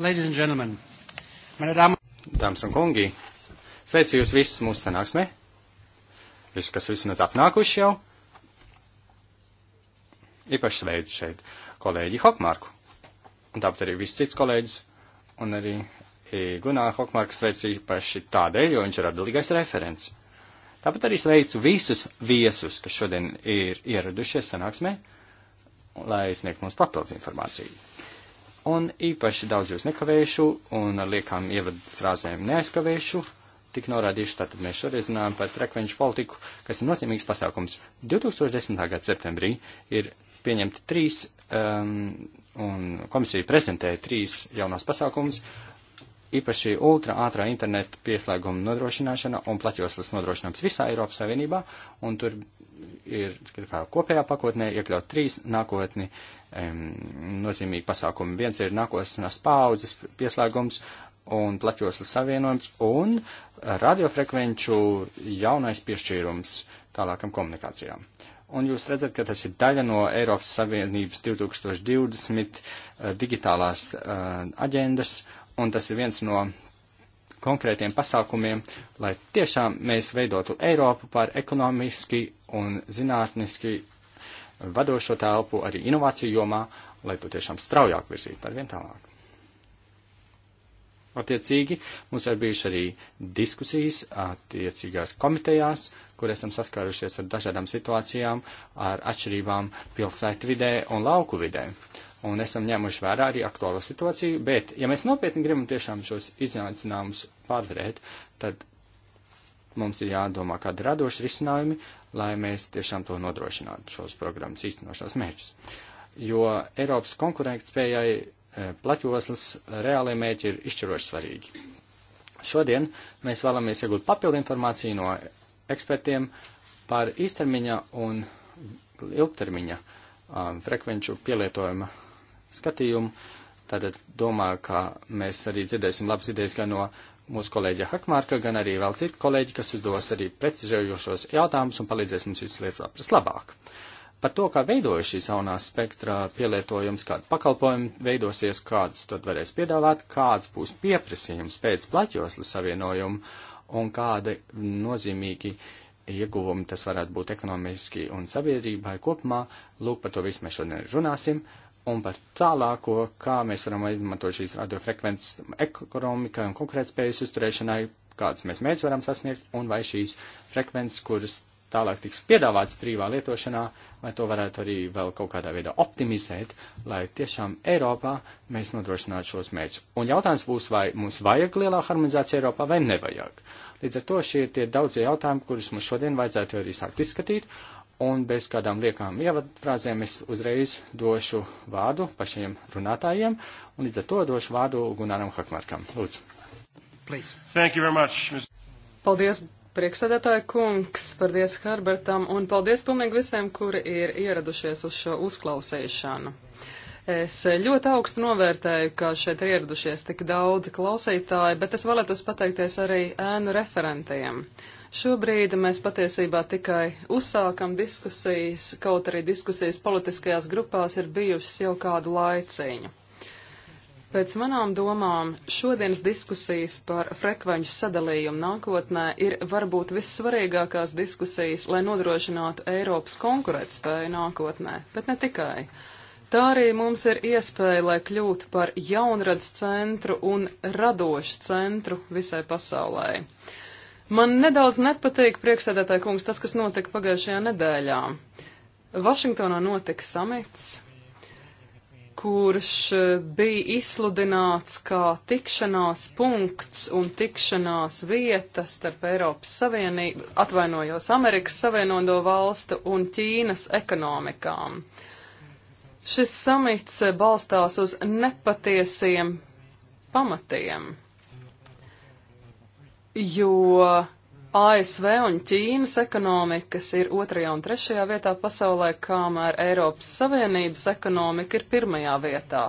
Ladies and gentlemen, meine Damen Dāmas un kungi, sveicu jūs visus mūsu sanāksmē. Visi, kas vismaz apnākuši jau. Īpaši sveicu šeit kolēģi Hokmarku. Un tāpat arī visus cits kolēģis. Un arī e, Gunāra Hokmarku sveicu īpaši tādēļ, jo viņš ir atbildīgais referents. Tāpat arī sveicu visus viesus, kas šodien ir ieradušies sanāksmē, lai sniegtu mums papildus informāciju un īpaši daudz jūs nekavēšu, un ar liekām ievadu frāzēm neaizkavēšu. Tik norādīšu, tātad mēs šoreiz runājam par frekvenču politiku, kas ir nozīmīgs pasākums. 2010. gada septembrī ir pieņemti trīs, um, un komisija prezentēja trīs jaunos pasākumus, īpaši ultra ātrā interneta pieslēguma nodrošināšana un plaķoslas nodrošinājums visā Eiropas Savienībā, un tur ir kā kopējā pakotnē iekļaut trīs nākotni um, nozīmīgi pasākumi. Viens ir nākotnes paudzes pieslēgums un plaķoslas savienojums un radiofrekvenču jaunais piešķīrums tālākam komunikācijām. Un jūs redzat, ka tas ir daļa no Eiropas Savienības 2020 eh, digitālās uh, aģendas, un tas ir viens no konkrētiem pasākumiem, lai tiešām mēs veidotu Eiropu par ekonomiski un zinātniski vadošo telpu arī inovāciju jomā, lai to tiešām straujāk virzītu arvien tālāk. Attiecīgi mums ir bijuši arī diskusijas attiecīgās komitejās, kur esam saskārušies ar dažādām situācijām, ar atšķirībām pilsētvidē un lauku vidē. Uh, un esam ņēmuši vērā arī aktuālo situāciju, bet, ja mēs nopietni gribam tiešām šos izaicinājumus pārvarēt, tad mums ir jādomā kādi radoši risinājumi, lai mēs tiešām to nodrošinātu šos programmas īstenošanas mērķus. Jo Eiropas konkurētspējai e, plaķoslas reālai mērķi ir izšķiroši svarīgi. Šodien mēs vēlamies iegūt papildu informāciju no ekspertiem par īstermiņa un ilgtermiņa um, frekvenču pielietojuma skatījumu. Tātad domāju, ka mēs arī dzirdēsim labas idejas gan no mūsu kolēģa Hakmārka, gan arī vēl citu kolēģi, kas uzdos arī precizējošos jautājumus un palīdzēs mums visas lietas saprast labāk. Par to, kā veidojas šīs jaunās spektra pielietojums, kāda pakalpojuma veidosies, kādas tad varēs piedāvāt, kāds būs pieprasījums pēc plaķoslas savienojumu un kāda nozīmīgi ieguvumi tas varētu būt ekonomiski un sabiedrībai kopumā. Lūk, par to visu mēs šodien runāsim un par tālāko, kā mēs varam izmantot šīs radiofrekvences ekonomikai un konkurētspējas uzturēšanai, kādas mēs mērķus varam sasniegt, un vai šīs frekvences, kuras tālāk tiks piedāvāts privā lietošanā, vai to varētu arī vēl kaut kādā veidā optimizēt, lai tiešām Eiropā mēs nodrošinātu šos mērķus. Un jautājums būs, vai mums vajag lielā harmonizācija Eiropā vai nevajag. Līdz ar to šie ir tie daudzie jautājumi, kurus mums šodien vajadzētu arī sākt izskatīt, Un bez kādām liekām ievadfrāzēm es uzreiz došu vārdu pašiem runātājiem, un līdz ar to došu vārdu Gunaram Hakmarkam. Lūdzu. Please. Thank you very much. Ms. Paldies, priekšsēdētāja kungs, paldies Herbertam, un paldies pilnīgi visiem, kuri ir ieradušies uz šo uzklausīšanu. Es ļoti augstu novērtēju, ka šeit ir ieradušies tik daudzi klausītāji, bet es vēlētos pateikties arī ēnu referentiem. Uh, Šobrīd mēs patiesībā tikai uzsākam diskusijas, kaut arī diskusijas politiskajās grupās ir bijušas jau kādu laiciņu. Pēc manām domām, šodienas diskusijas par frekvenču sadalījumu nākotnē ir varbūt vissvarīgākās diskusijas, lai nodrošinātu Eiropas konkurētspēju nākotnē, bet ne tikai. Tā arī mums ir iespēja, lai kļūtu par jaunradz centru un radošu centru visai pasaulē. Man nedaudz nepatīk priekšsēdētāja kungs tas, kas notika pagājušajā nedēļā. Vašingtonā notika samits kurš eh, bija izsludināts kā tikšanās punkts un tikšanās vieta starp Eiropas Savienību, atvainojos Amerikas Savienoto valstu un Ķīnas ekonomikām. Šis samits eh, balstās uz nepatiesiem pamatiem jo ASV un Ķīnas ekonomikas ir otrajā un trešajā vietā pasaulē, kamēr Eiropas Savienības ekonomika ir pirmajā vietā.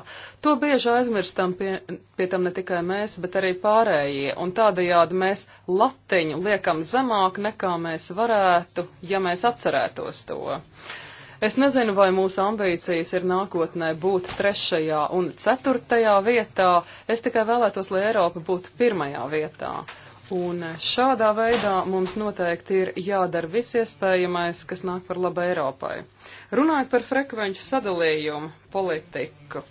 To bieži aizmirstam pie, pie tam ne tikai mēs, bet arī pārējie, un tādējādi mēs latiņu liekam zemāk nekā mēs varētu, ja mēs atcerētos to. Es nezinu, vai mūsu ambīcijas ir nākotnē būt trešajā un ceturtajā vietā, es tikai vēlētos, lai Eiropa būtu pirmajā vietā. Un šādā veidā mums noteikti ir jādara viss iespējamais, kas nāk par labu Eiropai. Runājot par frekvenču sadalījumu politiku,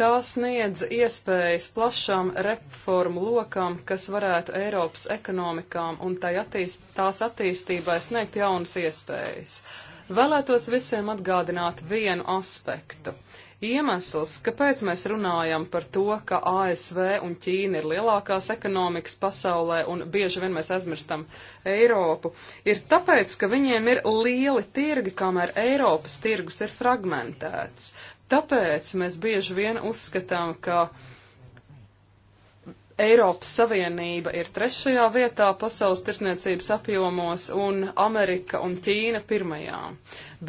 tā sniedz iespējas plašam reformu lokam, kas varētu Eiropas ekonomikām un tai attīst, tās attīstībai sniegt jaunas iespējas. Vēlētos visiem atgādināt vienu aspektu. Iemesls, kāpēc mēs runājam par to, ka ASV un Ķīna ir lielākās ekonomikas pasaulē un bieži vien mēs aizmirstam Eiropu, ir tāpēc, ka viņiem ir lieli tirgi, kamēr Eiropas tirgus ir fragmentēts. Tāpēc mēs bieži vien uzskatām, ka uh, Eiropas Savienība ir trešajā vietā pasaules tirsniecības apjomos un Amerika un Ķīna pirmajā.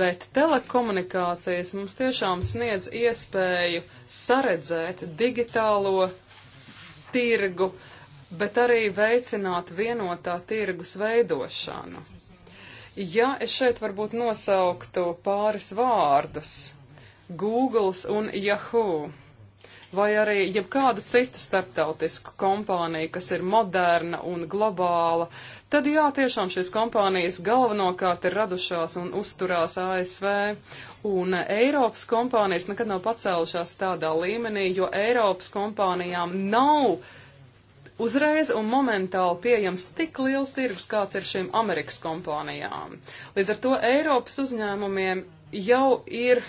Bet telekomunikācijas mums tiešām sniedz iespēju saredzēt digitālo tirgu, bet arī veicināt vienotā tirgus veidošanu. Ja es šeit varbūt nosauktu pāris vārdus - Google un Yahoo! vai arī jebkāda cita starptautiska kompānija, kas ir moderna un globāla, tad jā, tiešām šīs kompānijas galvenokārt ir radušās un uzturās ASV. Un Eiropas kompānijas nekad nav pacēlušās tādā līmenī, jo Eiropas kompānijām nav uzreiz un momentāli pieejams tik liels tirgus, kāds ir šīm Amerikas kompānijām. Līdz ar to Eiropas uzņēmumiem jau ir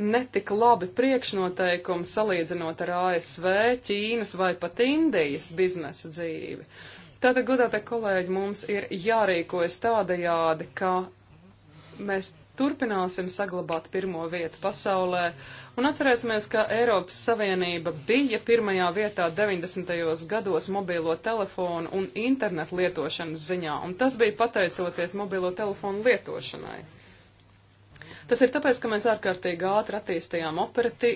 netik labi priekšnoteikumi salīdzinot ar ASV, Ķīnas vai pat Indijas biznesa dzīvi. Tātad, godātie kolēģi, mums ir jārīkojas tādajādi, ka mēs turpināsim saglabāt pirmo vietu pasaulē. Un atcerēsimies, ka Eiropas Savienība bija pirmajā vietā 90. gados mobilo telefonu un internetu lietošanas ziņā, un tas bija pateicoties mobilo telefonu lietošanai. Tas ir tāpēc, ka mēs ārkārtīgi ātri attīstījām operati,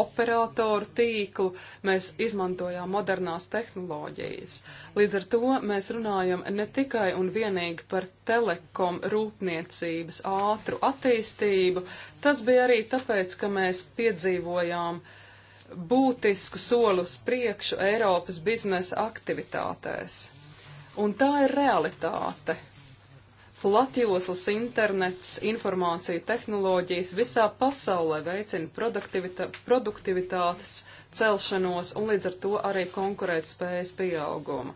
operatoru tīklu, mēs izmantojām modernās tehnoloģijas. Līdz ar to mēs runājam ne tikai un vienīgi par telekom rūpniecības ātru attīstību, tas bija arī tāpēc, ka mēs piedzīvojām būtisku solu uz priekšu Eiropas biznesa aktivitātēs. Un tā ir realitāte platjoslas internets, informācija, tehnoloģijas visā pasaulē veicina produktivitā, produktivitātes celšanos un līdz ar to arī konkurētspējas pieaugumu.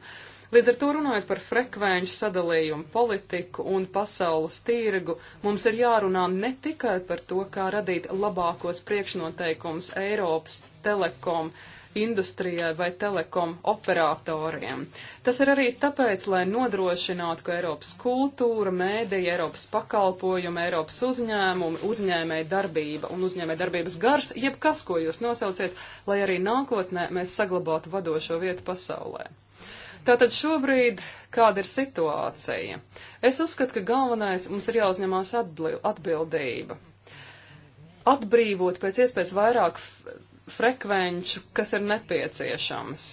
Līdz ar to runājot par frekvenču sadalījumu, politiku un pasaules tirgu, mums ir jārunā ne tikai par to, kā radīt labākos priekšnoteikumus Eiropas telekom industrijai vai telekom operatoriem. Tas ir arī tāpēc, lai nodrošinātu, ka Eiropas kultūra, mēdīja, Eiropas pakalpojumi, Eiropas uzņēmumi, uzņēmēja darbība un uzņēmēja darbības gars, jebkas, ko jūs nosauciet, lai arī nākotnē mēs saglabātu vadošo vietu pasaulē. Tātad šobrīd kāda ir situācija? Es uzskatu, ka galvenais mums ir jāuzņemās atbildība. Atbrīvot pēc iespējas vairāk frekvenču, kas ir nepieciešams.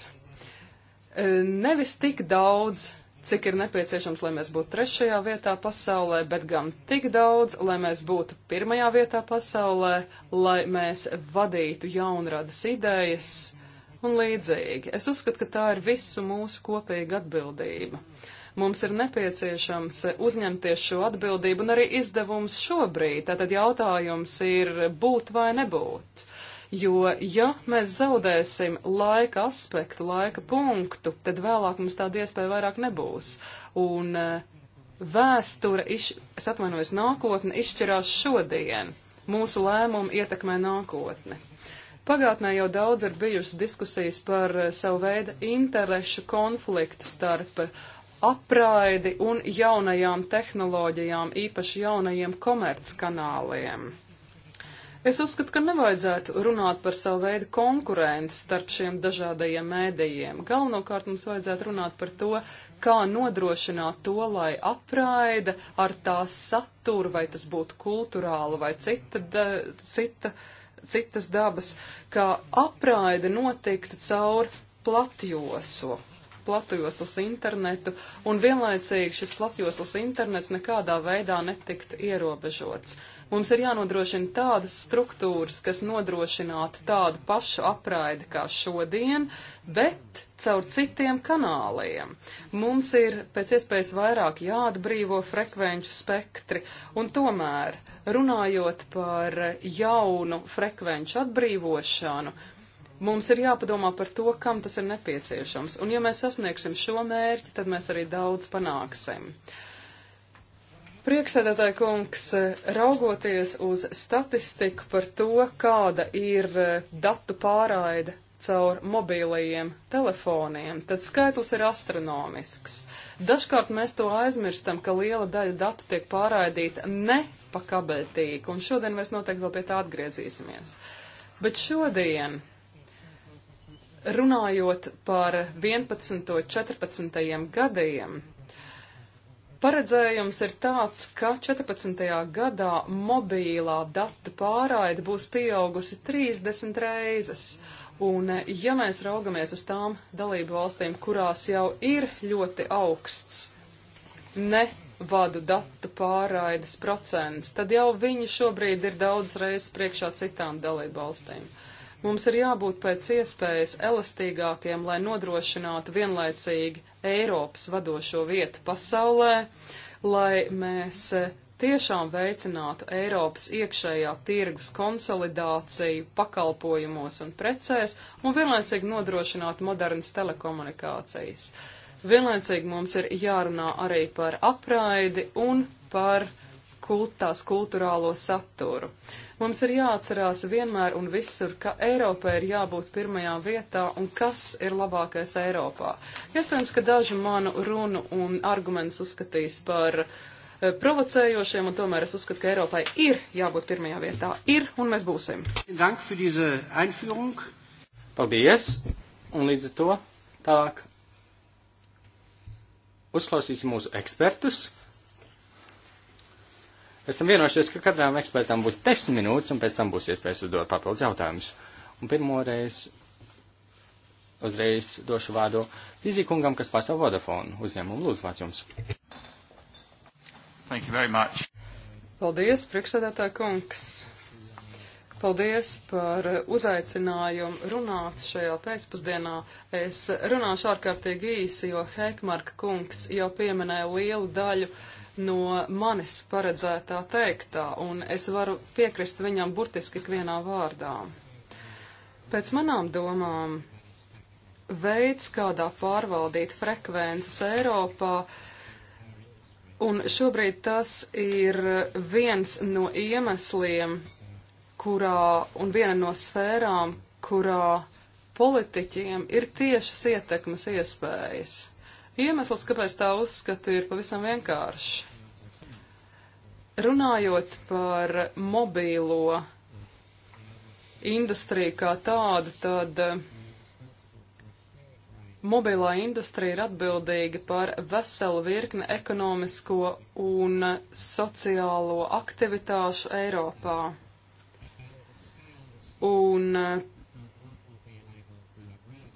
E, nevis tik daudz, cik ir nepieciešams, lai mēs būtu trešajā vietā pasaulē, bet gan tik daudz, lai mēs būtu pirmajā vietā pasaulē, lai mēs vadītu jaunradas idejas un līdzīgi. Es uzskatu, ka tā ir visu mūsu kopīga atbildība. Mums ir nepieciešams uzņemties šo atbildību un arī izdevums šobrīd. Tātad jautājums ir būt vai nebūt jo ja mēs zaudēsim laika aspektu, laika punktu, tad vēlāk mums tāda iespēja vairāk nebūs. Un eh, vēsture, iš, es atvainojos, nākotne izšķirās šodien. Mūsu lēmumi ietekmē nākotni. Pagātnē jau daudz ir bijušas diskusijas par eh, savu veidu interešu konfliktu starp apraidi un jaunajām tehnoloģijām, īpaši jaunajiem komerckanāliem. Es uzskatu, ka nevajadzētu runāt par savu veidu konkurenci starp šiem dažādajiem mēdījiem. Galvenokārt mums vajadzētu runāt par to, kā nodrošināt to, lai apraida ar tā saturu, vai tas būtu kulturāla vai cita, da, cita, citas dabas, kā apraida notiktu caur platjosu platjoslas internetu, un vienlaicīgi šis platjoslas internets nekādā veidā netiktu ierobežots. Mums ir jānodrošina tādas struktūras, kas nodrošinātu tādu pašu apraidi kā šodien, bet caur citiem kanāliem. Mums ir pēc iespējas vairāk jāatbrīvo frekvenču spektri, un tomēr, runājot par jaunu frekvenču atbrīvošanu, mums ir jāpadomā par to, kam tas ir nepieciešams. Un ja mēs sasniegsim šo mērķi, tad mēs arī daudz panāksim. Uh, Prieksēdētāji kungs, raugoties uz statistiku par to, kāda ir e, datu pārraide caur mobīlajiem telefoniem, tad skaitlis ir astronomisks. Dažkārt mēs to aizmirstam, ka liela daļa datu tiek pārraidīta ne pa kabeltīku, un šodien mēs noteikti vēl pie tā atgriezīsimies. Bet šodien, runājot par 11. un 14. gadiem, Paredzējums ir tāds, ka 14. gadā mobīlā datu pārraide būs pieaugusi 30 reizes. Un, ja mēs raugamies uz tām dalību valstīm, kurās jau ir ļoti augsts ne vadu datu pārraides procents, tad jau viņi šobrīd ir daudz reizes priekšā citām dalību valstīm. Mums ir jābūt pēc iespējas elastīgākiem, lai nodrošinātu vienlaicīgi Eiropas vadošo vietu pasaulē, lai mēs e, tiešām veicinātu Eiropas iekšējā tirgus konsolidāciju pakalpojumos un precēs un vienlaicīgi nodrošinātu modernas telekomunikācijas. Vienlaicīgi mums ir jārunā arī par apraidi un par kult, tās kultūrālo saturu. Mums ir jāatcerās vienmēr un visur, ka Eiropai ir jābūt pirmajā vietā un kas ir labākais Eiropā. Iespējams, ka daži manu runu un argumentus uzskatīs par eh, provocējošiem, un tomēr es uzskatu, ka Eiropai ir jābūt pirmajā vietā. Ir, un mēs būsim. Paldies, un līdz ar to tālāk uzklausīsim mūsu ekspertus. Esam vienojušies, ka katram ekspertam būs desmit minūtes, un pēc tam būs iespējas uzdot papildus jautājumus. Un pirmoreiz uzreiz došu vārdu fizikungam, kas pārstāv Vodafone uzņēmumu. Lūdzu, vārds jums. Thank you very much. Paldies, priekšsēdētā kungs. Paldies par uzaicinājumu runāt šajā pēcpusdienā. Es runāšu ārkārtīgi īsi, jo Hekmarka kungs jau pieminēja lielu daļu no manis paredzētā teiktā, un es varu piekrist viņam burtiski ikvienā vārdā. Pēc manām domām, veids, kādā pārvaldīt frekvences Eiropā, un šobrīd tas ir viens no iemesliem, kurā, un viena no sfērām, kurā politiķiem ir tiešas ietekmes iespējas. Iemesls, kāpēc tā uzskatu, ir pavisam vienkāršs. Runājot par mobīlo industriju kā tādu, tad eh, mobilā industrija ir atbildīga par veselu virkni ekonomisko un sociālo aktivitāšu Eiropā. Un eh,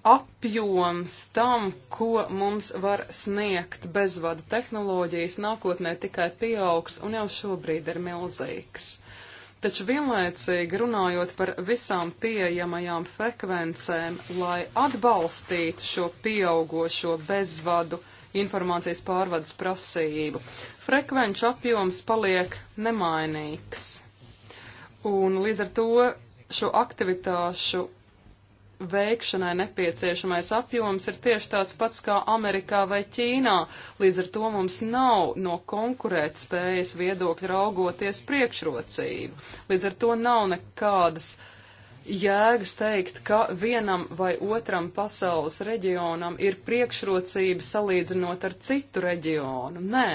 apjoms tam, ko mums var sniegt bezvadu tehnoloģijas, nākotnē tikai pieaugs un jau šobrīd ir milzīgs. Taču vienlaicīgi runājot par visām pieejamajām frekvencēm, lai atbalstītu šo pieaugošo bezvadu informācijas pārvades prasību, frekvenču apjoms paliek nemainīgs. Un līdz ar to šo aktivitāšu veikšanai nepieciešamais apjoms ir tieši tāds pats kā Amerikā vai Ķīnā. Līdz ar to mums nav no konkurētspējas viedokļa raugoties priekšrocību. Līdz ar to nav nekādas jēgas teikt, ka vienam vai otram pasaules reģionam ir priekšrocība salīdzinot ar citu reģionu. Nē,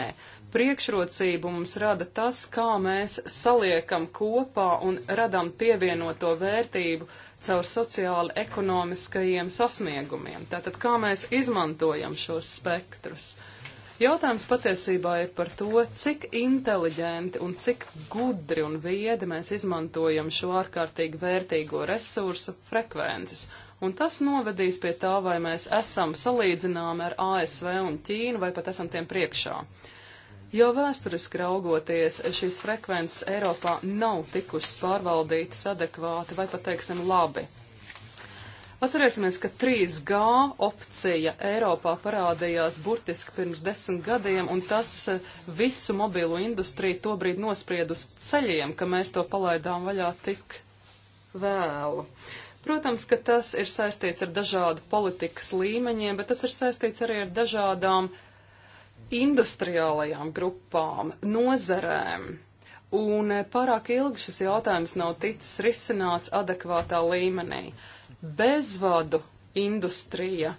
priekšrocību mums rada tas, kā mēs saliekam kopā un radam pievienoto vērtību caur sociāli ekonomiskajiem sasniegumiem. Tātad, kā mēs izmantojam šos spektrus? Jautājums patiesībā ir par to, cik inteliģenti un cik gudri un viedi mēs izmantojam šo ārkārtīgi vērtīgo resursu frekvences. Un tas novedīs pie tā, vai mēs esam salīdzināmi ar ASV un Ķīnu, vai pat esam tiem priekšā. Uh, Jo vēsturiski raugoties, šīs frekvences Eiropā nav tikušas pārvaldītas adekvāti vai pat teiksim labi. Atcerēsimies, ka 3G opcija Eiropā parādījās burtiski pirms desmit gadiem, un tas eh, visu mobīlu industriju tobrīd nospried uz ceļiem, ka mēs to palaidām vaļā tik vēlu. Protams, ka tas ir saistīts ar dažādu politikas līmeņiem, bet tas ir saistīts arī ar dažādām uh, industriālajām grupām, nozarēm. Un pārāk ilgi šis jautājums nav ticis risināts adekvātā līmenī. Bezvadu industrija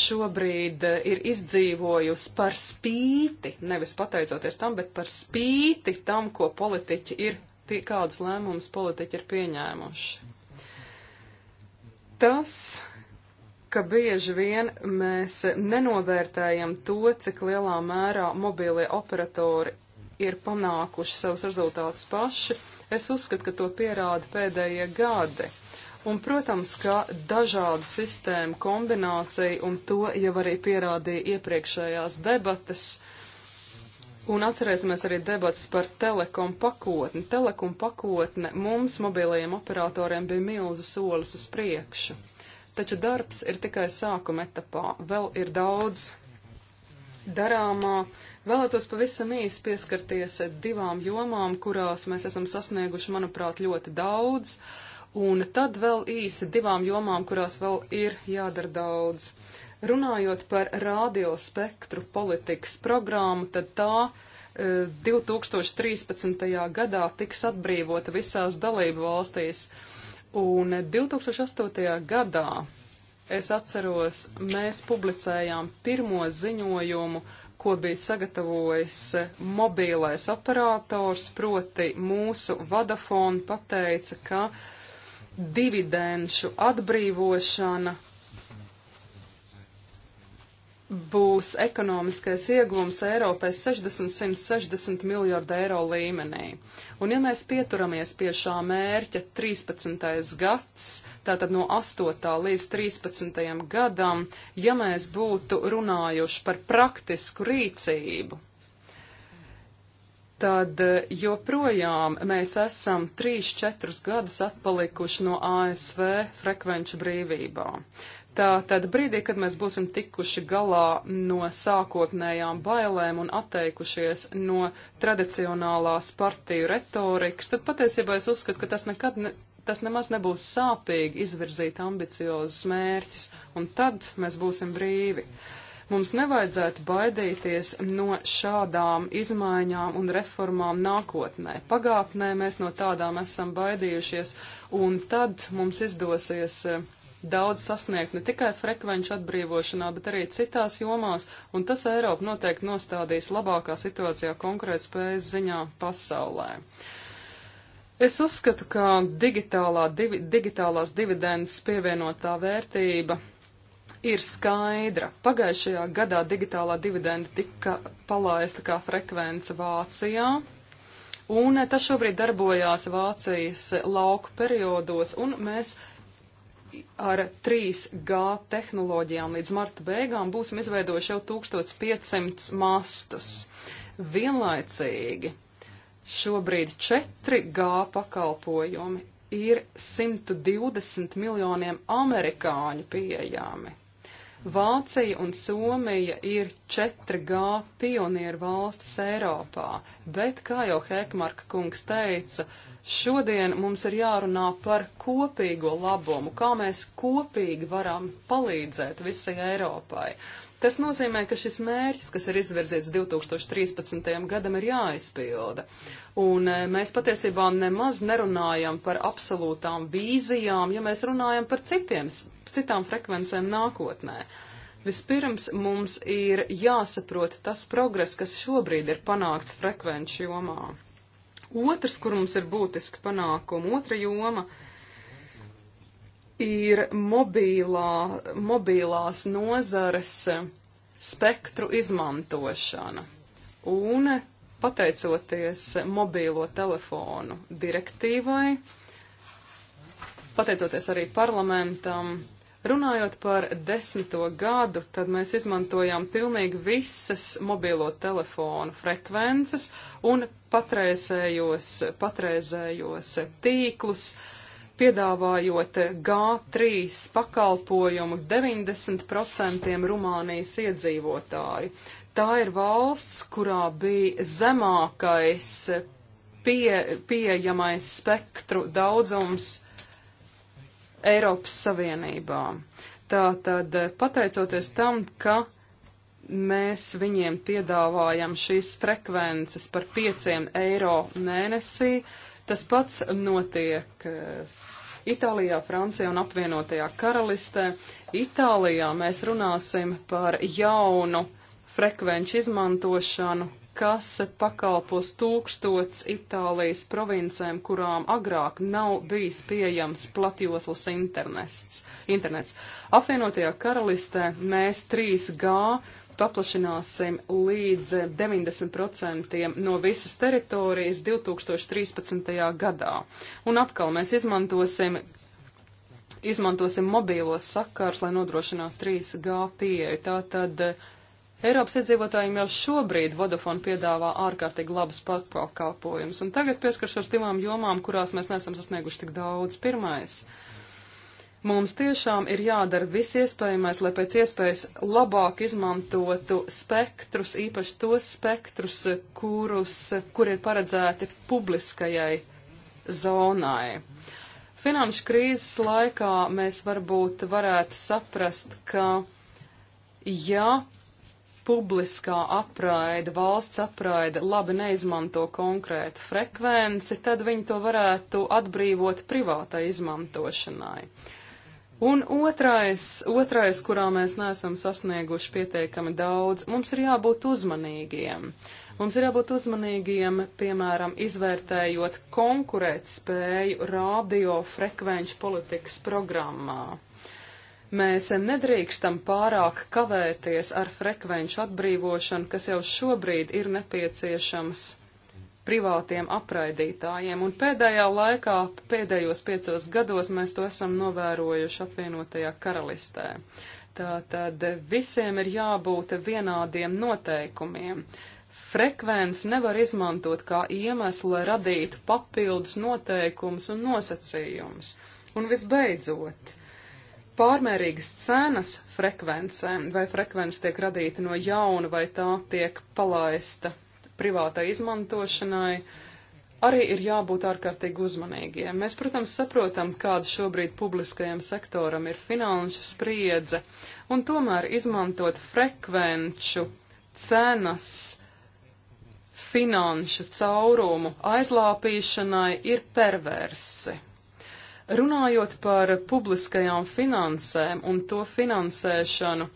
šobrīd ir izdzīvojusi par spīti, nevis pateicoties tam, bet par spīti tam, ko politiķi ir, kādus lēmumus politiķi ir pieņēmuši. Tas ka bieži vien mēs nenovērtējam to, cik lielā mērā mobilie operatori ir panākuši savus rezultātus paši. Es uzskatu, ka to pierāda pēdējie gadi. Un, protams, ka dažādu sistēmu kombinācija, un to jau arī pierādīja iepriekšējās debates, un atcerēsimies arī debates par telekom pakotni. Telekom pakotne mums, mobilajiem operatoriem, bija milzu solis uz priekšu. Taču darbs ir tikai sākuma etapā, vēl ir daudz darāmā. Vēlētos pavisam īsi pieskarties divām jomām, kurās mēs esam sasnieguši, manuprāt, ļoti daudz, un tad vēl īsi divām jomām, kurās vēl ir jādara daudz. Runājot par radiospektru politikas programmu, tad tā 2013. E, gadā tiks atbrīvota visās dalību valstīs. Un 2008. gadā, es atceros, mēs publicējām pirmo ziņojumu, ko bija sagatavojis mobīlais operators, proti mūsu Vadafona pateica, ka dividenšu atbrīvošana būs ekonomiskais ieguvums Eiropai 60-160 miljardu eiro līmenī. Un ja mēs pieturamies pie šā mērķa 13. gads, tātad no 8. līdz 13. gadam, ja mēs būtu runājuši par praktisku rīcību, tad eh, joprojām mēs esam 3-4 gadus atpalikuši no ASV frekvenču brīvībā. Tātad brīdī, kad mēs būsim tikuši galā no sākotnējām bailēm un atteikušies no tradicionālās partiju retorikas, tad patiesībā es uzskatu, ka tas nekad, ne, tas nemaz nebūs sāpīgi izvirzīt ambiciozus mērķus, un tad mēs būsim brīvi. Mums nevajadzētu baidīties no šādām izmaiņām un reformām nākotnē. Pagātnē mēs no tādām esam baidījušies, un tad mums izdosies uh, daudz sasniegt ne tikai frekvenču atbrīvošanā, bet arī citās jomās, un tas Eiropu noteikti nostādīs labākā situācijā konkurētspējas ziņā pasaulē. Es uzskatu, ka digitālā, divi, digitālās dividendes pievienotā vērtība ir skaidra. Pagājušajā gadā digitālā dividenda tika palaista kā frekvence Vācijā, un tas šobrīd darbojās Vācijas lauku periodos, un mēs ar 3G tehnoloģijām līdz marta beigām būsim izveidojuši jau 1500 mastus. Vienlaicīgi šobrīd 4G pakalpojumi ir 120 miljoniem amerikāņu pieejami. Vācija un Somija ir 4G pionieru valstis Eiropā, bet, kā jau Hekmarka kungs teica, uh, Šodien mums ir jārunā par kopīgo labumu, kā mēs kopīgi varam palīdzēt visai Eiropai. Tas nozīmē, ka šis mērķis, kas ir izvirzīts 2013. gadam, ir jāizpilda. Un e, mēs patiesībā nemaz nerunājam par absolūtām vīzijām, ja mēs runājam par citiem, citām frekvencēm nākotnē. Vispirms mums ir jāsaprot tas progress, kas šobrīd ir panākts frekvenču jomā. Otrs, kur mums ir būtiski panākumi, otra joma ir mobilā, mobilās nozares spektru izmantošana. Un pateicoties mobīlo telefonu direktīvai, pateicoties arī parlamentam, Runājot par desmito gadu, tad mēs izmantojām pilnīgi visas mobilo telefonu frekvences un patreizējos, patreizējos tīklus, piedāvājot G3 pakalpojumu 90% Rumānijas iedzīvotāju. Tā ir valsts, kurā bija zemākais pie, pieejamais spektru daudzums Eiropas Savienībā. Tātad, pateicoties tam, ka mēs viņiem piedāvājam šīs frekvences par 5 eiro mēnesī, tas pats notiek eh, Itālijā, Francijā un apvienotajā karalistē. Itālijā mēs runāsim par jaunu frekvenču izmantošanu kas pakalpos tūkstots Itālijas provincēm, kurām agrāk nav bijis pieejams platjoslas internets. internets. Apvienotajā karalistē mēs 3G paplašināsim līdz 90% no visas teritorijas 2013. gadā. Un atkal mēs izmantosim, izmantosim mobīlos sakars, lai nodrošinātu 3G pieeju. Tātad Eiropas iedzīvotājiem jau šobrīd Vodafone piedāvā ārkārtīgi labas pakalpojumus, un tagad pieskaršos divām jomām, kurās mēs nesam sasnieguši tik daudz. Pirmais. Mums tiešām ir jādara viss iespējamais, lai pēc iespējas labāk izmantotu spektrus, īpaši tos spektrus, kurus, kur ir paredzēti publiskajai zonai. Finanšu krīzes laikā mēs varbūt varētu saprast, ka ja publiskā apraida, valsts apraida labi neizmanto konkrētu frekvenci, tad viņi to varētu atbrīvot privātai izmantošanai. Un otrais, otrais, kurā mēs neesam sasnieguši pietiekami daudz, mums ir jābūt uzmanīgiem. Mums ir jābūt uzmanīgiem, piemēram, izvērtējot konkurētspēju radiofrekvenču politikas programmā. Mēs nedrīkstam pārāk kavēties ar frekvenču atbrīvošanu, kas jau šobrīd ir nepieciešams privātiem apraidītājiem, un pēdējā laikā, pēdējos piecos gados, mēs to esam novērojuši apvienotajā karalistē. Tātad visiem ir jābūt vienādiem noteikumiem. Frekvences nevar izmantot kā iemeslu, lai radītu papildus noteikumus un nosacījumus. Un visbeidzot, pārmērīgas cenas frekvencēm, vai frekvence tiek radīta no jauna, vai tā tiek palaista privātai izmantošanai, arī ir jābūt ārkārtīgi uzmanīgiem. Mēs, protams, saprotam, kāda šobrīd publiskajam sektoram ir finanšu spriedze, un tomēr izmantot frekvenču cenas finanšu caurumu aizlāpīšanai ir perversi. Runājot par publiskajām finansēm un to finansēšanu,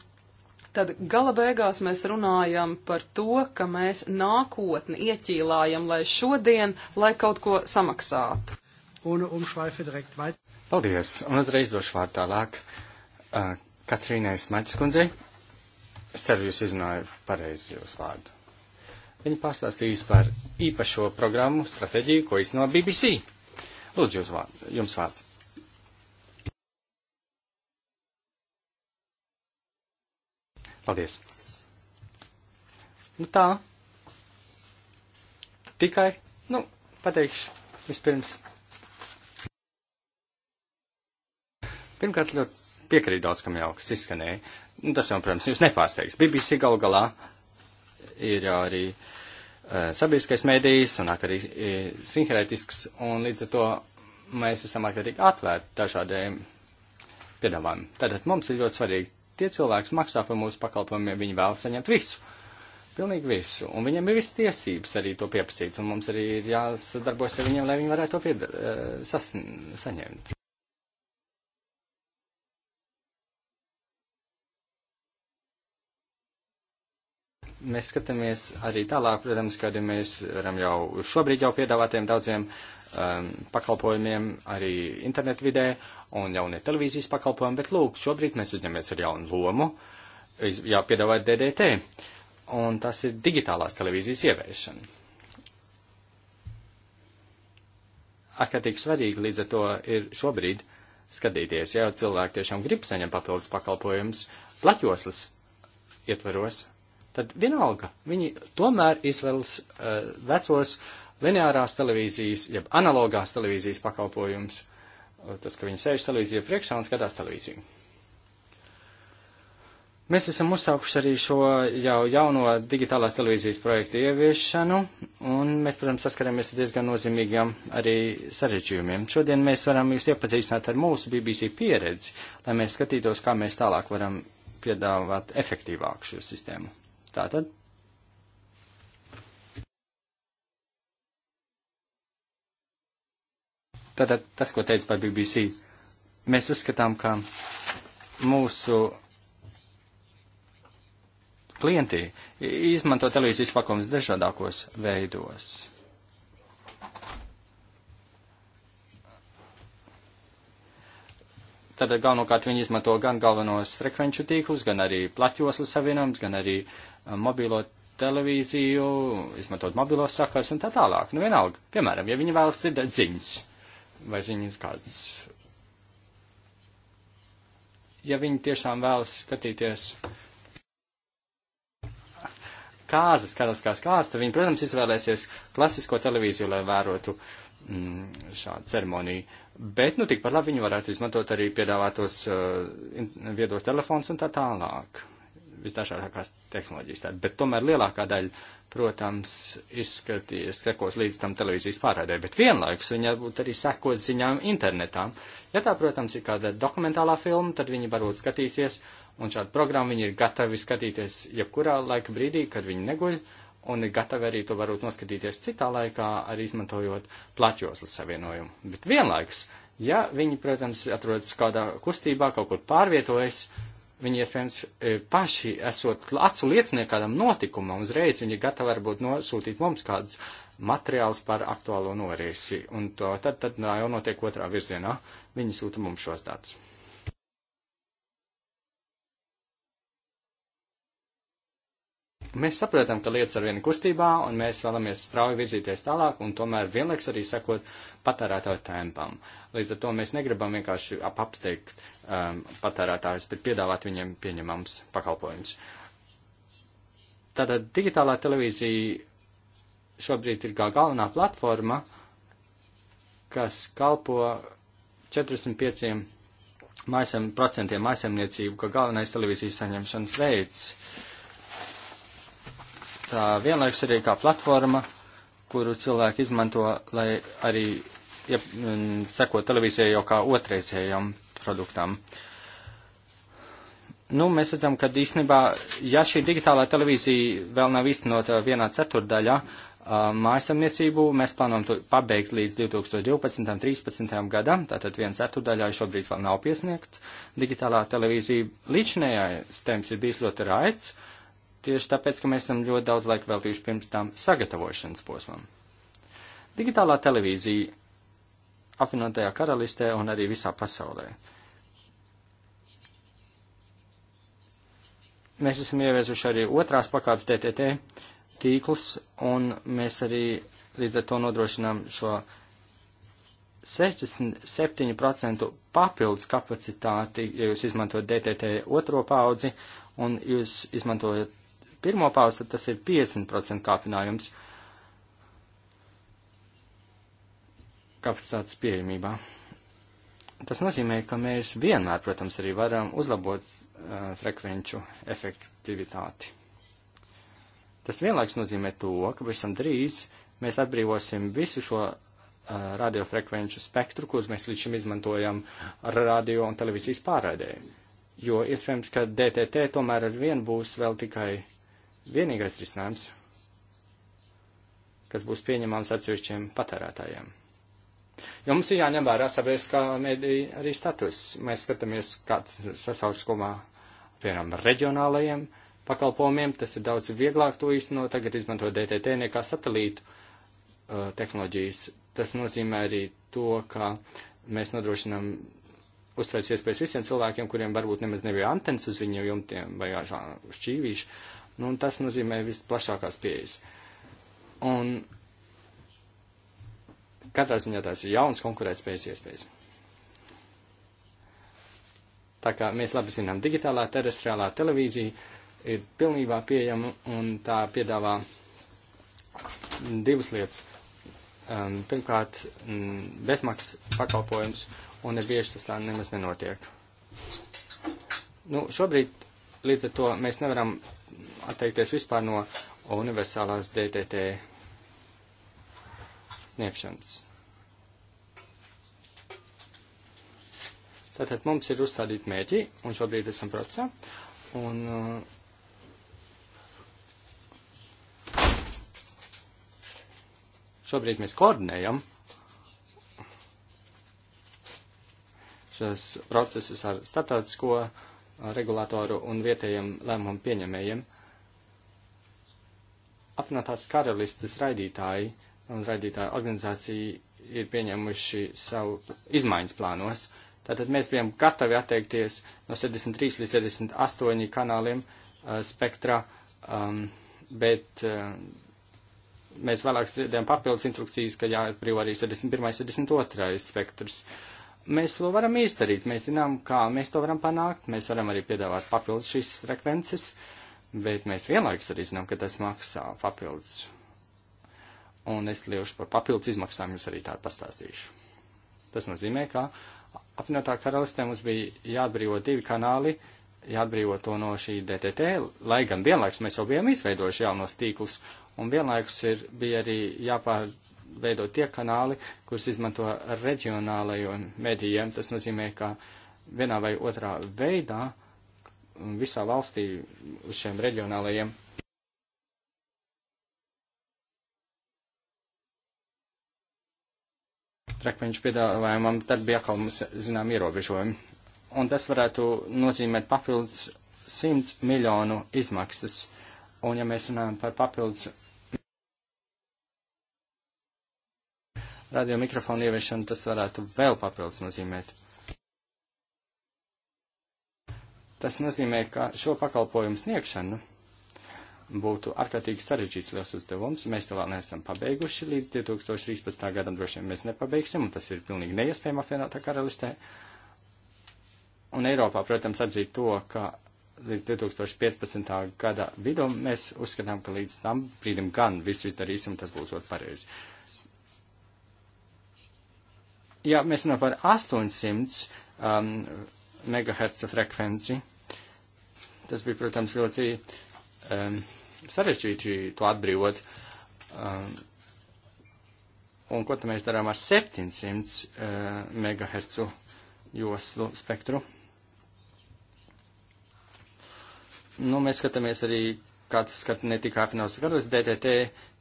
tad gala beigās mēs runājam par to, ka mēs nākotni ieķīlājam, lai šodien, lai kaut ko samaksātu. Paldies, un uzreiz došu vārdu tālāk uh, Katrīnai Smaķiskundzei. Es ceru, jūs izrunāju pareizi jūsu vārdu. Viņa pastāstīs par īpašo programmu, stratēģiju, ko izno BBC. Lūdzu, jūs vārds, jums vārds. Paldies. Nu tā. Tikai, nu, pateikšu vispirms. Pirmkārt, ļoti piekrīt daudz, kam jau kas izskanēja. Nu, tas jau, protams, jūs nepārsteigs. BBC galu galā ir arī uh, Eh, sabiedriskais mēdījis, sanāk arī eh, sinhētisks, un līdz ar to mēs esam arī atvērti dažādiem piedāvājumiem. Tātad mums ir ļoti svarīgi, tie cilvēki maksā par mūsu pakalpojumiem, viņi vēl saņemt visu, pilnīgi visu, un viņiem ir viss tiesības arī to pieprasīt, un mums arī ir jāsadarbojas ar viņiem, lai viņi varētu to pied, eh, sasn, saņemt. mēs skatāmies arī tālāk, protams, kad mēs varam jau šobrīd jau piedāvātiem daudziem um, pakalpojumiem arī internetu vidē un jaunie televīzijas pakalpojumi, bet lūk, šobrīd mēs uzņemamies ar jaunu lomu, jāpiedāvā DDT, un tas ir digitālās televīzijas ieviešana. Ārkārtīgi svarīgi līdz ar to ir šobrīd skatīties, ja jau cilvēki tiešām grib saņemt papildus pakalpojumus, plaķoslas ietvaros, tad vienalga viņi tomēr izvēlas uh, vecos lineārās televīzijas, jeb analogās televīzijas pakalpojums. Tas, ka viņi sēž televīzija priekšā un skatās televīziju. Mēs esam uzsākuši arī šo jau jauno digitālās televīzijas projektu ieviešanu, un mēs, protams, saskaramies ar diezgan nozīmīgiem arī sarežģījumiem. Šodien mēs varam jūs iepazīstināt ar mūsu BBC pieredzi, lai mēs skatītos, kā mēs tālāk varam piedāvāt efektīvāku šo sistēmu. Tātad. Tātad tas, ko teica par BBC, mēs uzskatām, ka mūsu klienti izmanto televīzijas pakomas dažādākos veidos. tad galvenokārt viņi izmanto gan galvenos frekvenču tīklus, gan arī platjoslas savienojums, gan arī uh, mobilo televīziju, izmantot mobilos sakars un tā tālāk. Nu vienalga, piemēram, ja viņi vēlas dzirdēt ziņas vai ziņas kādas. Ja viņi tiešām vēlas skatīties kāzas, kādas kā kāzas, tad viņi, protams, izvēlēsies klasisko televīziju, lai vērotu mm, šādu ceremoniju. Bet, nu, tikpat labi viņi varētu izmantot arī piedāvātos uh, viedos telefons un tā tālāk. Visdažādākās tehnoloģijas tāda. Bet tomēr lielākā daļa, protams, izskatījies, sekos līdz tam televīzijas pārādē. Bet vienlaikus viņi varbūt arī sekos ziņām internetā. Ja tā, protams, ir kāda dokumentālā filma, tad viņi varbūt skatīsies, un šādu programmu viņi ir gatavi skatīties jebkurā laika brīdī, kad viņi neguļ. Uh, un ir gatavi arī to varbūt noskatīties citā laikā, arī izmantojot plaķoslas savienojumu. Bet vienlaikus, ja viņi, protams, atrodas kādā kustībā, kaut kur pārvietojas, viņi iespējams e, paši esot acu liecinieki kādam notikumam, uzreiz viņi ir gatavi varbūt nosūtīt mums kādus materiālus par aktuālo norisi, un to tad, tad nā, jau notiek otrā virzienā, viņi sūta mums šos datus. Mēs saprotam, ka lietas ar vienu kustībā, un mēs vēlamies strauji virzīties tālāk, un tomēr vienlaiks arī sakot patērētāju tempam. Līdz ar to mēs negribam vienkārši ap apsteigt um, patērētājus, bet piedāvāt viņiem pieņemams pakalpojums. Tātad digitālā televīzija šobrīd ir kā galvenā platforma, kas kalpo 45% maisemniecību, ka galvenais televīzijas saņemšanas veids. Uh, tā vienlaiks arī kā platforma, kuru cilvēki izmanto, lai arī ja, mm, seko televīzijai jau kā otrreizējam produktam. Nu, mēs redzam, ka īstenībā, ja šī digitālā televīzija vēl nav īstenota vienā ceturdaļā, mājasemniecību mēs plānojam to pabeigt līdz 2012. un 2013. gadam, tātad viens ceturdaļā šobrīd vēl nav piesniegts. Digitālā televīzija līdšanējais temps ir bijis ļoti raids, tieši tāpēc, ka mēs esam ļoti daudz laika veltījuši pirms tām sagatavošanas posmām. Digitālā televīzija apvienotajā karalistē un arī visā pasaulē. Mēs esam ieviesuši arī otrās pakāpes DTT tīklus, un mēs arī līdz ar to nodrošinām šo 67% papildus kapacitāti, ja jūs izmantojat DTT otro paudzi, un jūs izmantojat pirmo pauzi, tad tas ir 50% kāpinājums kapacitātes pieejamībā. Tas nozīmē, ka mēs vienmēr, protams, arī varam uzlabot uh, frekvenču efektivitāti. Tas vienlaiks nozīmē to, ka visam drīz mēs atbrīvosim visu šo uh, radiofrekvenču spektru, kurus mēs līdz šim izmantojam radio un televīzijas pārādē. Jo iespējams, ka DTT tomēr ar vienu būs vēl tikai vienīgais risinājums, kas būs pieņemams atsevišķiem patērētājiem. Jo mums ir jāņem vērā sabiedriskā medija arī status. Mēs skatāmies, kāds sasaucas kopā, piemēram, reģionālajiem pakalpojumiem. Tas ir daudz vieglāk to īstenot. Tagad izmanto DTT nekā satelītu uh, tehnoloģijas. Tas nozīmē arī to, ka mēs nodrošinām uztvērs iespējas visiem cilvēkiem, kuriem varbūt nemaz nebija antenas uz viņu jumtiem vai šķīvīši. Uh, Nu, un tas nozīmē visplašākās pieejas. Un katrā ziņā tās ir jauns konkurētspējas iespējas. Tā kā mēs labi zinām, digitālā terestriālā televīzija ir pilnībā pieejama un tā piedāvā divas lietas. Um, pirmkārt, mm, bezmaksas pakalpojums, un ir bieži tas tā nemaz nenotiek. Nu, šobrīd līdz ar to mēs nevaram atteikties vispār no universālās DTT sniegšanas. Tātad mums ir uzstādīti mērķi, un šobrīd esam procesā. Un, uh, šobrīd mēs koordinējam šos procesus ar starptautisko regulātoru un vietējiem lēmumu pieņemējiem. Apvienotās karalistes raidītāji un raidītāju organizācija ir pieņemuši savu izmaiņas plānos. Tātad mēs bijām gatavi atteikties no 73 līdz 78 kanāliem uh, spektrā, um, bet uh, mēs vēlāk dzirdējām papildus instrukcijas, ka jāatbrīvo arī 71. un 72. spektrs. Uh, mēs to varam izdarīt. Mēs zinām, kā mēs to varam panākt. Mēs varam arī piedāvāt papildus šīs frekvences, bet mēs vienlaikus arī zinām, ka tas maksā papildus. Un es liešu par papildus izmaksām jums arī tādu pastāstīšu. Tas nozīmē, ka apvienotā karalistē mums bija jāatbrīvo divi kanāli, jāatbrīvo to no šī DTT, lai gan vienlaikus mēs jau bijām izveidojuši jaunos tīklus, un vienlaikus ir, bija arī jāpār veidot tie kanāli, kurus izmanto reģionālajiem medijiem. Tas nozīmē, ka vienā vai otrā veidā visā valstī uz šiem reģionālajiem frekvenču piedāvājumam, tad bija atkal mums, zinām, ierobežojumi. Un tas varētu nozīmēt papildus 100 miljonu izmaksas. Un ja mēs runājam par papildus radio mikrofonu ieviešanu tas varētu vēl papildus nozīmēt. Tas nozīmē, ka šo pakalpojumu sniegšanu būtu ārkārtīgi sarežģīts liels uzdevums. Mēs to vēl neesam pabeiguši līdz 2013. gadam, droši vien mēs nepabeigsim, un tas ir pilnīgi neiespējami apvienotā karalistē. Un Eiropā, protams, atzīt to, ka līdz 2015. gada vidum mēs uzskatām, ka līdz tam brīdim gan visu izdarīsim, tas būs ļoti pareizi ja mēs runājam par 800 um, MHz frekvenci, tas bija, protams, ļoti um, sarežģīti to atbrīvot. Um, un ko tad mēs darām ar 700 uh, MHz joslu spektru? Nu, mēs skatāmies arī, kā tas skat ne tikai finanses gados DTT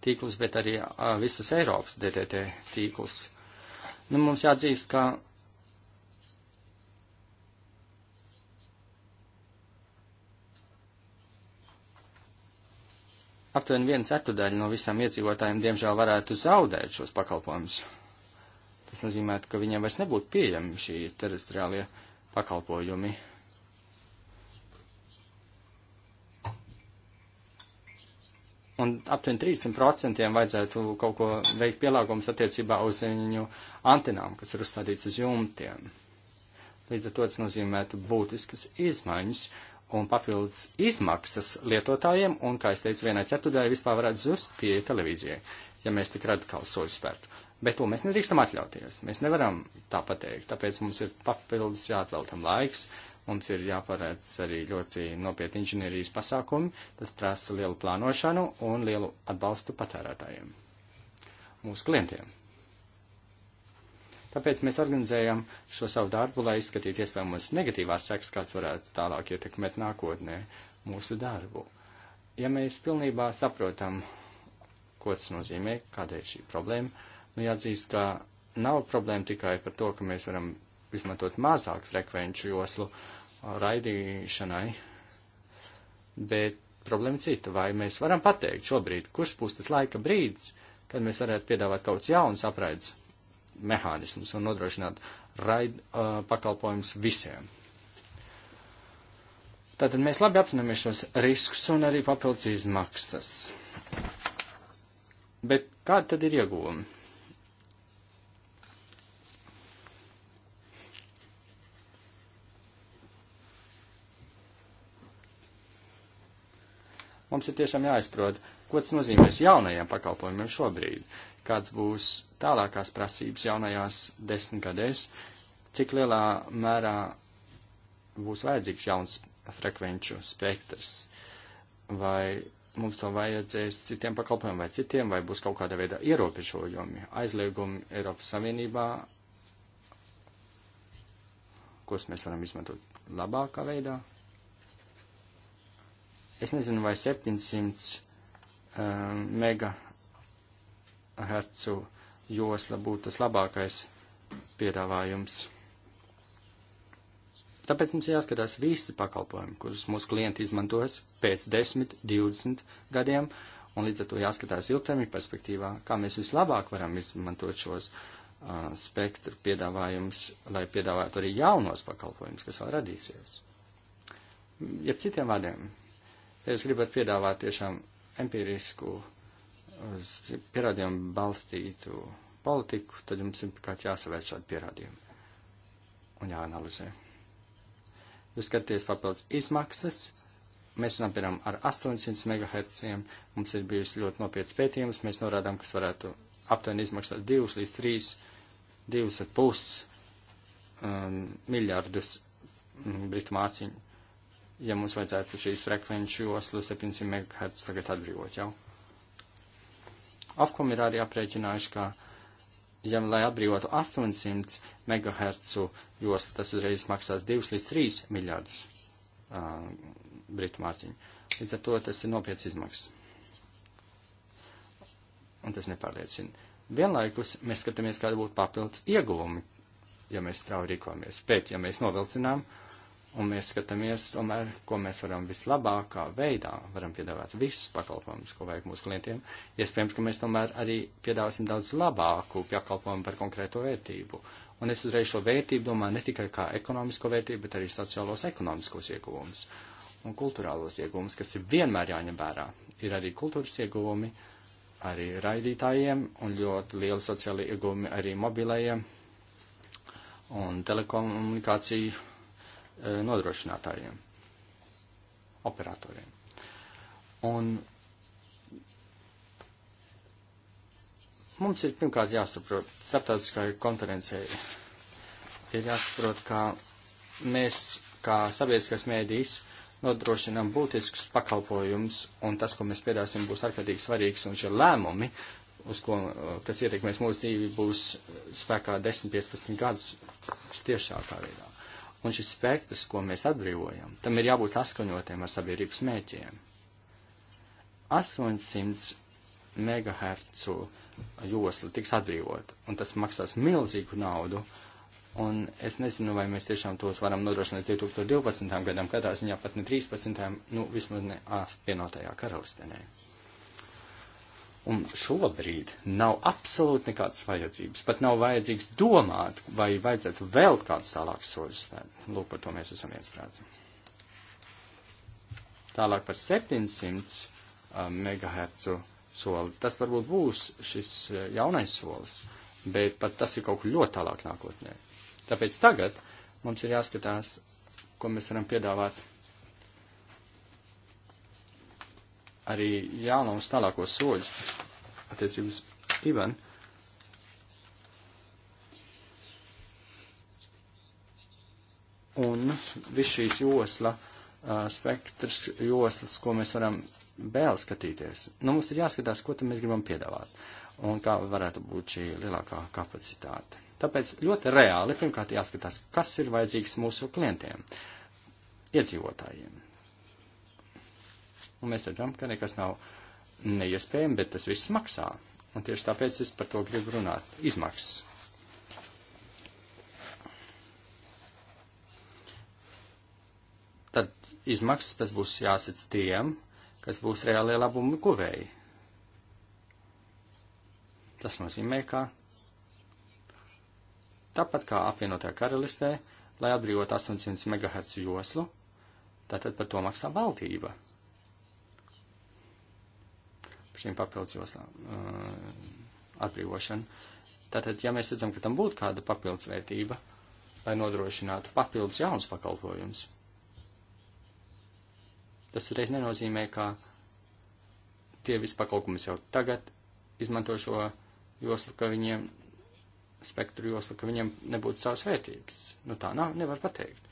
tīklus, bet arī uh, visas Eiropas DTT tīklus. Uh, Nu, mums jāatzīst, ka aptuveni viena ceturdaļa no visām iedzīvotājiem, diemžēl, varētu zaudēt šos pakalpojumus. Tas nozīmē, ka viņiem vairs nebūtu pieejami šī terestriālie pakalpojumi. un aptuveni 30% vajadzētu kaut ko veikt pielāgums attiecībā uz viņu antenām, kas ir uzstādīts uz jumtiem. Līdz ar to tas nozīmētu būtiskas izmaiņas un papildus izmaksas lietotājiem, un, kā es teicu, vienai ceturtdaļai vispār varētu zust pieeja televīzijai, ja mēs tik radikāli soļus spērtu. Bet to mēs nedrīkstam atļauties. Mēs nevaram tā pateikt, tāpēc mums ir papildus jāatvēl tam laiks, Mums ir jāparēc arī ļoti nopietni inženierijas pasākumi, tas prasa lielu plānošanu un lielu atbalstu patērētājiem, mūsu klientiem. Tāpēc mēs organizējam šo savu darbu, lai izskatītu iespējamos negatīvās sekas, kāds varētu tālāk ietekmēt nākotnē mūsu darbu. Ja mēs pilnībā saprotam, ko tas nozīmē, kāda ir šī problēma, nu jāatzīst, ka nav problēma tikai par to, ka mēs varam izmantot mazāk frekvenču joslu, raidīšanai, bet problēma cita, vai mēs varam pateikt šobrīd, kurš būs tas laika brīdis, kad mēs varētu piedāvāt kaut kāds jauns apraides mehānismus un nodrošināt raid uh, pakalpojumus visiem. Tātad mēs labi apzināmies šos riskus un arī papildus izmaksas. Bet kāda tad ir ieguvuma? Mums ir tiešām jāizprot, ko tas nozīmēs jaunajiem pakalpojumiem šobrīd, kāds būs tālākās prasības jaunajās desmitgadēs, cik lielā mērā būs vajadzīgs jauns frekvenču spektrs, vai mums to vajadzēs citiem pakalpojumiem vai citiem, vai būs kaut kāda veida ierobežojumi, aizliegumi Eiropas Savienībā, kurus mēs varam izmantot labākā veidā. Es nezinu, vai 700 um, eh, megahercu josla būtu tas labākais piedāvājums. Tāpēc mums jāskatās visi pakalpojumi, kurus mūsu klienti izmantos pēc 10, 20 gadiem, un līdz ar to jāskatās ilgtermiņa perspektīvā, kā mēs vislabāk varam izmantot šos uh, spektru piedāvājumus, lai piedāvātu arī jaunos pakalpojumus, kas vēl radīsies. Ja citiem vārdiem, Ja jūs gribat piedāvāt tiešām empirisku, uz pierādījumu balstītu politiku, tad jums ir kā jāsavērt šādi pierādījumi un jāanalizē. Jūs skatāties papildus izmaksas mēs runājam piemēram ar 800 MHz, mums ir bijusi ļoti nopietns pētījums, mēs norādām, kas varētu aptuveni izmaksāt 2 līdz 3, 2,5 um, miljārdus um, mm, britu mārciņu ja mums vajadzētu šīs frekvenču oslu 700 MHz tagad atbrīvot jau. Afkom ir arī aprēķinājuši, ka, ja lai atbrīvotu 800 MHz joslu, tas uzreiz maksās 2 līdz 3 miljārdus uh, britu mārciņu. Līdz ar to tas ir nopietns izmaksas. Un tas nepārliecina. Vienlaikus mēs skatāmies, kāda būtu papildus ieguvumi, ja mēs strauji rīkojamies. Bet, ja mēs novilcinām, uh, un mēs skatāmies tomēr, ko mēs varam vislabākā veidā, varam piedāvāt visus pakalpojumus, ko vajag mūsu klientiem. Iespējams, ka mēs tomēr arī piedāvāsim daudz labāku pakalpojumu par konkrēto vērtību. Un es uzreiz šo vērtību domāju ne tikai kā ekonomisko vērtību, bet arī sociālos ekonomiskos ieguvumus un kultūrālos ieguvumus, kas ir vienmēr jāņem vērā. Ir arī kultūras ieguvumi, arī raidītājiem un ļoti lieli sociāli ieguvumi arī mobilējiem un telekomunikāciju Eh, nodrošinātājiem, operatoriem. Un mums ir pirmkārt jāsaprot, starptautiskai konferencei ir jāsaprot, ka mēs, kā sabiedriskais mēdījis, nodrošinām būtiskus pakalpojumus, un tas, ko mēs piedāsim, būs ārkārtīgi svarīgs, un šie lēmumi, uz ko, kas ietekmēs mūsu dzīvi, būs spēkā 10-15 gadus tiešākā veidā. Un šis spektrs, ko mēs atbrīvojam, tam ir jābūt saskaņotiem ar sabiedrības mēķiem. 800 MHz josla tiks atbrīvot, un tas maksās milzīgu naudu, un es nezinu, vai mēs tiešām tos varam nodrošināt 2012. gadam, kādā ziņā pat ne 13. nu vismaz ne pienotajā karalistenē. Un šobrīd nav absolūti nekādas vajadzības, pat nav vajadzīgs domāt, vai vajadzētu vēl kādus tālākus soļus spēt. Lūk, par to mēs esam viensprāts. Tālāk par 700 uh, MHz soli. Tas varbūt būs šis uh, jaunais solis, bet pat tas ir kaut kur ļoti tālāk nākotnē. Tāpēc tagad mums ir jāskatās, ko mēs varam piedāvāt arī jālauž tālākos soļus attiecības Ivan. Un viss šīs josla, uh, spektrs joslas, ko mēs varam vēl skatīties, nu mums ir jāskatās, ko tam mēs gribam piedāvāt un kā varētu būt šī lielākā kapacitāte. Tāpēc ļoti reāli pirmkārt jāskatās, kas ir vajadzīgs mūsu klientiem, iedzīvotājiem. Un mēs redzam, ka nekas nav neiespējami, bet tas viss maksā. Un tieši tāpēc es par to gribu runāt. Izmaksas. Tad izmaksas tas būs jāsac tiem, kas būs reālie labumi guvēji. Tas nozīmē, ka tāpat kā apvienotajā karalistē, lai atbrīvot 800 MHz joslu, tātad par to maksā valdība par šīm papildus joslām uh, atbrīvošanu. Tātad, ja mēs redzam, ka tam būtu kāda papildus vērtība, lai nodrošinātu papildus jaunas pakalpojumus, tas uzreiz nenozīmē, ka tie visi pakalpojumi jau tagad izmanto šo joslu, ka viņiem spektru joslu, ka viņiem nebūtu savas vērtības. Nu tā nav, nevar pateikt.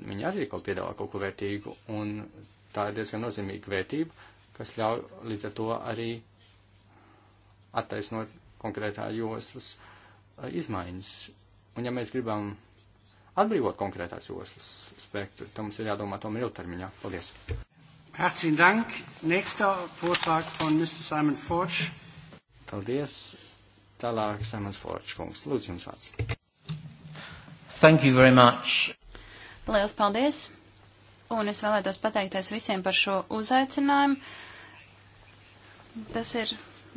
Viņi arī kaut piedāvā kaut ko vērtīgu, un tā ir diezgan nozīmīga vērtība, kas ļauj līdz ar to arī attaisnot konkrētā joslas uh, izmaiņas. Un ja mēs gribam atbrīvot konkrētās joslas spektru, tad mums ir jādomā tomēr ilgtermiņā. Paldies! Herzlichen Dank. Nächster Vortrag von Mr. Simon Forge. Paldies. Tālāk Simons Forge kungs. Lūdzu jums vārds. Thank you very much. Lielas paldies un es vēlētos pateikties visiem par šo uzaicinājumu. Tas ir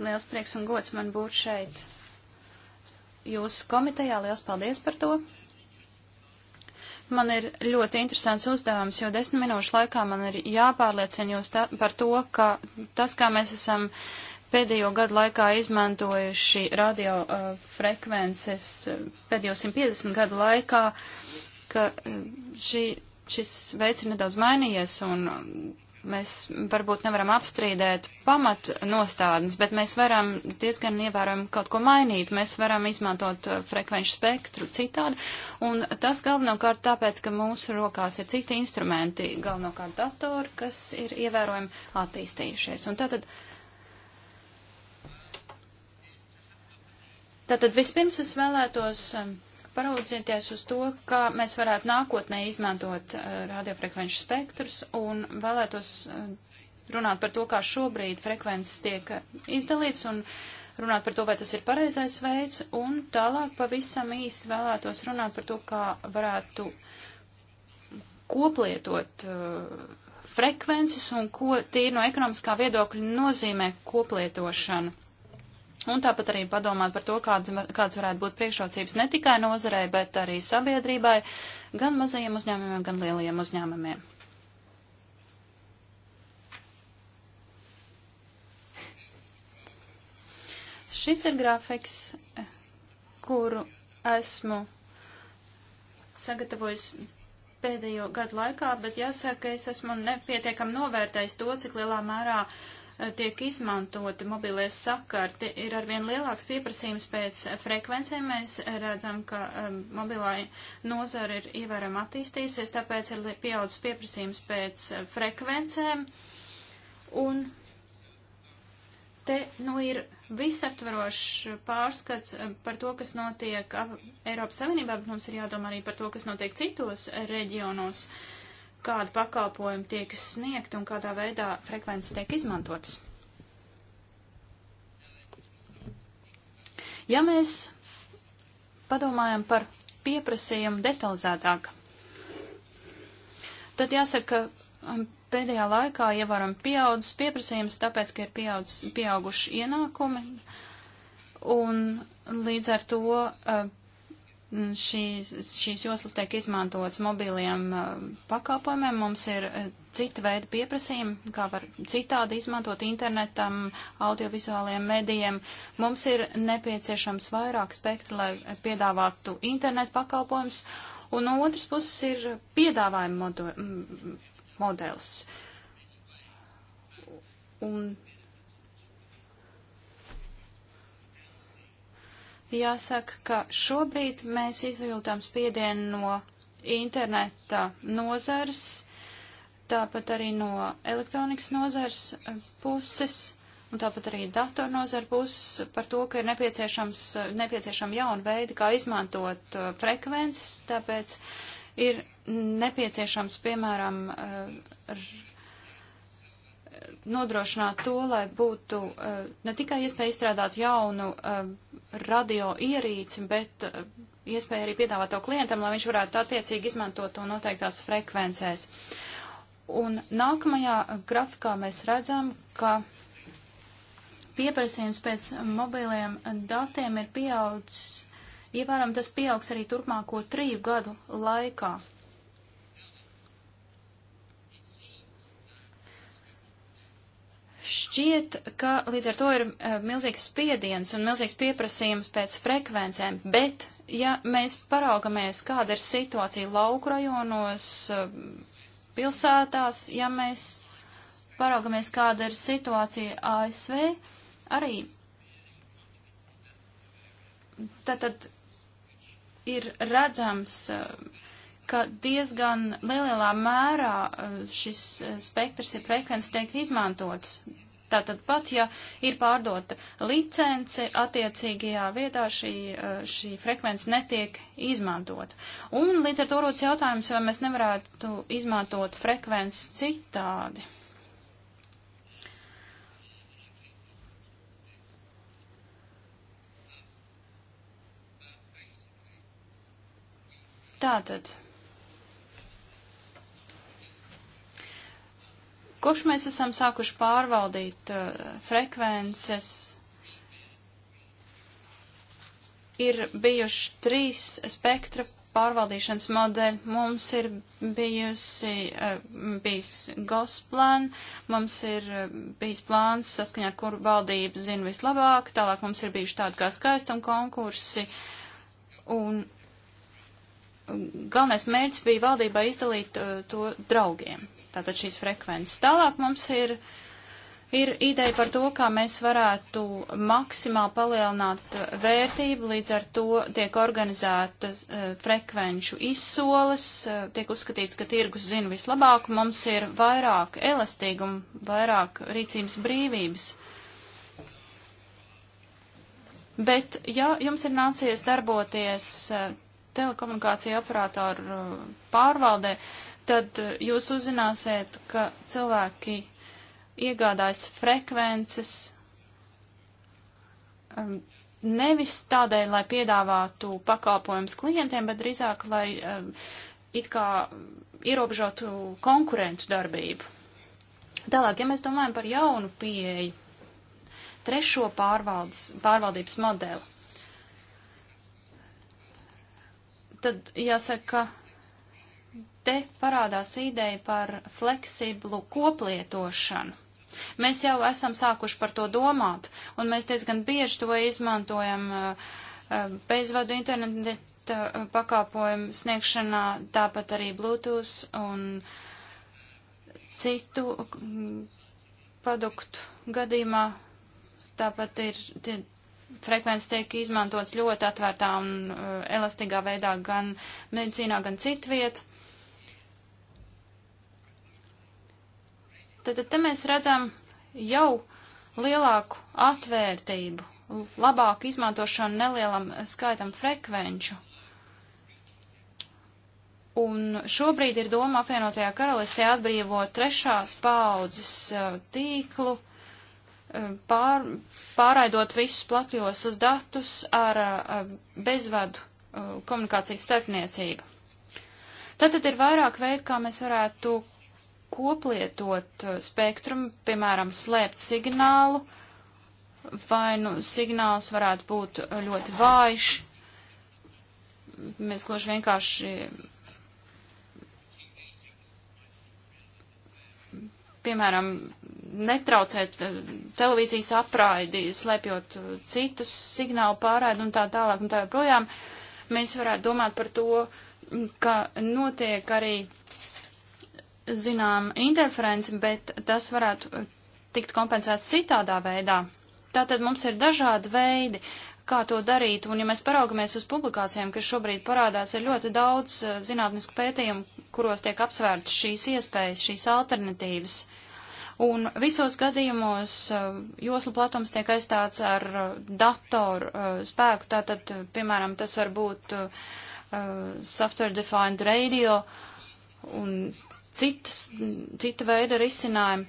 liels prieks un gods man būt šeit jūsu komitejā. Liels paldies par to! Man ir ļoti interesants uzdevums, jo desmit minūšu laikā man ir jāpārliecina jūs tā, par to, ka tas, kā mēs esam pēdējo gadu laikā izmantojuši radio uh, frekvences uh, pēdējo 150 gadu laikā, ka uh, šī šis veids ir nedaudz mainījies un mēs varbūt nevaram apstrīdēt pamat nostādnes, bet mēs varam diezgan ievērojami kaut ko mainīt. Mēs varam izmantot uh, frekvenču spektru citādi, un tas galvenokārt tāpēc, ka mūsu rokās ir citi instrumenti, galvenokārt datori, kas ir ievērojami attīstījušies. Un tātad, tātad vispirms es vēlētos um, paraudzieties uz to, kā mēs varētu nākotnē izmantot eh, radiofrekvenču spektrus un vēlētos eh, runāt par to, kā šobrīd frekvences tiek eh, izdalīts un runāt par to, vai tas ir pareizais veids, un tālāk pavisam īsi vēlētos runāt par to, kā varētu koplietot frekvences un ko tīri no ekonomiskā viedokļa nozīmē koplietošana. Un tāpat arī padomāt par to, kāds, kāds varētu būt priekšrocības ne tikai nozarei, bet arī sabiedrībai, gan mazajiem uzņēmumiem, gan lielajiem uzņēmumiem. Šis ir grafiks, kuru esmu sagatavojis pēdējo gadu laikā, bet jāsaka, ka es esmu nepietiekam novērtējis to, cik lielā mērā uh, Eh, tiek izmantoti mobilie sakarti, ir arvien lielāks pieprasījums pēc frekvencēm. Mēs redzam, ka um, mobilai nozara ir ievērojami attīstījusies, tāpēc ir pieaudzis pieprasījums pēc eh, frekvencēm. Un te nu, ir visaptvarošs pārskats eh, par to, kas notiek Eiropas Savienībā, bet mums ir jādomā arī par to, kas notiek citos reģionos. Uh, kāda pakalpojuma tiek sniegt un kādā veidā frekvences tiek izmantotas. Ja mēs padomājam par pieprasījumu detalizētāk, tad jāsaka, ka um, pēdējā laikā ievaram pieaudzis pieprasījums, tāpēc, ka ir pieaudzis, pieauguši ienākumi, un līdz ar to uh, Mm, šīs, šīs joslas tiek izmantotas mobiliem uh, pakalpojumiem. Mums ir uh, cita veida pieprasījumi, kā var citādi izmantot internetam, audiovizuāliem medijiem. Mums ir nepieciešams vairāk spektra, lai piedāvātu internetu pakalpojumus. Un no otras puses ir piedāvājuma mm, modelis. Un Jāsaka, ka šobrīd mēs izjūtām spiedienu no interneta nozars, tāpat arī no elektronikas nozars eh, puses un tāpat arī datornozara puses par to, ka ir nepieciešams, eh, nepieciešama jauna veida, kā izmantot eh, frekvences, tāpēc ir nepieciešams, piemēram, nodrošināt to, lai būtu eh, ne tikai iespēja izstrādāt jaunu eh, radio ierīci, bet eh, iespēja arī piedāvāt to klientam, lai viņš varētu attiecīgi izmantot to noteiktās frekvencēs. Un nākamajā grafikā mēs redzam, ka pieprasījums pēc mobiliem datiem ir pieaudzis, ievērojami tas pieaugs arī turpmāko trīju gadu laikā. Šķiet, ka līdz ar to ir eh, milzīgs spiediens un milzīgs pieprasījums pēc frekvencēm, bet ja mēs paraugamies, kāda ir situācija lauku rajonos, eh, pilsētās, ja mēs paraugamies, kāda ir situācija ASV, arī tātad ir redzams uh, ka diezgan lielā mērā uh, šis uh, spektrs ir frekvences tiek izmantots. Tātad pat, ja ir pārdota licence, attiecīgajā vietā šī, uh, šī frekvence netiek izmantota. Un līdz ar to rodas jautājums, vai mēs nevarētu izmantot frekvences citādi. Tātad Kopš mēs esam sākuši pārvaldīt uh, frekvences, ir bijuši trīs spektra pārvaldīšanas modeļi. Mums ir bijusi, uh, bijis gosplan, mums ir eh, bijis plāns, saskaņā ar kuru valdība zina vislabāk, tālāk mums ir bijuši tādi kā skaistuma konkursi. Un galvenais mērķis bija valdībai izdalīt uh, to draugiem tātad šīs frekvences. Tālāk mums ir, ir ideja par to, kā mēs varētu maksimāli palielināt vērtību, līdz ar to tiek organizētas uh, frekvenču izsoles, uh, tiek uzskatīts, ka tirgus zina vislabāk, mums ir vairāk elastīguma, vairāk rīcības brīvības. Bet, ja jums ir nācies darboties eh, telekomunikāciju operātoru pārvaldē, tad eh, jūs uzzināsiet, ka cilvēki iegādājas frekvences ehm, nevis tādēļ, lai piedāvātu pakalpojumus klientiem, bet drīzāk, lai ehm, it kā ierobežotu konkurentu darbību. Tālāk, ja mēs domājam par jaunu pieeju, trešo pārvaldes, pārvaldības modeli, tad jāsaka, ka te parādās ideja par fleksiblu koplietošanu. Mēs jau esam sākuši par to domāt, un mēs diezgan bieži to izmantojam uh, uh, bezvadu interneta uh, pakāpojumu sniegšanā, tāpat arī Bluetooth un citu mm, produktu gadījumā. Tāpat ir tie, frekvences tiek izmantots ļoti atvērtā un elastīgā veidā gan medicīnā, gan citviet. Tad te mēs redzam jau lielāku atvērtību, labāku izmantošanu nelielam skaitam frekvenču. Un šobrīd ir doma apvienotajā karalistē atbrīvot trešās paudzes uh, tīklu, uh, pār, pārraidot visus platjoslas datus ar uh, bezvadu komunikācijas starpniecību. Tātad ir vairāk veidu, kā mēs varētu koplietot eh, spektrumu, piemēram, slēpt signālu, vai nu signāls varētu būt eh, ļoti vājš. Mēs gluži vienkārši piemēram, netraucēt eh, televīzijas apraidi, slēpjot citus signālu pārraidi un tā tālāk un tā joprojām, mēs varētu domāt par to, mm, ka notiek arī zinām interferenci, bet tas varētu eh, tikt kompensēts citādā veidā. Tātad mums ir dažādi veidi, kā to darīt, un ja mēs paraugamies uz publikācijām, kas šobrīd parādās, ir ļoti daudz eh, zinātnisku pētījumu, kuros tiek apsvērts šīs iespējas, šīs alternatīvas. Un visos gadījumos eh, joslu platums tiek aizstāts ar datoru spēku, tātad, piemēram, tas var būt software-defined radio, un citas, cita veida risinājumi.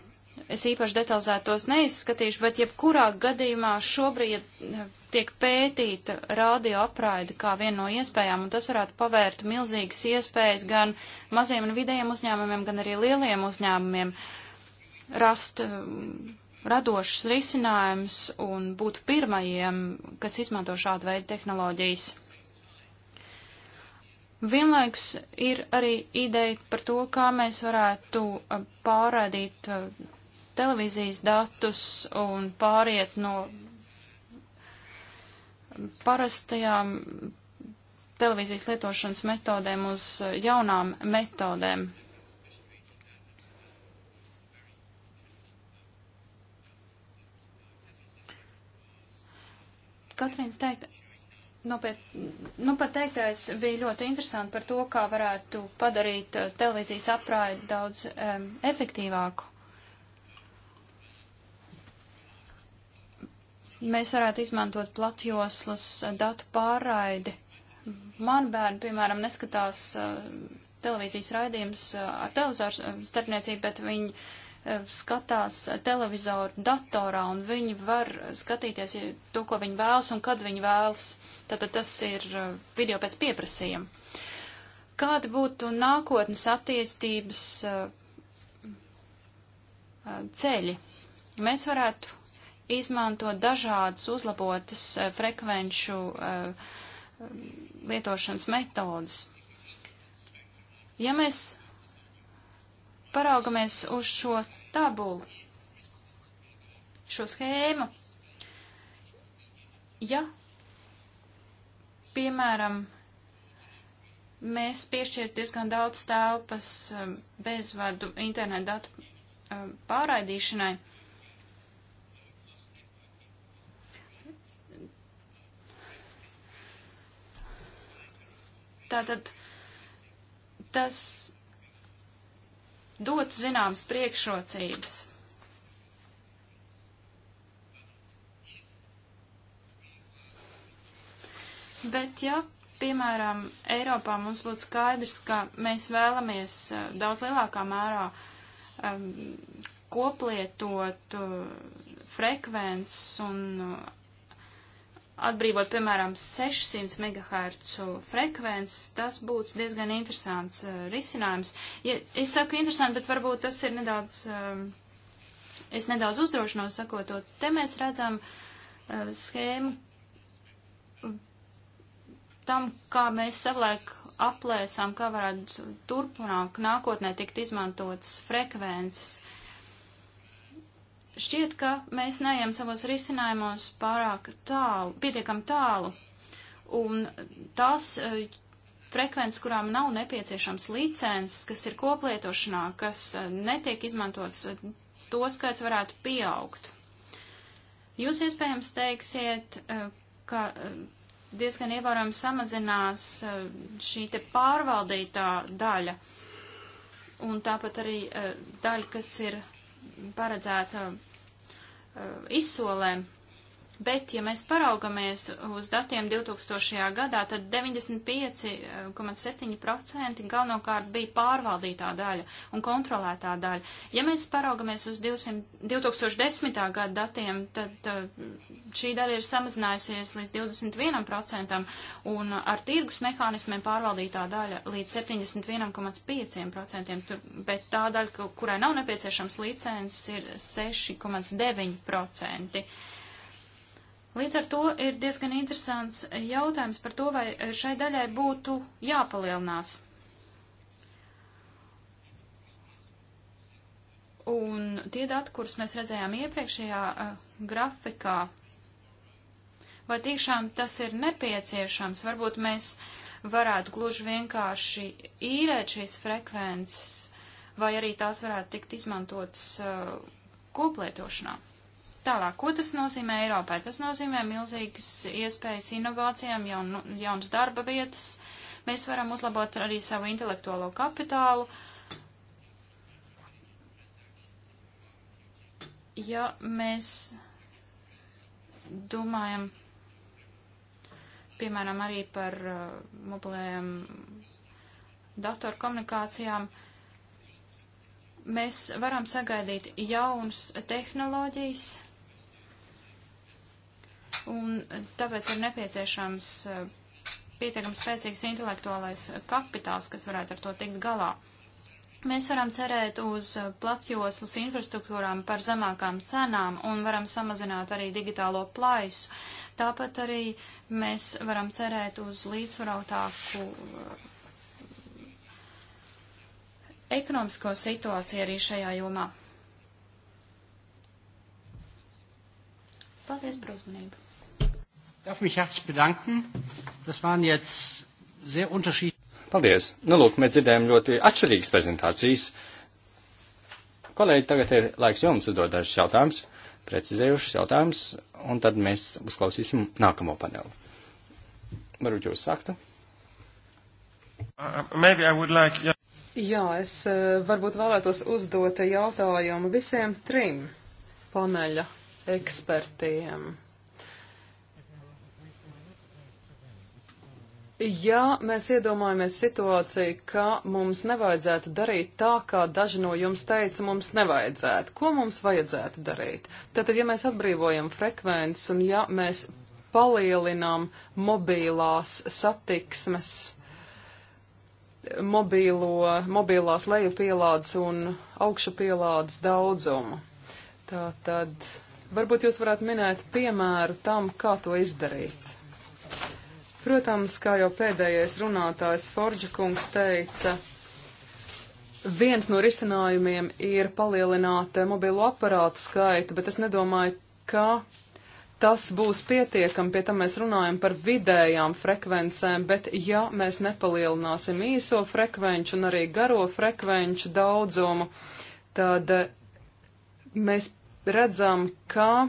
Es īpaši detalizētos neizskatīšu, bet jebkurā gadījumā šobrīd eh, tiek pētīta radioapraide kā viena no iespējām, un tas varētu pavērt milzīgas iespējas gan maziem un vidējiem uzņēmumiem, gan arī lieliem uzņēmumiem rast eh, radošus risinājumus un būt pirmajiem, kas izmanto šādu veidu tehnoloģijas. Vienlaikus ir arī ideja par to, kā mēs varētu uh, pārādīt uh, televīzijas datus un pāriet no parastajām televīzijas lietošanas metodēm uz uh, jaunām metodēm. Katrīns teikt, Nu, bet, nu, pat teiktais bija ļoti interesanti par to, kā varētu padarīt eh, televīzijas aprādi daudz um, efektīvāku. Mēs varētu izmantot platjoslas eh, datu pārraidi. Man bērni, piemēram, neskatās uh, televīzijas raidījums uh, ar televizoru starpniecību, bet viņi uh, skatās televizoru datorā un viņi var skatīties to, ko viņi vēlas un kad viņi vēlas. Tātad tas ir uh, video pēc pieprasījuma. Kāda būtu nākotnes attīstības uh, uh, ceļi? Mēs varētu izmantot dažādas uzlabotas frekvenču lietošanas metodas. Ja mēs paraugamies uz šo tabulu, šo schēmu, ja, piemēram, mēs piešķirt diezgan daudz telpas um, bezvadu internetu datu um, pārraidīšanai. Tātad tas dotu zināmas priekšrocības. Bet, ja, piemēram, Eiropā mums būtu skaidrs, ka mēs vēlamies eh, daudz lielākā mērā um, koplietot uh, frekvences un uh, atbrīvot, piemēram, 600 MHz frekvences, tas būtu diezgan interesants uh, risinājums. Ja, es saku interesanti, bet varbūt tas ir nedaudz, uh, es nedaudz uzdrošinos sakot to. Te mēs redzam uh, schēmu tam, kā mēs savlaik aplēsām, kā varētu turpmāk nākotnē tikt izmantotas frekvences. Uh, šķiet, ka mēs neejam savos risinājumos pārāk tālu, pietiekam tālu, un tās e, frekvences, kurām nav nepieciešams licences, kas ir koplietošanā, kas e, netiek izmantots, e, to skaits varētu pieaugt. Jūs iespējams teiksiet, ka diezgan ievērojami samazinās šī te pārvaldītā daļa, un tāpat arī daļa, kas ir paredzēta uh, izsolēm Bet, ja mēs paraugamies uz datiem 2000. gadā, tad 95,7% galvenokārt bija pārvaldītā daļa un kontrolētā daļa. Ja mēs paraugamies uz 200, 2010. gada datiem, tad šī daļa ir samazinājusies līdz 21% un ar tirgus mehānismiem pārvaldītā daļa līdz 71,5%, tur, bet tā daļa, kurai nav nepieciešams licences, ir 6,9%. Līdz ar to ir diezgan interesants jautājums par to, vai šai daļai būtu jāpalielinās. Un tie dati, kurus mēs redzējām iepriekšējā uh, grafikā, vai tiešām tas ir nepieciešams? Varbūt mēs varētu gluži vienkārši īrēt šīs frekvences, vai arī tās varētu tikt izmantotas uh, koplietošanā. Tālāk, ko tas nozīmē Eiropai? Tas nozīmē milzīgas iespējas inovācijām, jaun, jaunas darba vietas. Mēs varam uzlabot arī savu intelektuālo kapitālu. Ja mēs domājam, piemēram, arī par uh, mobilējām datorkomunikācijām, mēs varam sagaidīt jaunas tehnoloģijas, un tāpēc ir nepieciešams eh, pietiekami spēcīgs intelektuālais kapitāls, kas varētu ar to tikt galā. Mēs varam cerēt uz eh, platjoslas infrastruktūrām par zemākām cenām un varam samazināt arī digitālo plaisu. Tāpat arī mēs varam cerēt uz līdzvarautāku eh, ekonomisko situāciju arī šajā jomā. Paldies par uzmanību. Darf mich herzlich bedanken. Das waren jetzt sehr unterschiedliche. Paldies. Nu, lūk, mēs dzirdējām ļoti atšķirīgas prezentācijas. Kolēģi, tagad ir laiks jums uzdot dažus jautājumus, precizējušus jautājumus, un tad mēs uzklausīsim nākamo paneli. Varbūt jūs sāktu? Uh, like, yeah. Jā, es uh, varbūt vēlētos uzdot jautājumu visiem trim paneļa ekspertiem. Ja mēs iedomājamies situāciju, ka mums nevajadzētu darīt tā, kā daži no jums teica, mums nevajadzētu, ko mums vajadzētu darīt? Tātad, ja mēs atbrīvojam frekvences un ja mēs palielinām mobīlās satiksmes, mobīlo, mobīlās lejupielādes un augšupielādes daudzumu, tātad Varbūt jūs varētu minēt piemēru tam, kā to izdarīt. Protams, kā jau pēdējais runātājs Forģa kungs teica, viens no risinājumiem ir palielināt mobilo aparātu skaitu, bet es nedomāju, ka tas būs pietiekami, pie tam mēs runājam par vidējām frekvencēm, bet ja mēs nepalielināsim īso frekvenču un arī garo frekvenču daudzumu, tad mēs redzam, ka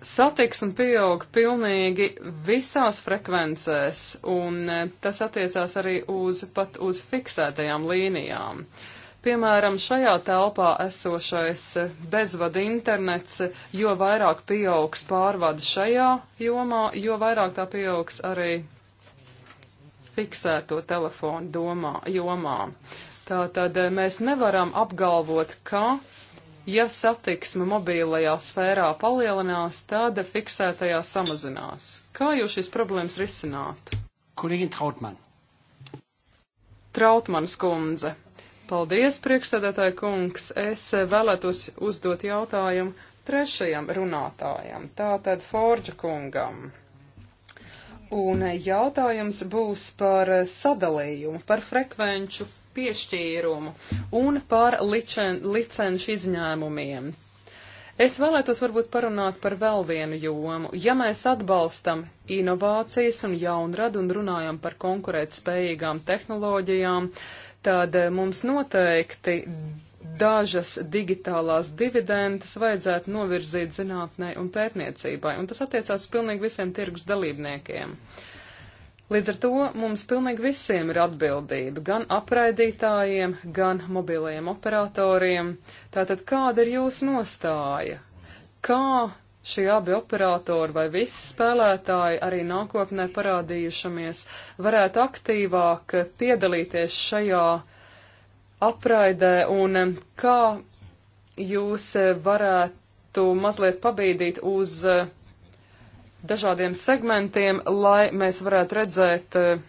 satiksme pieaug pilnīgi visās frekvencēs, un e, tas attiecās arī uz pat uz fiksētajām līnijām. Piemēram, šajā telpā esošais e, bezvada internets, e, jo vairāk pieaugs pārvada šajā jomā, jo vairāk tā pieaugs arī fiksēto telefonu domā, jomā. Tātad mēs nevaram apgalvot, ka Ja satiksme mobīlajā sfērā palielinās, tad fiksētajā samazinās. Kā jūs šīs problēmas risināt? Kolēģi Trautmann. Trautmanns kundze. Paldies, priekšsēdētāja kungs. Es vēlētos uzdot jautājumu trešajam runātājam, tātad Forģa kungam. Un jautājums būs par sadalījumu, par frekvenču piešķīrumu un par licen, licenšu izņēmumiem. Es vēlētos varbūt parunāt par vēl vienu jomu. Ja mēs atbalstam inovācijas un jaunradu un runājam par konkurētspējīgām tehnoloģijām, tad eh, mums noteikti dažas digitālās dividendes vajadzētu novirzīt zinātnē un pētniecībai, un tas attiecās pilnīgi visiem tirgus dalībniekiem. Uh, Līdz ar to mums pilnīgi visiem ir atbildība, gan apraidītājiem, gan mobilajiem operatoriem. Tātad kāda ir jūsu nostāja? Kā šie abi operatori vai visi spēlētāji arī nākotnē parādījušamies varētu aktīvāk piedalīties šajā apraidē un um, kā jūs eh, varētu mazliet pabīdīt uz uh, dažādiem segmentiem, lai mēs varētu redzēt eh,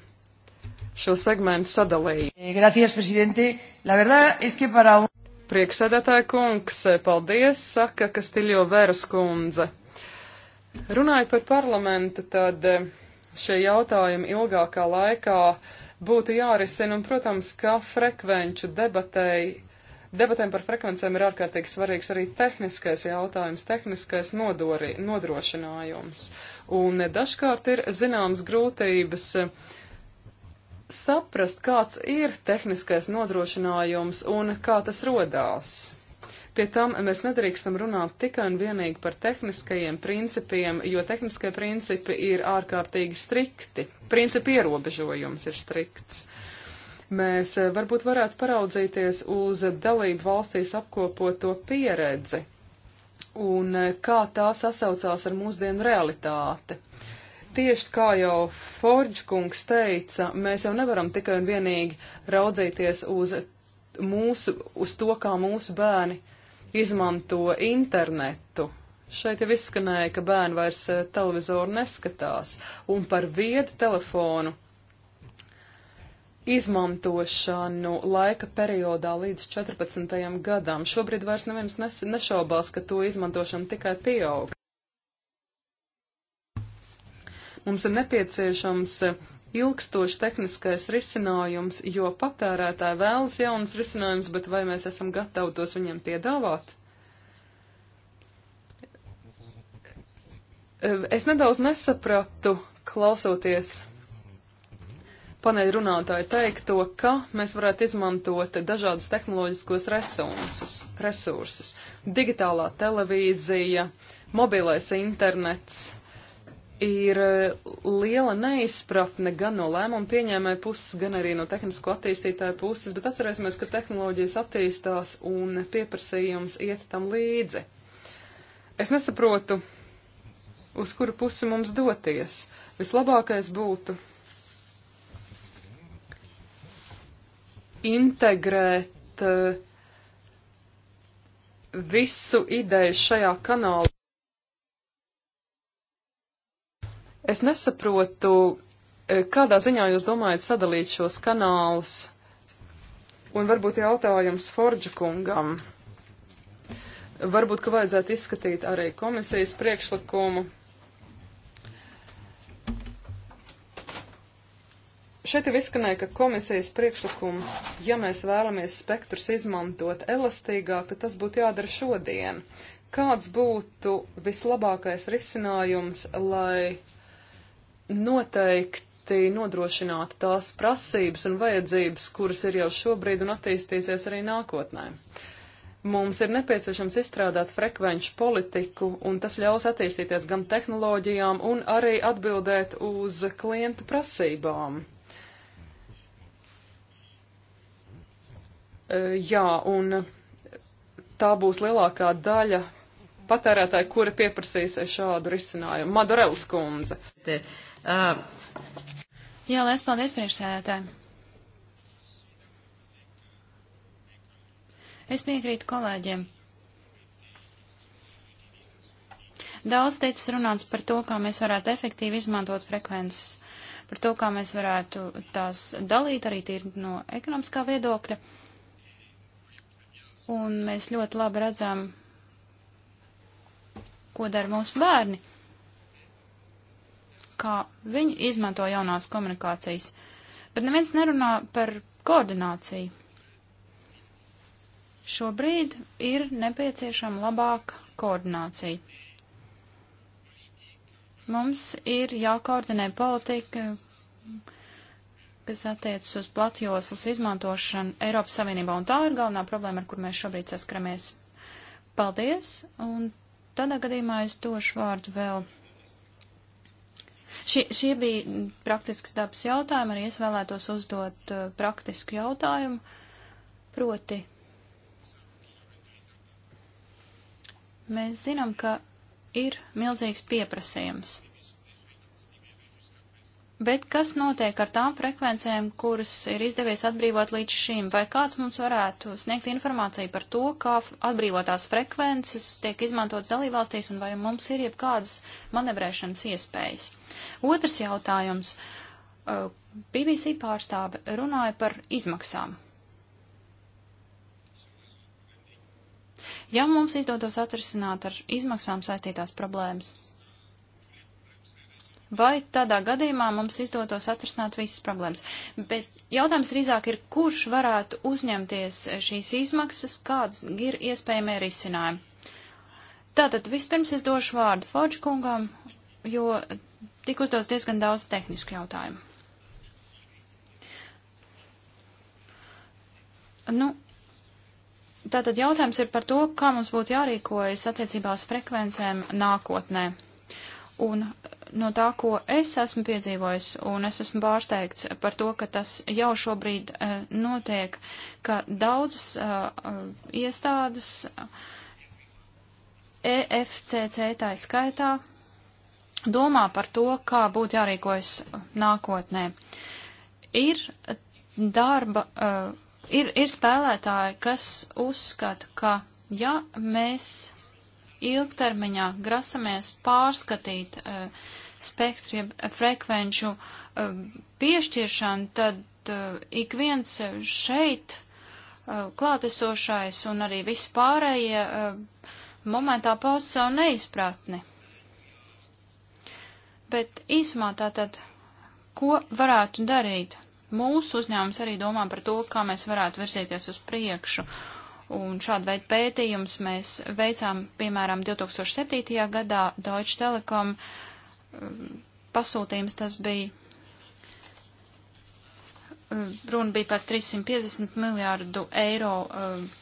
šo segmentu sadalījumu. Eh, gracias, prezidente. La verdad es que para un... Prieksēdētāja kungs, eh, paldies, saka Kastiljo Veras kundze. Runājot par parlamentu, tad šie jautājumi ilgākā laikā būtu jārisina, un, protams, kā frekvenču debatēji Debatēm par frekvencēm ir ārkārtīgi svarīgs arī tehniskais jautājums, tehniskais nodori, nodrošinājums. Un dažkārt ir zināmas grūtības eh, saprast, kāds ir tehniskais nodrošinājums un kā tas rodās. Pie tam mēs nedrīkstam runāt tikai un vienīgi par tehniskajiem principiem, jo tehniskie principi ir ārkārtīgi strikti. Principi ierobežojums ir strikts mēs eh, varbūt varētu paraudzīties uz dalību valstīs apkopoto pieredzi un eh, kā tā sasaucās ar mūsdienu realitāti. Tieši kā jau Forģkungs teica, mēs jau nevaram tikai un vienīgi raudzīties uz, mūsu, uz to, kā mūsu bērni izmanto internetu. Šeit jau izskanēja, ka bērni vairs eh, televizoru neskatās, un par viedu telefonu izmantošanu laika periodā līdz 14. gadam. Šobrīd vairs neviens nes, nešaubās, ka to izmantošana tikai pieaug. Mums ir nepieciešams ilgstošs tehniskais risinājums, jo patērētāji vēlas jaunas risinājumus, bet vai mēs esam gatavi tos viņiem piedāvāt? Es nedaudz nesapratu, klausoties paneļrunātāju teikto, ka mēs varētu izmantot dažādus tehnoloģiskos resursus, resursus. Digitālā televīzija, mobilais internets ir eh, liela neizpratne gan no lēmumu pieņēmēja puses, gan arī no tehnisko attīstītāju puses, bet atcerēsimies, ka tehnoloģijas attīstās un pieprasījums iet tam līdzi. Es nesaprotu, uz kuru pusi mums doties. Vislabākais būtu integrēt eh, visu ideju šajā kanālā. Es nesaprotu, eh, kādā ziņā jūs domājat sadalīt šos kanālus, un varbūt jautājums Forģa kungam. Varbūt, ka vajadzētu izskatīt arī komisijas priekšlikumu Šeit jau izskanēja, ka komisijas priekšlikums, ja mēs vēlamies spektrus izmantot elastīgāk, tad tas būtu jādara šodien. Kāds būtu vislabākais risinājums, lai noteikti nodrošinātu tās prasības un vajadzības, kuras ir jau šobrīd un attīstīsies arī nākotnē? Mums ir nepieciešams izstrādāt frekvenču politiku, un tas ļaus attīstīties gan tehnoloģijām, un arī atbildēt uz klientu prasībām. Eh, jā, un tā būs lielākā daļa patērētāji, kuri pieprasīs šādu risinājumu. Madarels kundze. Jā, liels paldies priekšsēdētājiem. Es piekrītu kolēģiem. Daudz teicis runāts par to, kā mēs varētu efektīvi izmantot frekvences, par to, kā mēs varētu tās dalīt arī tīri no ekonomiskā viedokļa. Uh, un mēs ļoti labi redzam, ko dara mūsu bērni, kā viņi izmanto jaunās komunikācijas. Bet neviens nerunā par koordināciju. Šobrīd ir nepieciešama labāka koordinācija. Mums ir jākoordinē politika, kas attiecas uz platjoslas izmantošanu Eiropas Savienībā, un tā ir galvenā problēma, ar kur mēs šobrīd saskaramies. Paldies, un tādā gadījumā es došu vārdu vēl. Šie, šie bija praktisks dabas jautājumi, arī es vēlētos uzdot uh, praktisku jautājumu, proti. Mēs zinām, ka ir milzīgs pieprasījums Bet kas notiek ar tām frekvencēm, kuras ir izdevies atbrīvot līdz šim? Vai kāds mums varētu sniegt informāciju par to, kā atbrīvotās frekvences tiek izmantotas dalībvalstīs un vai mums ir jebkādas manevrēšanas iespējas? Otrs jautājums. BBC pārstāve runāja par izmaksām. Ja mums izdotos atrisināt ar izmaksām saistītās problēmas vai tādā gadījumā mums izdotos atrisināt visas problēmas. Bet jautājums drīzāk ir, kurš varētu uzņemties šīs izmaksas, kāds ir iespējamie risinājumi. Tātad vispirms es došu vārdu Fodžkungam, jo tik uzdos diezgan daudz tehnisku jautājumu. Nu, Tātad jautājums ir par to, kā mums būtu jārīkojas attiecībā uz frekvencēm nākotnē. Un no tā, ko es esmu piedzīvojis, un es esmu pārsteigts par to, ka tas jau šobrīd uh, notiek, ka daudzas uh, iestādes, EFCC tā skaitā, domā par to, kā būtu jārīkojas nākotnē. Ir darba, uh, ir, ir spēlētāji, kas uzskata, ka ja mēs ilgtermiņā grasamies pārskatīt uh, spektru, ja frekvenču um, piešķiršanu, tad uh, ik viens šeit uh, klātesošais un arī visi pārējie uh, momentā pausta savu neizpratni. Bet īsumā tātad, ko varētu darīt? Mūsu uzņēmums arī domā par to, kā mēs varētu virzīties uz priekšu. Un šādu veidu pētījumus mēs veicām, piemēram, 2007. gadā Deutsche Telekom uh, pasūtījums tas bija. Eh, runa bija par 350 miljārdu eiro uh,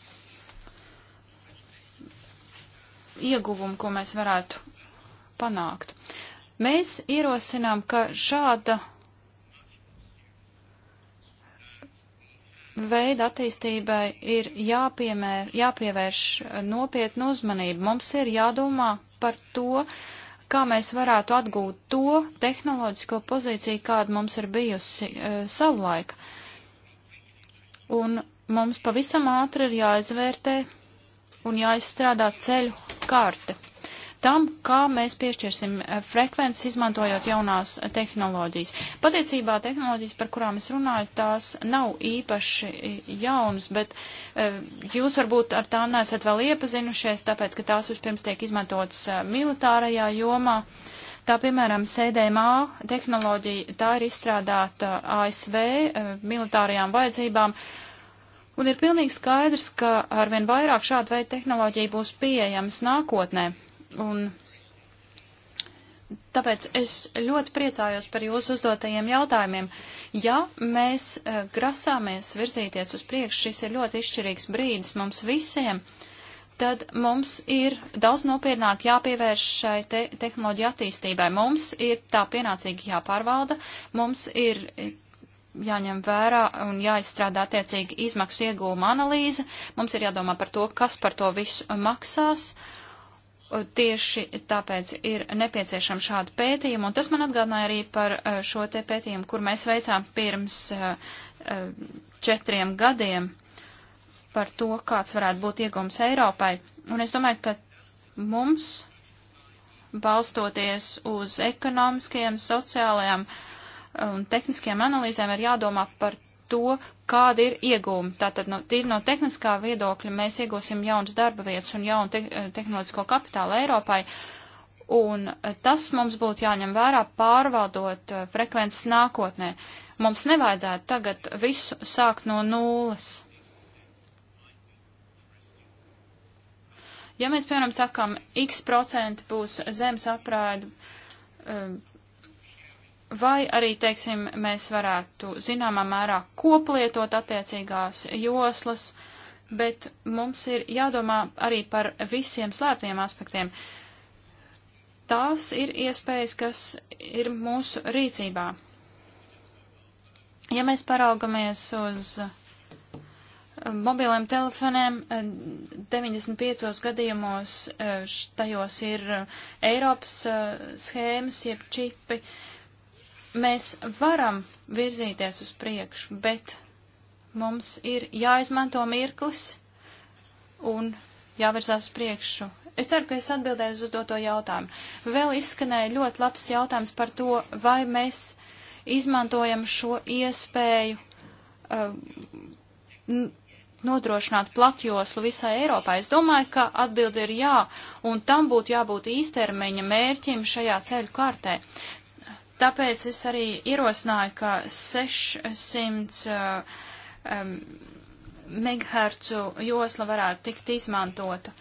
ieguvumu, ko mēs varētu panākt. Mēs ierosinām, ka šāda veida attīstībai ir jāpiemēr, jāpievērš nopietnu uzmanību. Mums ir jādomā par to, uh, kā mēs varētu atgūt to tehnoloģisko pozīciju, kāda mums ir bijusi e, savulaik. Un mums pavisam ātri ir jāizvērtē un jāizstrādā ceļu karte tam, kā mēs piešķirsim eh, frekvences, izmantojot jaunās tehnoloģijas. Patiesībā tehnoloģijas, par kurām es runāju, tās nav īpaši eh, jaunas, bet eh, jūs varbūt ar tām nesat vēl iepazinušies, tāpēc, ka tās vispirms tiek izmantotas militārajā jomā. Tā, piemēram, CDMA tehnoloģija, tā ir izstrādāta ASV militārajām vajadzībām, un ir pilnīgi skaidrs, ka arvien vairāk šāda veida tehnoloģija būs pieejamas nākotnē. Un tāpēc es ļoti priecājos par jūsu uzdotajiem jautājumiem. Ja mēs uh, grasāmies virzīties uz priekšu, šis ir ļoti izšķirīgs brīdis mums visiem, tad mums ir daudz nopietnāk jāpievērš šai te tehnoloģija attīstībai. Mums ir tā pienācīgi jāpārvalda, mums ir jāņem vērā un jāizstrādā attiecīgi izmaksu iegūma analīze, mums ir jādomā par to, kas par to visu maksās. Uh, Tieši tāpēc ir nepieciešama šāda pētījuma, un tas man atgādināja arī par eh, šo te pētījumu, kur mēs veicām pirms eh, eh, četriem gadiem par to, kāds varētu būt iegums Eiropai. Un es domāju, ka mums, balstoties uz ekonomiskajiem, sociālajām un tehniskajām analīzēm, ir jādomā par to, kāda ir iegūma. Tātad no, tīri no tehniskā viedokļa mēs iegūsim jaunas darba vietas un jaunu te eh, tehnoloģisko kapitālu Eiropai. Un eh, tas mums būtu jāņem vērā pārvaldot eh, frekvences nākotnē. Mums nevajadzētu tagad visu sākt no nulles. Ja mēs, piemēram, sakām, x procenti būs zemes apraidu um, Vai arī, teiksim, mēs varētu zināmā mērā koplietot attiecīgās joslas, bet mums ir jādomā arī par visiem slēptiem aspektiem. Tās ir iespējas, kas ir mūsu rīcībā. Ja mēs paraugamies uz eh, mobiliem telefoniem 95 eh, gadījumos eh, tajos ir Eiropas schēmas, jeb čipi, mēs varam virzīties uz priekšu, bet mums ir jāizmanto mirklis un jāvirzās uz priekšu. Es ceru, ka es atbildēju uz uzdoto jautājumu. Vēl izskanēja ļoti labs jautājums par to, vai mēs izmantojam šo iespēju uh, nodrošināt platjoslu visai Eiropā? Es domāju, ka atbildi ir jā, un tam būtu jābūt īstermeņa mērķim šajā ceļu kartē. Tāpēc es arī ierosināju, ka 600 uh, um, megahercu josla varētu tikt izmantota.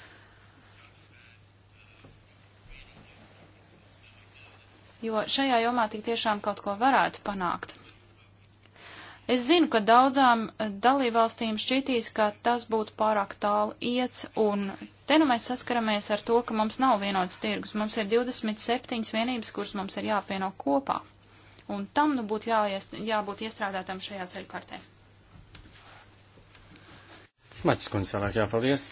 Jo šajā jomā tik tiešām kaut ko varētu panākt. Es zinu, ka daudzām eh, dalībvalstīm šķitīs, ka tas būtu pārāk tālu iets, un te nu mēs saskaramies ar to, ka mums nav vienots tirgus. Mums ir 27 vienības, kuras mums ir jāpieno kopā, un tam nu būtu jāiest, jābūt iestrādātam šajā ceļkartē. Smaķis kundze, vēlāk jāpaldies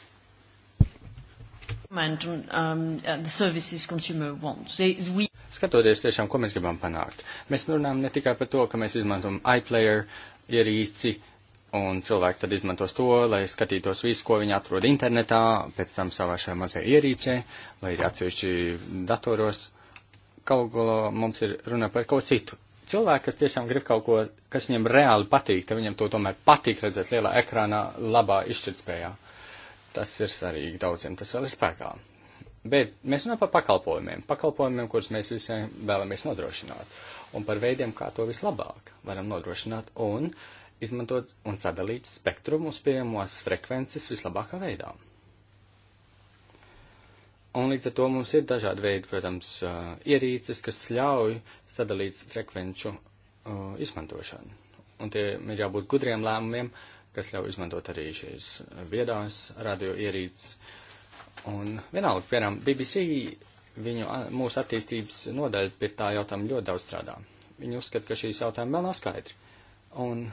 and um, uh, the services consumer wants. They, we skatoties tiešām, ko mēs gribam panākt. Mēs runājam ne tikai par to, ka mēs izmantojam iPlayer ierīci, un cilvēki tad izmantos to, lai skatītos visu, ko viņi atrod internetā, pēc tam savā šajā mazajā ierīcē, vai ir atsevišķi datoros. Kaut ko mums ir runa par kaut citu. Cilvēki, kas tiešām grib kaut ko, kas viņam reāli patīk, tad viņam to tomēr patīk redzēt lielā ekrānā, labā izšķirtspējā. Tas ir svarīgi daudziem, tas vēl ir spēkā. Bet mēs runājam par pakalpojumiem, pakalpojumiem, kurus mēs visiem vēlamies nodrošināt, un par veidiem, kā to vislabāk varam nodrošināt un izmantot un sadalīt spektrumus pieejamos frekvences vislabākā veidā. Un līdz ar to mums ir dažādi veidi, protams, uh, ierīces, kas ļauj sadalīt frekvenču uh, izmantošanu. Un tie ir jābūt gudriem lēmumiem, kas ļauj izmantot arī šīs viedās radio ierīces Un vienalga, piemēram, BBC, viņu, mūsu attīstības nodaļa pie tā jautājuma ļoti daudz strādā. Viņi uzskata, ka šīs jautājumi vēl nav skaidri. Un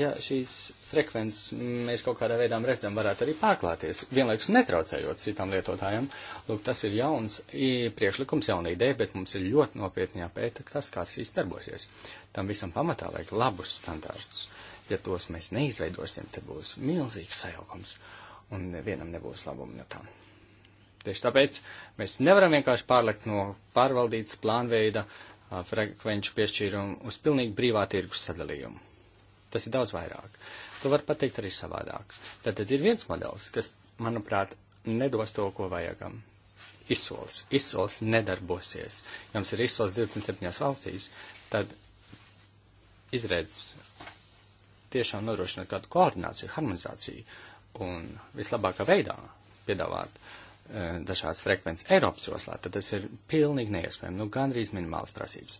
ja šīs frekvences mēs kaut kādā veidā redzam, varētu arī pārklāties, vienlaikus netraucējot citām lietotājiem. Lūk, tas ir jauns priekšlikums, jauna ideja, bet mums ir ļoti nopietni jāpēta tas, kāds šīs darbosies. Tam visam pamatā vajag labus standārtus. Ja tos mēs neizveidosim, tad būs milzīgs sajaukums un nevienam nebūs labuma no tām. Tieši tāpēc mēs nevaram vienkārši pārlekt no pārvaldītas plānveida frekvenču piešķīrumu uz pilnīgi brīvā tirgus sadalījumu. Tas ir daudz vairāk. To var pateikt arī savādāk. Tad, tad ir viens modelis, kas, manuprāt, nedos to, ko vajagam. Izsols. Izsols nedarbosies. Ja jums ir izsols 27 valstīs, tad izredzes tiešām nodrošināt kādu koordināciju, harmonizāciju un vislabākā veidā piedāvāt e, dažādas frekvences Eiropas joslā, tad tas ir pilnīgi neiespējami, nu gandrīz minimāls prasības.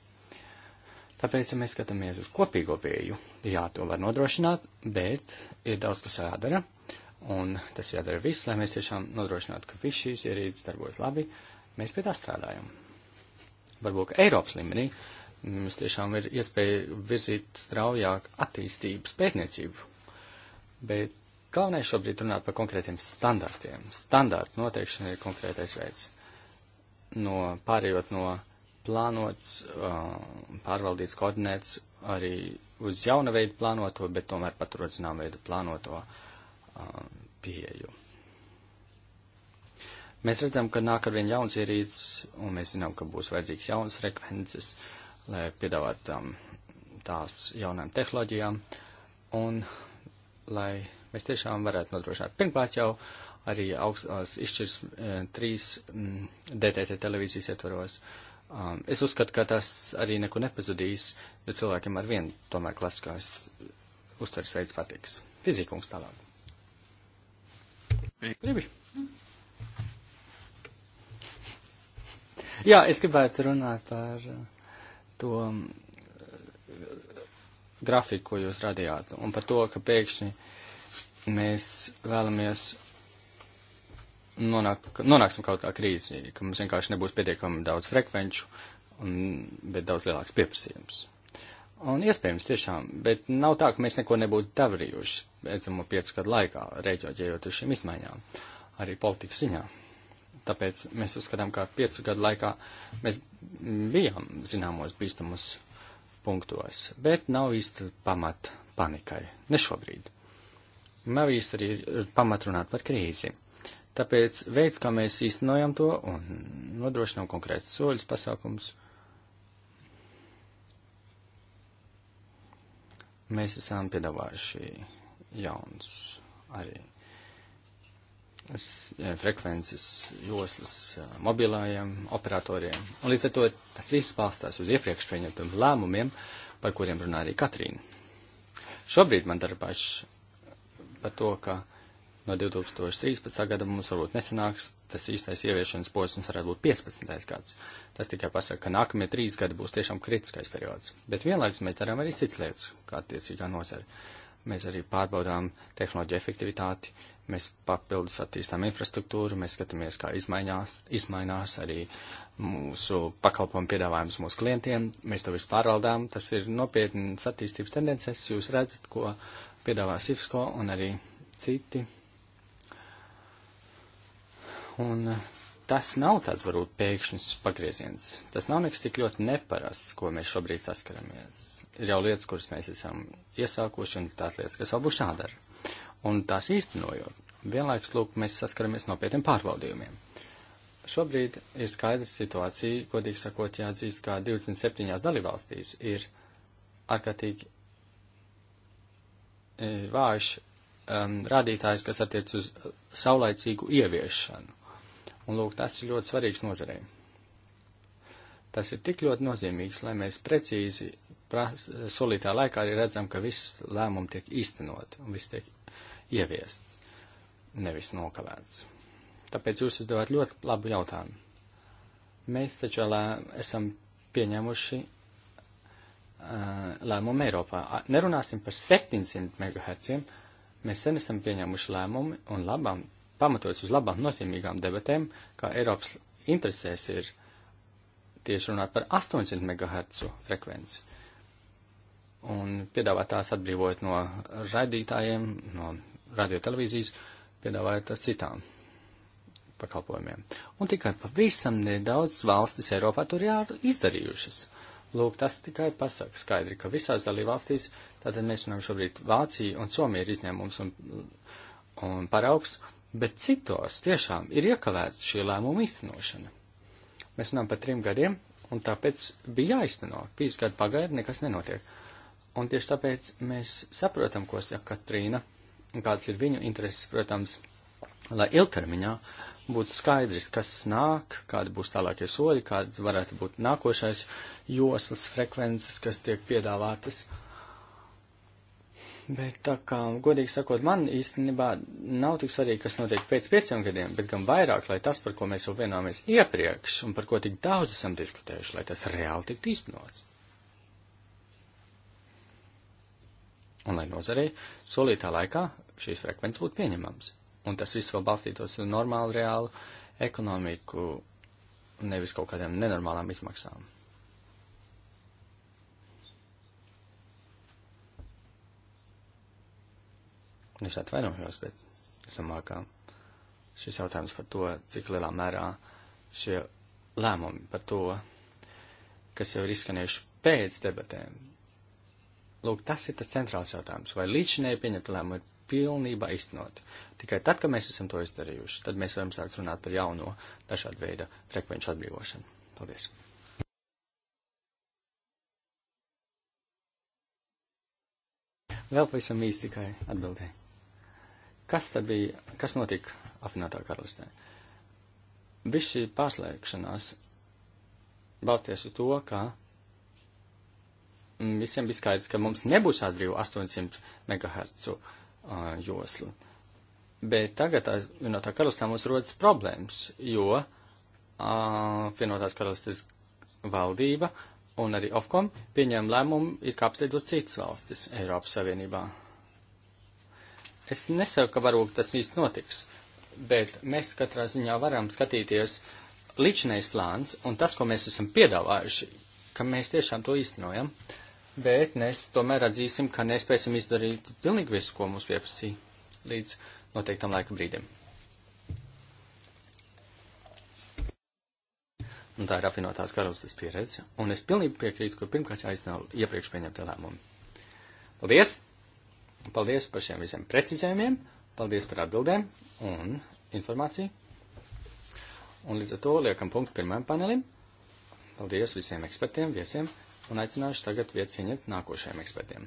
Tāpēc, ja mēs skatāmies uz kopīgo pieju, jā, to var nodrošināt, bet ir daudz, kas jādara, un tas jādara viss, lai mēs tiešām nodrošinātu, ka viss šīs ierīces darbojas labi, mēs pie tā strādājam. Varbūt, ka Eiropas līmenī mums tiešām ir iespēja virzīt straujāk attīstības pētniecību. Bet galvenais šobrīd runāt par konkrētiem standartiem. Standārtu noteikšana ir konkrētais veids. No pārējot no plānots, uh, pārvaldīts, koordinēts arī uz jauna veidu plānoto, bet tomēr paturot zinām veidu plānoto uh, pieeju. Mēs redzam, ka nāk ar vien jauns ierīts, un mēs zinām, ka būs vajadzīgs jauns frekvences. Uh, lai piedāvātu um, tās jaunām tehnoloģijām un lai mēs tiešām varētu nodrošināt. Pirmkārt jau arī augstās uh, izšķirs e, trīs m, mm, DTT televīzijas ietvaros. Um, es uzskatu, ka tas arī neko nepazudīs, jo cilvēkiem ar vienu tomēr klasiskās uztveres veids patiks. Fizikums tālāk. Gribi? Jā, es gribētu runāt par. Uh, to uh, grafiku, ko jūs radījāt, un par to, ka pēkšņi mēs vēlamies nonāk, nonāksim kaut kā krīzī, ka mums vienkārši nebūs pietiekami daudz frekvenču, un, bet daudz lielāks pieprasījums. Un iespējams tiešām, bet nav tā, ka mēs neko nebūtu darījuši redzamo piecu gadu laikā, reģioģējot uz šīm izmaiņām, arī politikas ziņā. Tāpēc mēs uzskatām, ka piecu gadu laikā mēs bijām zināmos bīstamus punktos, bet nav īsti pamat panikai. Ne šobrīd. Nav īsti arī pamat runāt par krīzi. Tāpēc veids, kā mēs īstenojam to un nodrošinām konkrētus soļus, pasākums, mēs esam piedāvājuši jauns arī Eh, frekvences joslas eh, mobilajiem operatoriem. Un līdz ar to tas viss balstās uz iepriekš pieņemtiem lēmumiem, par kuriem runā arī Katrīna. Šobrīd man darbāš par to, ka no 2013. gada mums varbūt nesanāks, tas īstais ieviešanas posms varētu būt 15. gads. Tas tikai pasaka, ka nākamie trīs gadi būs tiešām kritiskais periods. Bet vienlaikus mēs darām arī cits lietas, kā attiecīgā nozara mēs arī pārbaudām tehnoloģiju efektivitāti, mēs papildus attīstām infrastruktūru, mēs skatāmies, kā izmainās, izmainās arī mūsu pakalpojumu piedāvājums mūsu klientiem, mēs to visu pārvaldām, tas ir nopietnas attīstības tendences, jūs redzat, ko piedāvā Sifsko un arī citi. Un eh, tas nav tāds varbūt pēkšņs pagrieziens, tas nav nekas tik ļoti neparasts, ko mēs šobrīd saskaramies ir jau lietas, kuras mēs esam iesākuši, un tās lietas, kas vēl būs jādara. Un tās īstenojot, vienlaikus, lūk, mēs saskaramies nopietniem pārbaudījumiem. Šobrīd ir skaidrs situācija, godīgi sakot, jāatzīst, ka 27 dalībvalstīs ir ārkārtīgi e, vājš um, rādītājs, kas attiec uz saulaicīgu ieviešanu. Un, lūk, tas ir ļoti svarīgs nozarei. Tas ir tik ļoti nozīmīgs, lai mēs precīzi solītā laikā arī redzam, ka viss lēmumi tiek īstenot un viss tiek ieviests, nevis nokavēts. Tāpēc jūs uzdevāt ļoti labu jautājumu. Mēs taču lē, esam pieņēmuši uh, lēmumu Eiropā. Nerunāsim par 700 MHz. Mēs sen esam pieņēmuši lēmumu un labām, pamatojas uz labām nozīmīgām debatēm, kā Eiropas interesēs ir tieši runāt par 800 MHz frekvenci un piedāvāt tās atbrīvot no radītājiem, no radiotelevīzijas, piedāvājot tās citām pakalpojumiem. Un tikai pavisam nedaudz valstis Eiropā to ir izdarījušas. Lūk, tas tikai pasaka skaidri, ka visās dalībvalstīs, tātad mēs runājam šobrīd Vācija un Somija ir izņēmums un, un paraugs, bet citos tiešām ir iekavēta šī lēmuma īstenošana. Mēs runājam par trim gadiem, un tāpēc bija jāizteno. Pīs gadu pagaida, nekas nenotiek. Uh, Un tieši tāpēc mēs saprotam, ko saka Katrīna, un kāds ir viņu intereses, protams, lai ilgtermiņā būtu skaidrs, kas nāk, kādi būs tālākie soļi, kāds varētu būt nākošais joslas frekvences, kas tiek piedāvātas. Bet tā kā, godīgi sakot, man īstenībā nav tik svarīgi, kas notiek pēc pieciem gadiem, bet gan vairāk, lai tas, par ko mēs jau vienāmies iepriekš un par ko tik daudz esam diskutējuši, lai tas reāli tiktu īstenots. un lai nozarei solītā laikā šīs frekvences būtu pieņemams. Un tas viss vēl balstītos uz normālu, reālu ekonomiku, nevis kaut kādām nenormālām izmaksām. Es atvainojos, bet es domāju, ka šis jautājums par to, cik lielā mērā šie lēmumi par to, kas jau ir izskanējuši pēc debatēm, Lūk, tas ir tas centrāls jautājums, vai līdšanai pieņemta lēmuma ir pilnībā iznot. Tikai tad, kad mēs esam to izdarījuši, tad mēs varam sākt runāt par jauno dažādu veidu frekvenču atbrīvošanu. Paldies! Vēl pavisam īsti tikai atbildēju. Kas tad bija, kas notika apvienotā karalistē? Viss šī pārslēgšanās balsties uz to, ka visiem bija skaidrs, ka mums nebūs atbrīvo 800 MHz uh, joslu. Bet tagad vienotā karalistā mums rodas problēmas, jo uh, vienotās karalistes valdība un arī Ofcom pieņēma lēmumu ir kāpstēdot citas valstis Eiropas Savienībā. Es nesaku, ka varbūt tas īsti notiks, bet mēs katrā ziņā varam skatīties līdzinējs plāns un tas, ko mēs esam piedāvājuši, ka mēs tiešām to īstenojam. Uh, bet mēs tomēr atzīsim, ka nespēsim izdarīt pilnīgi visu, ko mums pieprasīja līdz noteiktam laika brīdim. Un tā ir rafinotās karalistes pieredze, un es pilnīgi piekrītu, ka pirmkārt jāiznāk iepriekš pieņemtie lēmumi. Paldies! Paldies par šiem visiem precizējumiem, paldies par atbildēm un informāciju. Un līdz ar to liekam punktu pirmajam panelim. Paldies visiem ekspertiem, viesiem! un aicināšu tagad vietas ieņemt nākošajiem ekspertiem.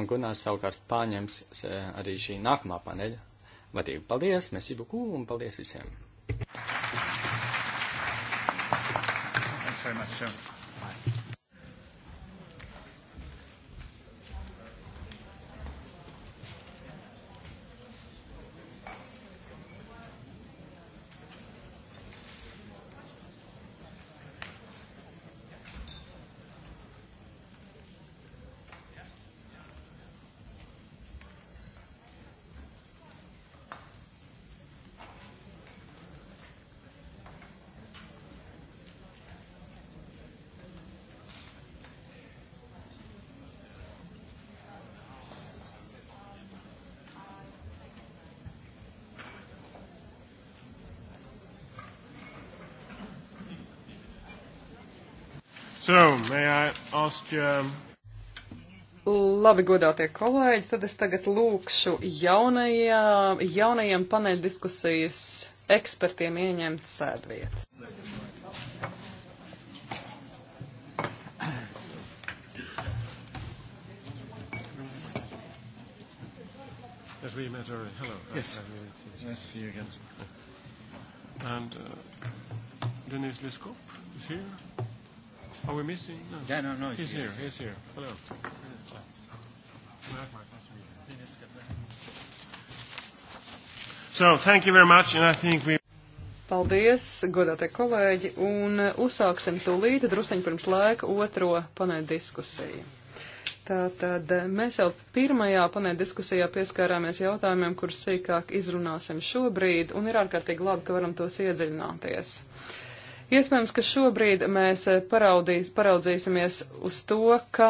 Un Gunārs savukārt pārņems eh, arī šī nākamā paneļa vadību. Paldies, mēs jau kū un paldies visiem! Thanks very much, John. So, may I ask you... Um, Labi, godātie kolēģi, tad es tagad lūkšu jaunajā, jaunajiem paneļdiskusijas ekspertiem ieņemt sēdvietas. Yes, we met already. Hello. Yes. I, I really nice to see you again. And uh, Denise Liskop is here. Are we missing? No. Yeah, no, no. He's, he's here. here. He's here. Hello. So, thank you very much, and I think we... Paldies, godātie kolēģi, un uzsāksim tūlīt, drusiņ pirms laika, otro panēļ diskusiju. Tātad mēs jau pirmajā panēļ diskusijā pieskārāmies jautājumiem, kurus sīkāk izrunāsim šobrīd, un ir ārkārtīgi labi, ka varam tos iedziļināties. Uh, Iespējams, ka šobrīd mēs eh, paraudīs, paraudzīsimies uz to, kā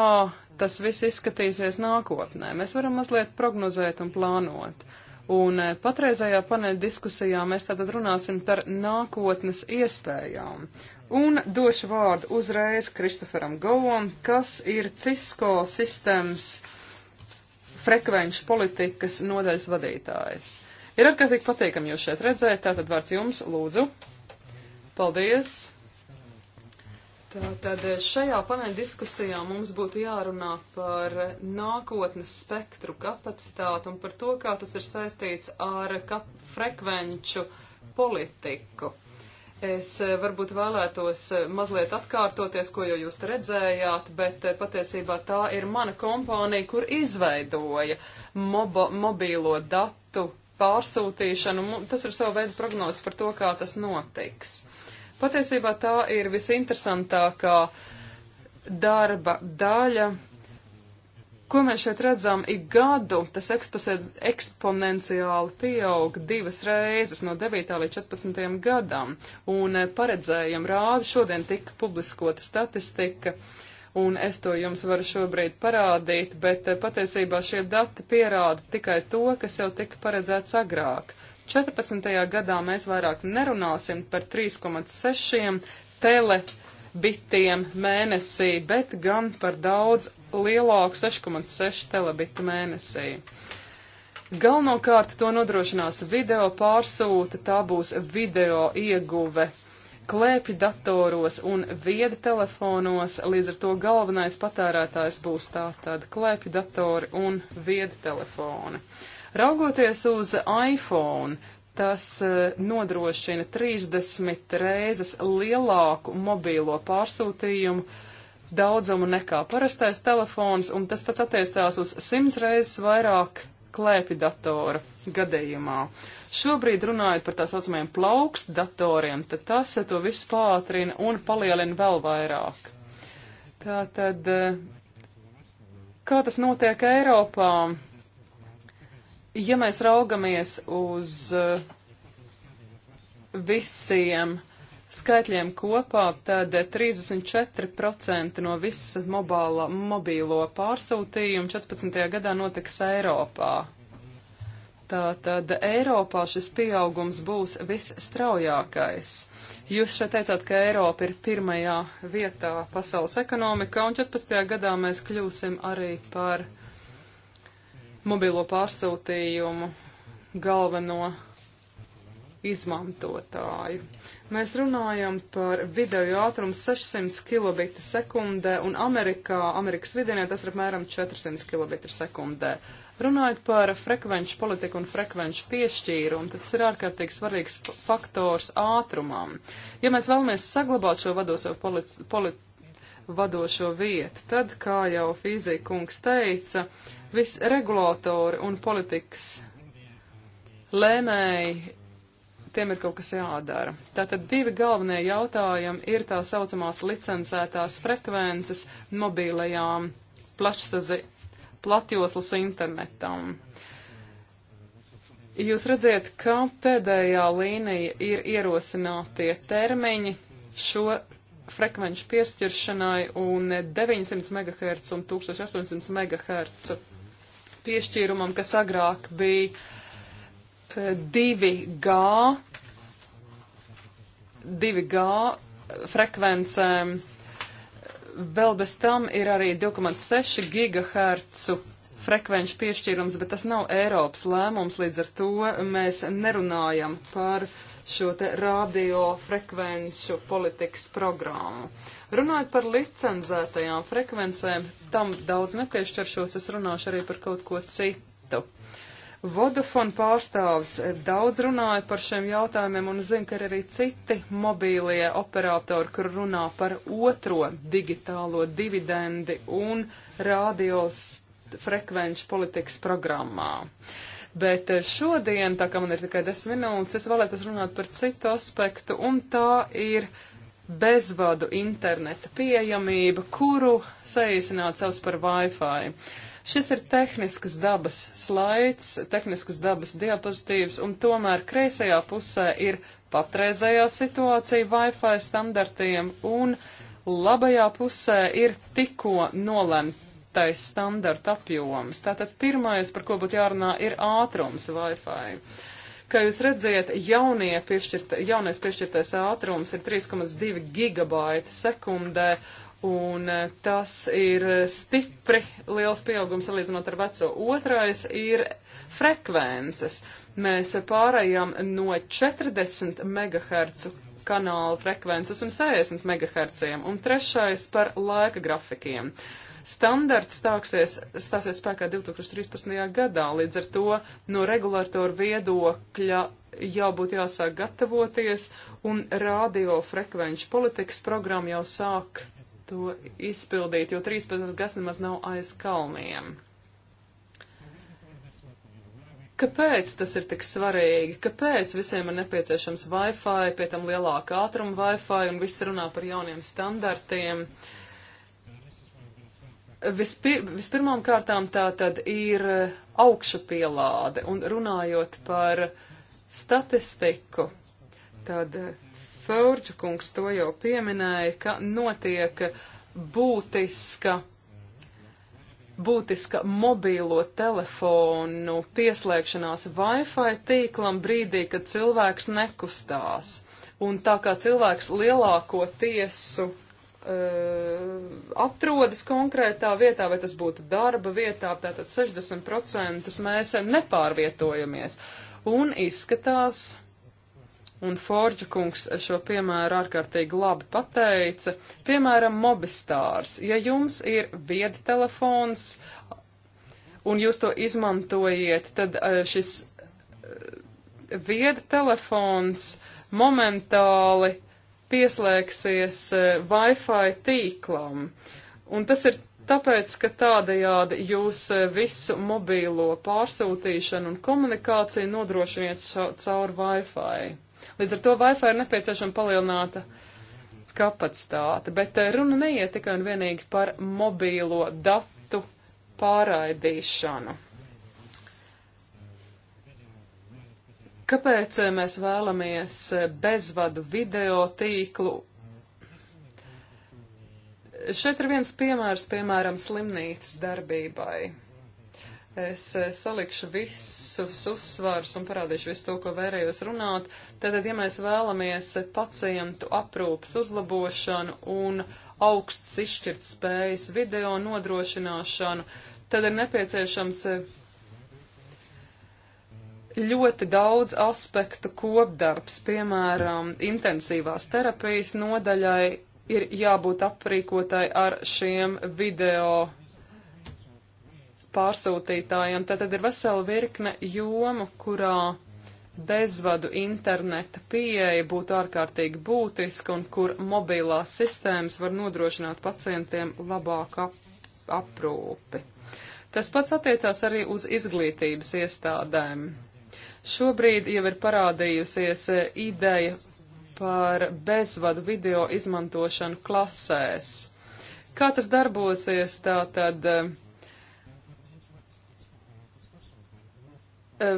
tas viss izskatīsies nākotnē. Mēs varam mazliet prognozēt un plānot. Un eh, patreizējā paneļa diskusijā mēs tātad runāsim par nākotnes iespējām. Un došu vārdu uzreiz Kristoferam Govam, kas ir Cisco sistēmas frekvenču politikas nodaļas vadītājs. Ir ārkārtīgi patīkami jūs šeit redzēt, tātad vārds jums, lūdzu. Paldies! Tātad šajā paneļa diskusijā mums būtu jārunā par nākotnes spektru kapacitāti un par to, kā tas ir saistīts ar frekvenču politiku. Es eh, varbūt vēlētos eh, mazliet atkārtoties, ko jau jūs redzējāt, bet eh, patiesībā tā ir mana kompānija, kur izveidoja mobo, mobīlo datu pārsūtīšanu. Tas ir savu veidu prognozes par to, kā tas notiks. Uh, Patiesībā tā ir visinteresantākā darba daļa, ko mēs šeit redzam ik gadu. Tas eksponenciāli pieaug divas reizes no 9. līdz 14. gadam, un eh, paredzējuma rāda šodien tika publiskota statistika un es to jums varu šobrīd parādīt, bet eh, patiesībā šie dati pierāda tikai to, kas jau tika paredzēts agrāk. 14. gadā mēs vairāk nerunāsim par 3,6 telebitiem mēnesī, bet gan par daudz lielāku 6,6 telebitu mēnesī. Galvenokārt to nodrošinās video pārsūta, tā būs video ieguve klēpju datoros un vieda telefonos, līdz ar to galvenais patērētājs būs tātad klēpju datori un vieda telefoni. Uh, Raugoties uz iPhone, tas eh, nodrošina 30 reizes lielāku mobīlo pārsūtījumu daudzumu nekā parastais telefons, un tas pats attiecās uz 100 reizes vairāk klēpi datora gadījumā. Šobrīd runājot par tā saucamajiem plaukst datoriem, tad tas eh, to visu pātrina un palielina vēl vairāk. Tātad, eh, kā tas notiek Eiropā? Ja mēs raugamies uz uh, visiem skaitļiem kopā, tad 34% no visa mobāla, mobīlo pārsūtījumu 14. gadā notiks Eiropā. Tātad Eiropā šis pieaugums būs visstraujākais. Jūs šeit teicāt, ka Eiropa ir pirmajā vietā pasaules ekonomikā, un 14. gadā mēs kļūsim arī par uh, mobilo pārsūtījumu galveno izmantotāju. Mēs runājam par video ātrumu 600 kilobiti sekundē, un Amerikā, Amerikas vidienē tas ir apmēram 400 kilobiti sekundē. Runājot par frekvenču politiku un frekvenču piešķīrumu, tad tas ir ārkārtīgi svarīgs faktors ātrumam. Ja mēs vēlamies saglabāt šo vadošo, polic, polit, vadošo vietu, tad, kā jau fizika kungs teica, uh, Viss regulātori un politikas lēmēji, tiem ir kaut kas jādara. Tātad divi galvenie jautājumi ir tā saucamās licencētās frekvences mobilajām plašsazi platjoslas internetam. Jūs redzat, ka pēdējā līnija ir ierosinātie termiņi šo frekvenču piešķiršanai un 900 MHz un 1800 MHz piešķīrumam, kas agrāk bija 2G, eh, 2G frekvencēm. Vēl bez tam ir arī 2,6 GHz frekvenču piešķīrums, bet tas nav Eiropas lēmums, līdz ar to mēs nerunājam par šo te radiofrekvenču politikas programmu. Uh, Runājot par licenzētajām frekvencēm, tam daudz nepiešķiršos, es runāšu arī par kaut ko citu. Vodafone pārstāvis daudz runāja par šiem jautājumiem un zina, ka ir arī citi mobīlie operatori, kur runā par otro digitālo dividendi un rādios frekvenču politikas programmā. Bet šodien, tā kā man ir tikai desmit minūtes, es vēlētos runāt par citu aspektu, un tā ir bezvadu interneta pieejamība, kuru saīsināt savs par Wi-Fi. Šis ir tehniskas dabas slaids, tehniskas dabas diapozitīvs, un tomēr kreisajā pusē ir patreizējā situācija Wi-Fi standartiem, un labajā pusē ir tikko nolemtais standarta apjoms. Tātad pirmais, par ko būtu jārunā, ir ātrums Wi-Fi. Uh, kā jūs redziet, jaunie piešķirt, jaunais piešķirtais ātrums ir 3,2 gigabaita sekundē, un e, tas ir stipri liels pieaugums salīdzinot ar veco. Otrais ir frekvences. Mēs pārējām no 40 MHz kanāla frekvences un 60 MHz, un trešais par laika grafikiem. Uh, Standarts stāksies, stāsies spēkā 2013. gadā, līdz ar to no regulātora viedokļa jābūt jāsāk gatavoties, un radiofrekvenču politikas programma jau sāk to izpildīt, jo 13. gads nemaz nav aiz kalniem. Kāpēc tas ir tik svarīgi? Kāpēc visiem ir nepieciešams Wi-Fi, pie tam lielāka ātruma Wi-Fi, un viss runā par jauniem standartiem? Uh, Vispir, vispirmām kārtām tā tad ir eh, augšupielāde, un runājot par statistiku, tad eh, Fērģa kungs to jau pieminēja, ka notiek būtiska būtiska mobīlo telefonu pieslēgšanās Wi-Fi tīklam brīdī, kad cilvēks nekustās. Un tā kā cilvēks lielāko tiesu Uh, atrodas konkrētā vietā, vai tas būtu darba vietā, tātad 60% mēs nepārvietojamies. Un izskatās, un Forģa kungs šo piemēru ārkārtīgi labi pateica, piemēram, mobistārs. Ja jums ir viedtelefons un jūs to izmantojiet, tad uh, šis uh, viedtelefons momentāli pieslēgsies eh, Wi-Fi tīklam. Un tas ir tāpēc, ka tādējādi jūs eh, visu mobīlo pārsūtīšanu un komunikāciju nodrošiniet caur Wi-Fi. Līdz ar to Wi-Fi ir nepieciešama palielināta kapacitāte, bet eh, runa neiet tikai un vienīgi par mobīlo datu pārraidīšanu. Kāpēc eh, mēs vēlamies eh, bezvadu video tīklu? Šeit ir viens piemērs, piemēram, slimnīcas darbībai. Es eh, salikšu visus uzsvars un parādīšu visu to, ko vērējos runāt. Tātad, ja mēs vēlamies pacientu aprūpas uzlabošanu un augsts izšķirt spējas video nodrošināšanu, tad ir nepieciešams ļoti daudz aspektu kopdarbs, piemēram, intensīvās terapijas nodaļai ir jābūt aprīkotai ar šiem video pārsūtītājiem. Tātad ir vesela virkne jomu, kurā bezvadu interneta pieeja būtu ārkārtīgi būtiska un kur mobilās sistēmas var nodrošināt pacientiem labāku ap aprūpi. Tas pats attiecās arī uz izglītības iestādēm. Šobrīd jau ir parādījusies e, ideja par bezvadu video izmantošanu klasēs. Kā tas darbosies, tā tad e, e,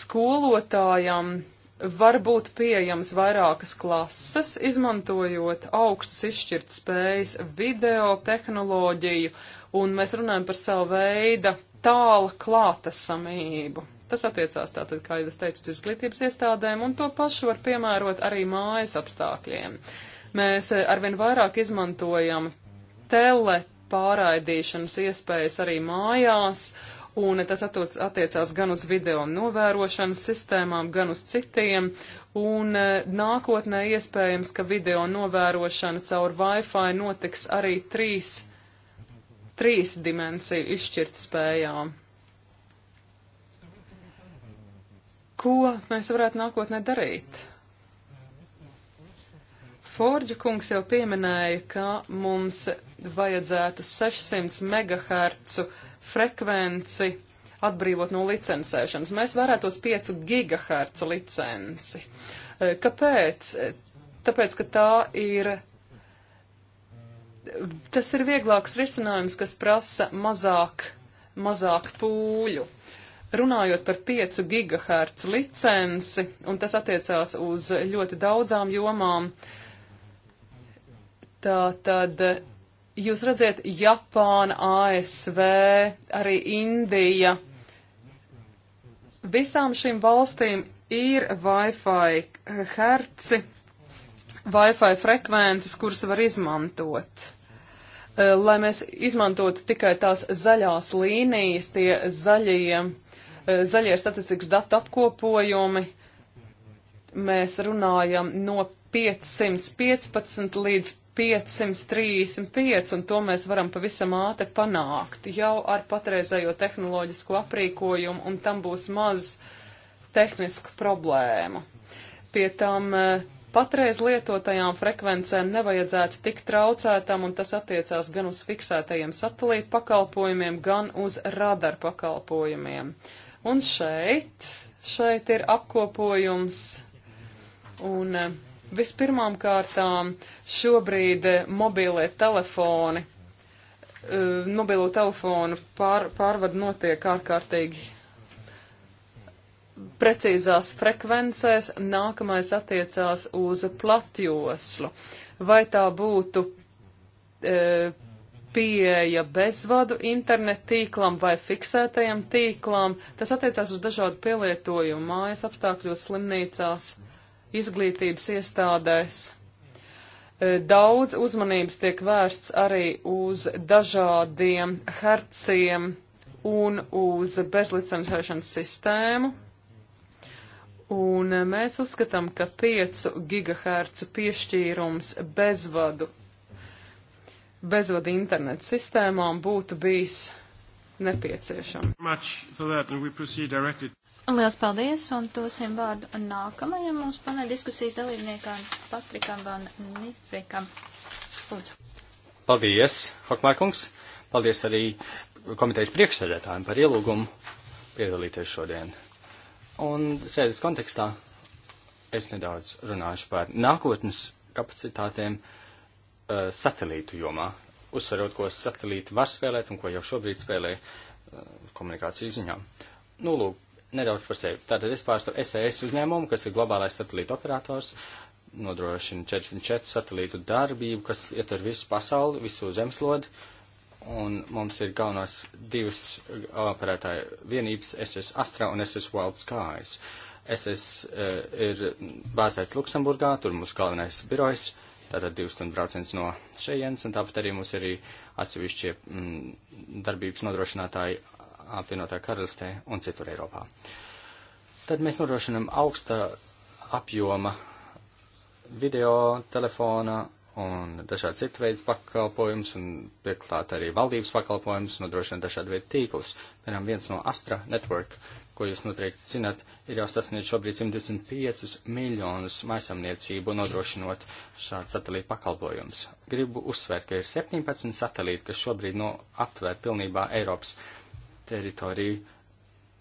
skolotājam var būt pieejams vairākas klases, izmantojot augstas izšķirt spējas video tehnoloģiju, un mēs runājam par savu veidu tāla klātesamību. Tas attiecās tātad, kā jau es teicu, uz izglītības iestādēm, un to pašu var piemērot arī mājas apstākļiem. Mēs eh, arvien vairāk izmantojam tele pārraidīšanas iespējas arī mājās, un tas attiecās gan uz video novērošanas sistēmām, gan uz citiem. Un eh, nākotnē iespējams, ka video novērošana caur Wi-Fi notiks arī trīs, trīs dimensiju izšķirt spējām. ko mēs varētu nākotnē darīt. Forģa kungs jau pieminēja, ka mums vajadzētu 600 MHz frekvenci atbrīvot no licencēšanas. Mēs vērētos 5 GHz licenci. E, kāpēc? E, tāpēc, ka tā ir. Tas ir vieglāks risinājums, kas prasa mazāk, mazāk pūļu runājot par 5 GHz licenci, un tas attiecās uz ļoti daudzām jomām. Tā tad jūs redzat, Japāna, ASV, arī Indija. Visām šīm valstīm ir Wi-Fi herci, Wi-Fi frekvences, kuras var izmantot lai mēs izmantotu tikai tās zaļās līnijas, tie zaļie Eh, zaļie statistikas datu apkopojumi. Mēs runājam no 515 līdz 535, un to mēs varam pavisam ātri panākt jau ar patreizējo tehnoloģisko aprīkojumu, un tam būs maz tehnisku problēmu. Pie tam eh, patreiz lietotajām frekvencēm nevajadzētu tik traucētām, un tas attiecās gan uz fiksētajiem satelītu pakalpojumiem, gan uz radaru pakalpojumiem. Uh, Un šeit, šeit ir apkopojums un eh, vispirmām kārtām šobrīd eh, mobīlie telefoni, eh, mobīlo telefonu pār, pārvada notiek ārkārtīgi precīzās frekvencēs, nākamais attiecās uz platjoslu. Vai tā būtu e, pieeja bezvadu internetu tīklam vai fiksētajam tīklam. Tas attiecās uz dažādu pielietojumu mājas apstākļos, slimnīcās, izglītības iestādēs. E, daudz uzmanības tiek vērsts arī uz dažādiem herciem un uz bezlicencēšanas sistēmu. Un mēs uzskatām, ka 5 gigahercu piešķīrums bezvadu bezvadu internetu sistēmām būtu bijis nepieciešama. Lielas paldies un dosim vārdu nākamajam mūsu panel diskusijas dalībniekam Patrikam Van Nifrikam. Lūdzu. Paldies, Hokmārkungs. Paldies arī komitejas priekšsēdētājiem par ielūgumu piedalīties šodien. Un sēdes kontekstā es nedaudz runāšu par nākotnes kapacitātēm uh, satelītu jomā, uzsverot, ko satelīti var spēlēt un ko jau šobrīd spēlē uh, komunikāciju ziņā. Nu, lūk, nedaudz par sevi. Tātad es pārstāvu SAS uzņēmumu, kas ir globālais satelīta operators, nodrošina 44 satelītu darbību, kas ietver visu pasauli, visu zemeslodi, un mums ir galvenās divas uh, operētāju vienības SS Astra un SS Wild Skies. SS uh, ir bāzēts Luksemburgā, tur mūsu galvenais birojs. Uh, tātad divu stundu brauciens no šejienes, un tāpat arī mums ir atsevišķie mm, darbības nodrošinātāji apvienotā karalistē un citur Eiropā. Tad mēs nodrošinam augsta apjoma video, telefona un dažādi citu veidu pakalpojums, un pieklāt arī valdības pakalpojums, nodrošina dažādu veidu tīklus. Piemēram, viens no Astra Network, ko jūs noteikti zinat, ir jau sasniedz šobrīd 125 miljonus maisamniecību nodrošinot šādu satelītu pakalpojumus. Gribu uzsvērt, ka ir 17 satelīti, kas šobrīd no aptvēr pilnībā Eiropas teritoriju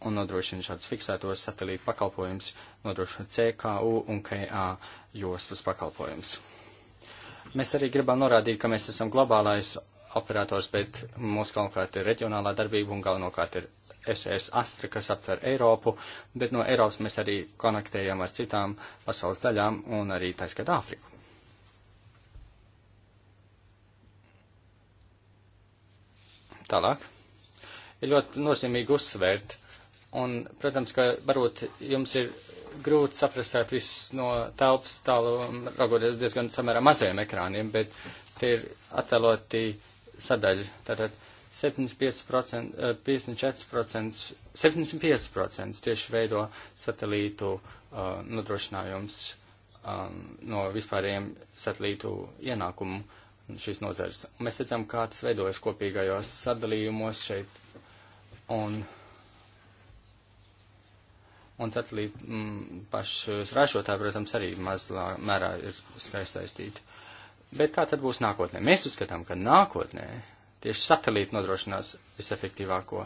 un nodrošina šādus fiksētos satelītu pakalpojumus, nodrošina CKU un KA jostas pakalpojumus. Mēs arī gribam norādīt, ka mēs esam globālais operators, bet mūsu galvenokārt ir reģionālā darbība un galvenokārt ir SS Astra, kas aptver Eiropu, bet no Eiropas mēs arī konektējam ar citām pasaules daļām un arī taiskat Āfriku. Tālāk. Ir ļoti nozīmīgi uzsvērt, un, protams, ka varbūt jums ir grūti saprast viss no telpas tālu, raugoties diezgan samērā maziem ekrāniem, bet tie ir attēloti sadaļi. Tātad 75%, 54%, 75% tieši veido satelītu uh, nodrošinājums um, no vispārējiem satelītu ienākumu šīs nozares. Mēs redzam, kā tas veidojas kopīgajos sadalījumos šeit. Un, un satelīti mm, pašas ražotāji, protams, arī mazā mērā ir saistīti. Bet kā tad būs nākotnē? Mēs uzskatām, ka nākotnē Tieši satelīti nodrošinās visefektīvāko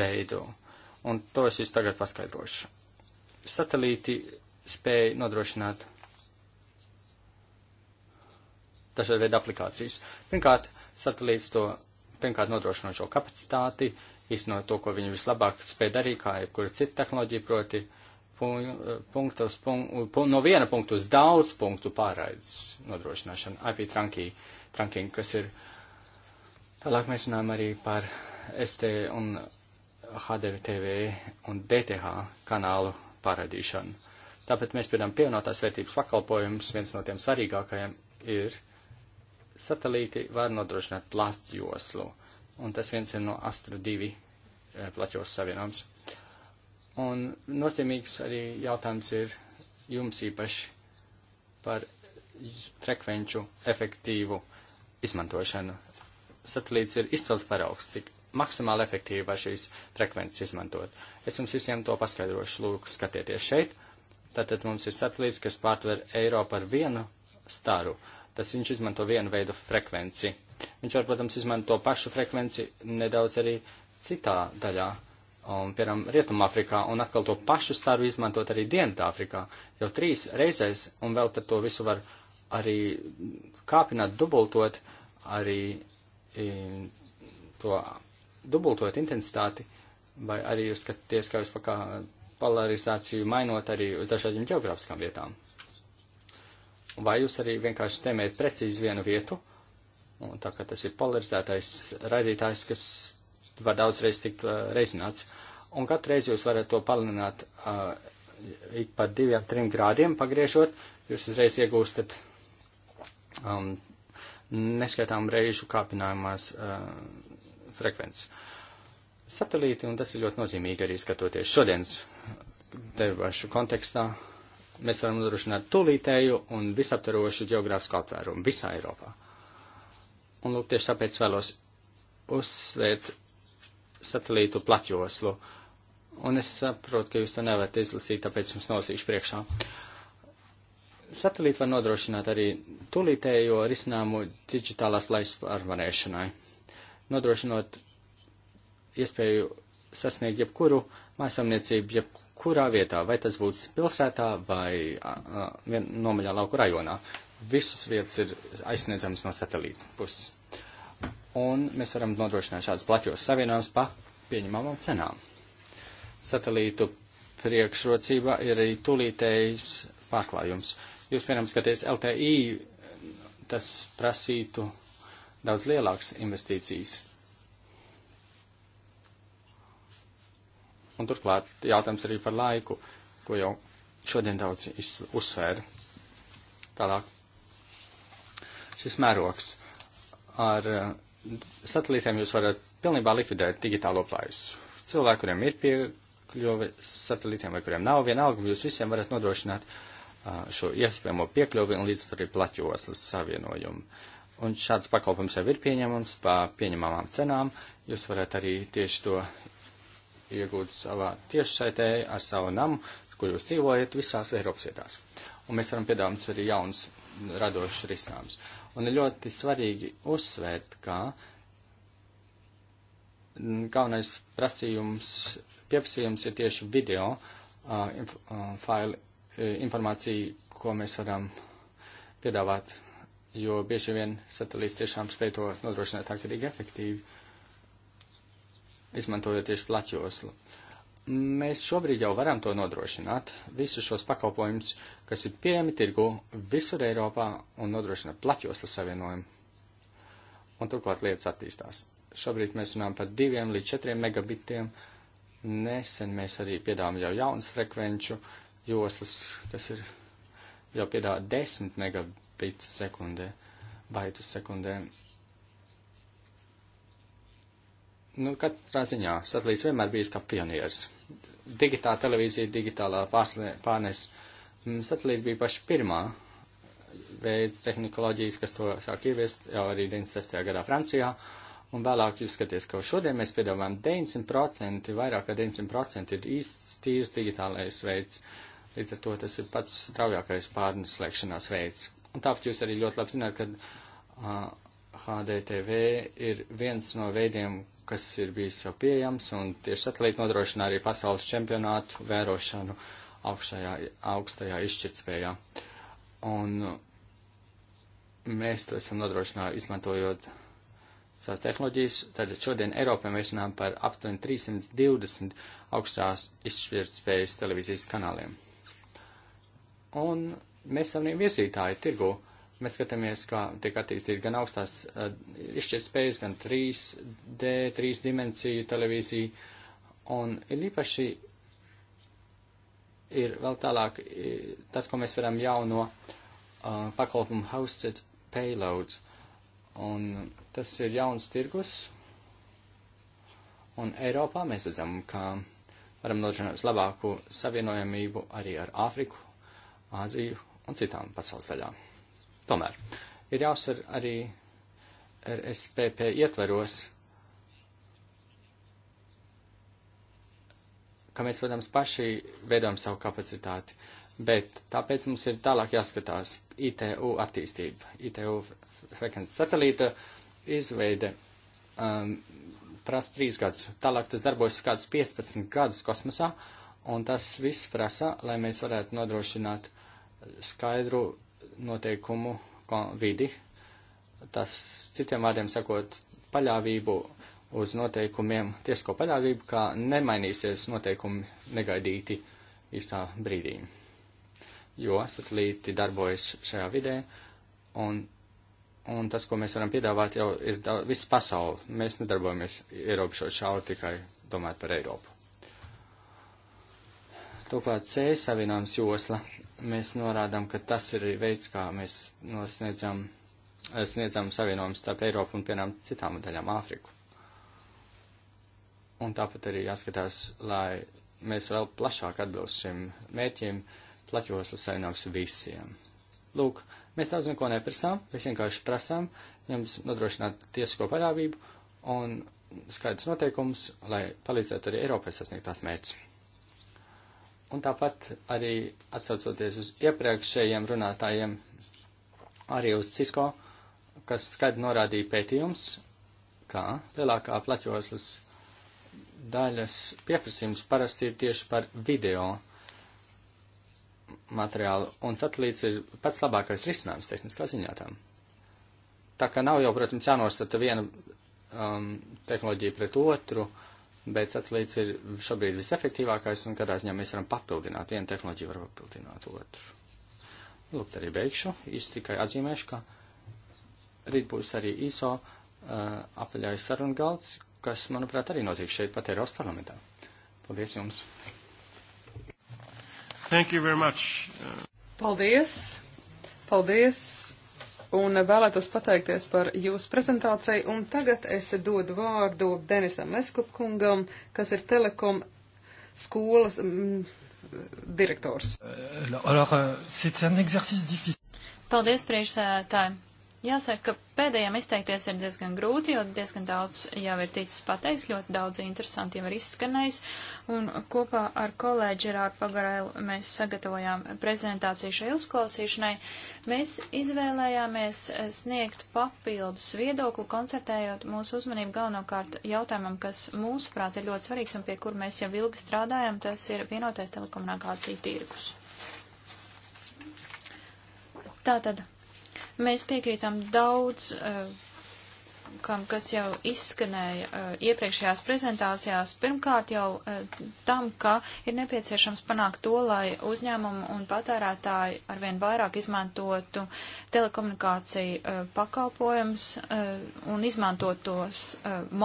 veidu. Un to es jūs tagad paskaidrošu. Satelīti spēja nodrošināt dažādu veidu aplikācijas. Pirmkārt, satelīts to pirmkārt nodrošino šo kapacitāti, īstenot to, ko viņi vislabāk spēja darīt, kā jebkura cita tehnoloģija, proti punktu uz punktu, no viena punktu uz daudz punktu pārraides nodrošināšana, IP trunking, kas ir uh, Tālāk mēs runājam arī par ST un HDTV un DTH kanālu pārādīšanu. Tāpēc mēs piedām pievienotās vērtības pakalpojumus, viens no tiem svarīgākajiem ir satelīti var nodrošināt platjoslu, un tas viens ir no Astra 2 eh, platjoslas savienojums. Un nozīmīgs arī jautājums ir jums īpaši par frekvenču efektīvu izmantošanu satelīts ir izcils paraugs, cik maksimāli efektīvi var šīs frekvences izmantot. Es jums visiem to paskaidrošu, lūk, skatieties šeit. Tātad mums ir satelīts, kas pārtver Eiropu ar vienu staru. Tas viņš izmanto vienu veidu frekvenci. Viņš var, protams, izmanto pašu frekvenci nedaudz arī citā daļā, um, piemēram, Rietumāfrikā, un atkal to pašu staru izmantot arī Dienvidāfrikā, jau trīs reizēs, un vēl tad to visu var arī kāpināt, dubultot, arī to dubultot intensitāti, vai arī jūs skatāties, kā jūs kā polarizāciju mainot arī uz dažādiem geogrāfiskām vietām. Vai jūs arī vienkārši tēmējat precīzi vienu vietu, un tā kā tas ir polarizētais raidītājs, kas var daudzreiz tikt uh, reizināts, un katru reizi jūs varat to palielināt uh, ik pa diviem, trim grādiem pagriežot, jūs uzreiz iegūstat um, neskaitām reižu kāpinājumās uh, frekvences. Satelīti, un tas ir ļoti nozīmīgi arī skatoties šodienas debašu kontekstā, mēs varam nodrošināt tūlītēju un visaptarošu geogrāfisku aptvērumu visā Eiropā. Un lūk, tieši tāpēc vēlos uzsvērt satelītu platjoslu. Un es saprotu, ka jūs to nevarat izlasīt, tāpēc jums nosīšu priekšā. Uh, Satelīti var nodrošināt arī tūlītējo risinājumu digitālās plaisas pārvarēšanai, nodrošinot iespēju sasniegt jebkuru mājasamniecību, jebkurā vietā, vai tas būs pilsētā vai a, a, nomaļā lauku rajonā. Visas vietas ir aizsniedzamas no satelīta puses. Un mēs varam nodrošināt šādas plaķos savienojumus pa pieņemamām cenām. Satelītu priekšrocība ir arī tūlītējs pārklājums. Uh, Jūs, piemēram, skaties LTI, tas prasītu daudz lielākas investīcijas. Un turklāt jautājums arī par laiku, ko jau šodien daudz uzsvēra. Tālāk. Šis mērogs. Ar eh, satelītiem jūs varat pilnībā likvidēt digitālo plājus. Cilvēki, kuriem ir piekļuve satelītiem vai kuriem nav, vienalga, jūs visiem varat nodrošināt uh, šo iespējamo piekļuvi un līdz arī plaķoslas savienojumu. Un šāds pakalpojums jau ir pieņemams pa pieņemamām cenām. Jūs varat arī tieši to iegūt savā tiešsaitē ar savu namu, kur jūs dzīvojat visās Eiropas vietās. Un mēs varam piedāvāt arī jauns radošs risinājums. Un ir ļoti svarīgi uzsvērt, ka galvenais prasījums, pieprasījums ir tieši video uh, failu E, informāciju, ko mēs varam piedāvāt, jo bieži vien satelīts tiešām spēj to nodrošināt ārkārtīgi efektīvi, izmantojot tieši plaķoslu. Mēs šobrīd jau varam to nodrošināt, visus šos pakalpojumus, kas ir pieejami tirgu visur Eiropā un nodrošina plaķoslas savienojumu. Un turklāt lietas attīstās. Šobrīd mēs runājam par 2 līdz 4 megabitiem. Nesen mēs arī piedāvājam jau jaunas frekvenču uh, joslas, kas ir jau piedāvā 10 megabits sekundē, baitu sekundē. Nu, katrā ziņā satelīts vienmēr bijis kā pionieris. Digitāla televīzija, digitālā pārnes. Mm, satelīts bija paši pirmā veids tehnoloģijas, kas to sāk ieviest jau arī 96. gadā Francijā. Un vēlāk jūs skaties, ka šodien mēs piedāvājam 900%, vairāk kā 900% ir īsts, tīrs digitālais veids uh, Līdz ar to tas ir pats straujākais pārneslēgšanās veids. Un tāpat jūs arī ļoti labi zināt, ka HDTV ir viens no veidiem, kas ir bijis jau pieejams, un tieši satelīti nodrošina arī pasaules čempionātu vērošanu augšajā, augstajā izšķirtspējā. Un mēs to esam nodrošinājuši izmantojot savas tehnoloģijas. Tātad šodien Eiropā mēs runājam par aptuveni 320 augstās izšķirtspējas televīzijas kanāliem. Un mēs esam viesītāji tirgu. Mēs skatāmies, kā tiek attīstīt gan augstās uh, eh, izšķirtspējas, gan 3D, 3 dimensiju televīziju. Un ir īpaši ir vēl tālāk tas, ko mēs varam jauno uh, eh, pakalpumu hosted payloads. Un tas ir jauns tirgus. Un Eiropā mēs redzam, ka varam nodrošināt labāku savienojamību arī ar Āfriku Āziju un citām pasaules daļām. Tomēr ir jāuzsver arī RSPP ietveros, ka mēs, protams, paši veidojam savu kapacitāti, bet tāpēc mums ir tālāk jāskatās ITU attīstība, ITU frekvences satelīta izveide. Um, prasa trīs gadus. Tālāk tas darbojas kādus 15 gadus kosmosā, un tas viss prasa, lai mēs varētu nodrošināt uh, skaidru noteikumu vidi, tas citiem vārdiem sakot, paļāvību uz noteikumiem, tiesko paļāvību, kā nemainīsies noteikumi negaidīti īstā brīdī. Jo satelīti darbojas šajā vidē, un, un tas, ko mēs varam piedāvāt, jau ir viss pasauli. Mēs nedarbojamies ierobežot šauri tikai domāt par Eiropu. Turklāt C savienojums josla mēs norādām, ka tas ir veids, kā mēs nosniedzam, eh, sniedzam savienojumu starp Eiropu un, piemēram, citām daļām Āfriku. Un tāpat arī jāskatās, lai mēs vēl plašāk atbilst šiem mērķiem, plaķoslas savienojums visiem. Lūk, mēs daudz neko neprasām, mēs vienkārši prasām jums nodrošināt tiesisko paļāvību un skaidrs noteikums, lai palīdzētu arī Eiropai sasniegt tās mērķus. Un tāpat arī atsaucoties uz iepriekšējiem runātājiem, arī uz Cisko, kas skaidri norādīja pētījums, ka lielākā plaķoslas daļas pieprasījums parasti ir tieši par video materiālu, un satelīts ir pats labākais risinājums tehniskā ziņā tam. Tā kā nav jau, protams, jānostata viena um, tehnoloģija pret otru, uh, bet satelīts ir šobrīd visefektīvākais, un kādā ziņā mēs varam papildināt, viena tehnoloģija var papildināt otru. Lūk, arī beigšu, īsti tikai atzīmēšu, ka rīt būs arī ISO uh, apaļājas saruna galds, kas, manuprāt, arī notiek šeit pat Eiropas parlamentā. Paldies jums! Thank you very much. Paldies! Paldies! un vēlētos pateikties par jūsu prezentāciju. Un tagad es dodu vārdu Denisam Eskupkungam, kas ir Telekom skolas m, mm, direktors. Euh, euh, Paldies, priekšsētāji. Jāsaka, ka pēdējiem izteikties ir diezgan grūti, jo diezgan daudz jau ir ticis pateiks, ļoti daudz interesanti jau ir izskanējis, un kopā ar kolēģi Žerāru Pagarēlu mēs sagatavojām prezentāciju šai uzklausīšanai. Mēs izvēlējāmies eh, sniegt papildus viedokli, koncertējot mūsu uzmanību galvenokārt jautājumam, kas mūsuprāt ir ļoti svarīgs un pie kur mēs jau ilgi strādājam, tas ir vienotais telekomunikāciju tirgus. Tātad Mēs piekrītam daudz, eh, kam, kas jau izskanēja eh, iepriekšējās prezentācijās. Pirmkārt jau eh, tam, ka ir nepieciešams panākt to, lai uzņēmumu un patērētāji arvien vairāk izmantotu telekomunikāciju pakalpojums un izmantot tos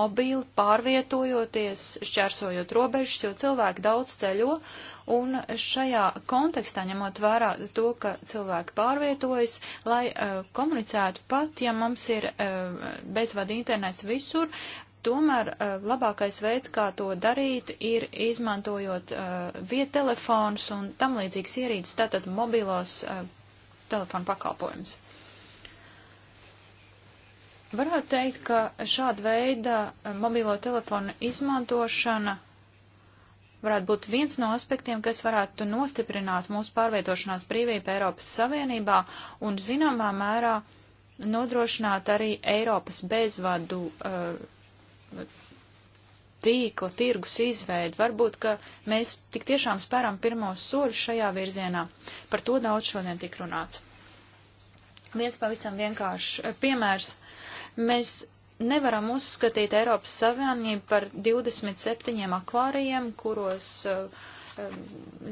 mobīli, pārvietojoties, šķērsojot robežas, jo cilvēki daudz ceļo Un šajā kontekstā, ņemot vērā to, ka cilvēki pārvietojas, lai uh, komunicētu pat, ja mums ir uh, eh, bezvada internets visur, tomēr uh, labākais veids, kā to darīt, ir izmantojot uh, viettelefons un tam līdzīgas ierīces, tātad mobilos uh, telefonu pakalpojumus. Varētu teikt, ka šāda veida mobilo telefonu izmantošana varētu būt viens no aspektiem, kas varētu nostiprināt mūsu pārvietošanās brīvību Eiropas Savienībā un zināmā mērā nodrošināt arī Eiropas bezvadu uh, tīkla, tirgus izveidi. Varbūt, ka mēs tik tiešām spēram pirmos soļus šajā virzienā. Par to daudz šodien tik runāts. Viens pavisam vienkāršs uh, piemērs. Mēs nevaram uzskatīt Eiropas Savienību par 27 akvārijiem, kuros eh, eh,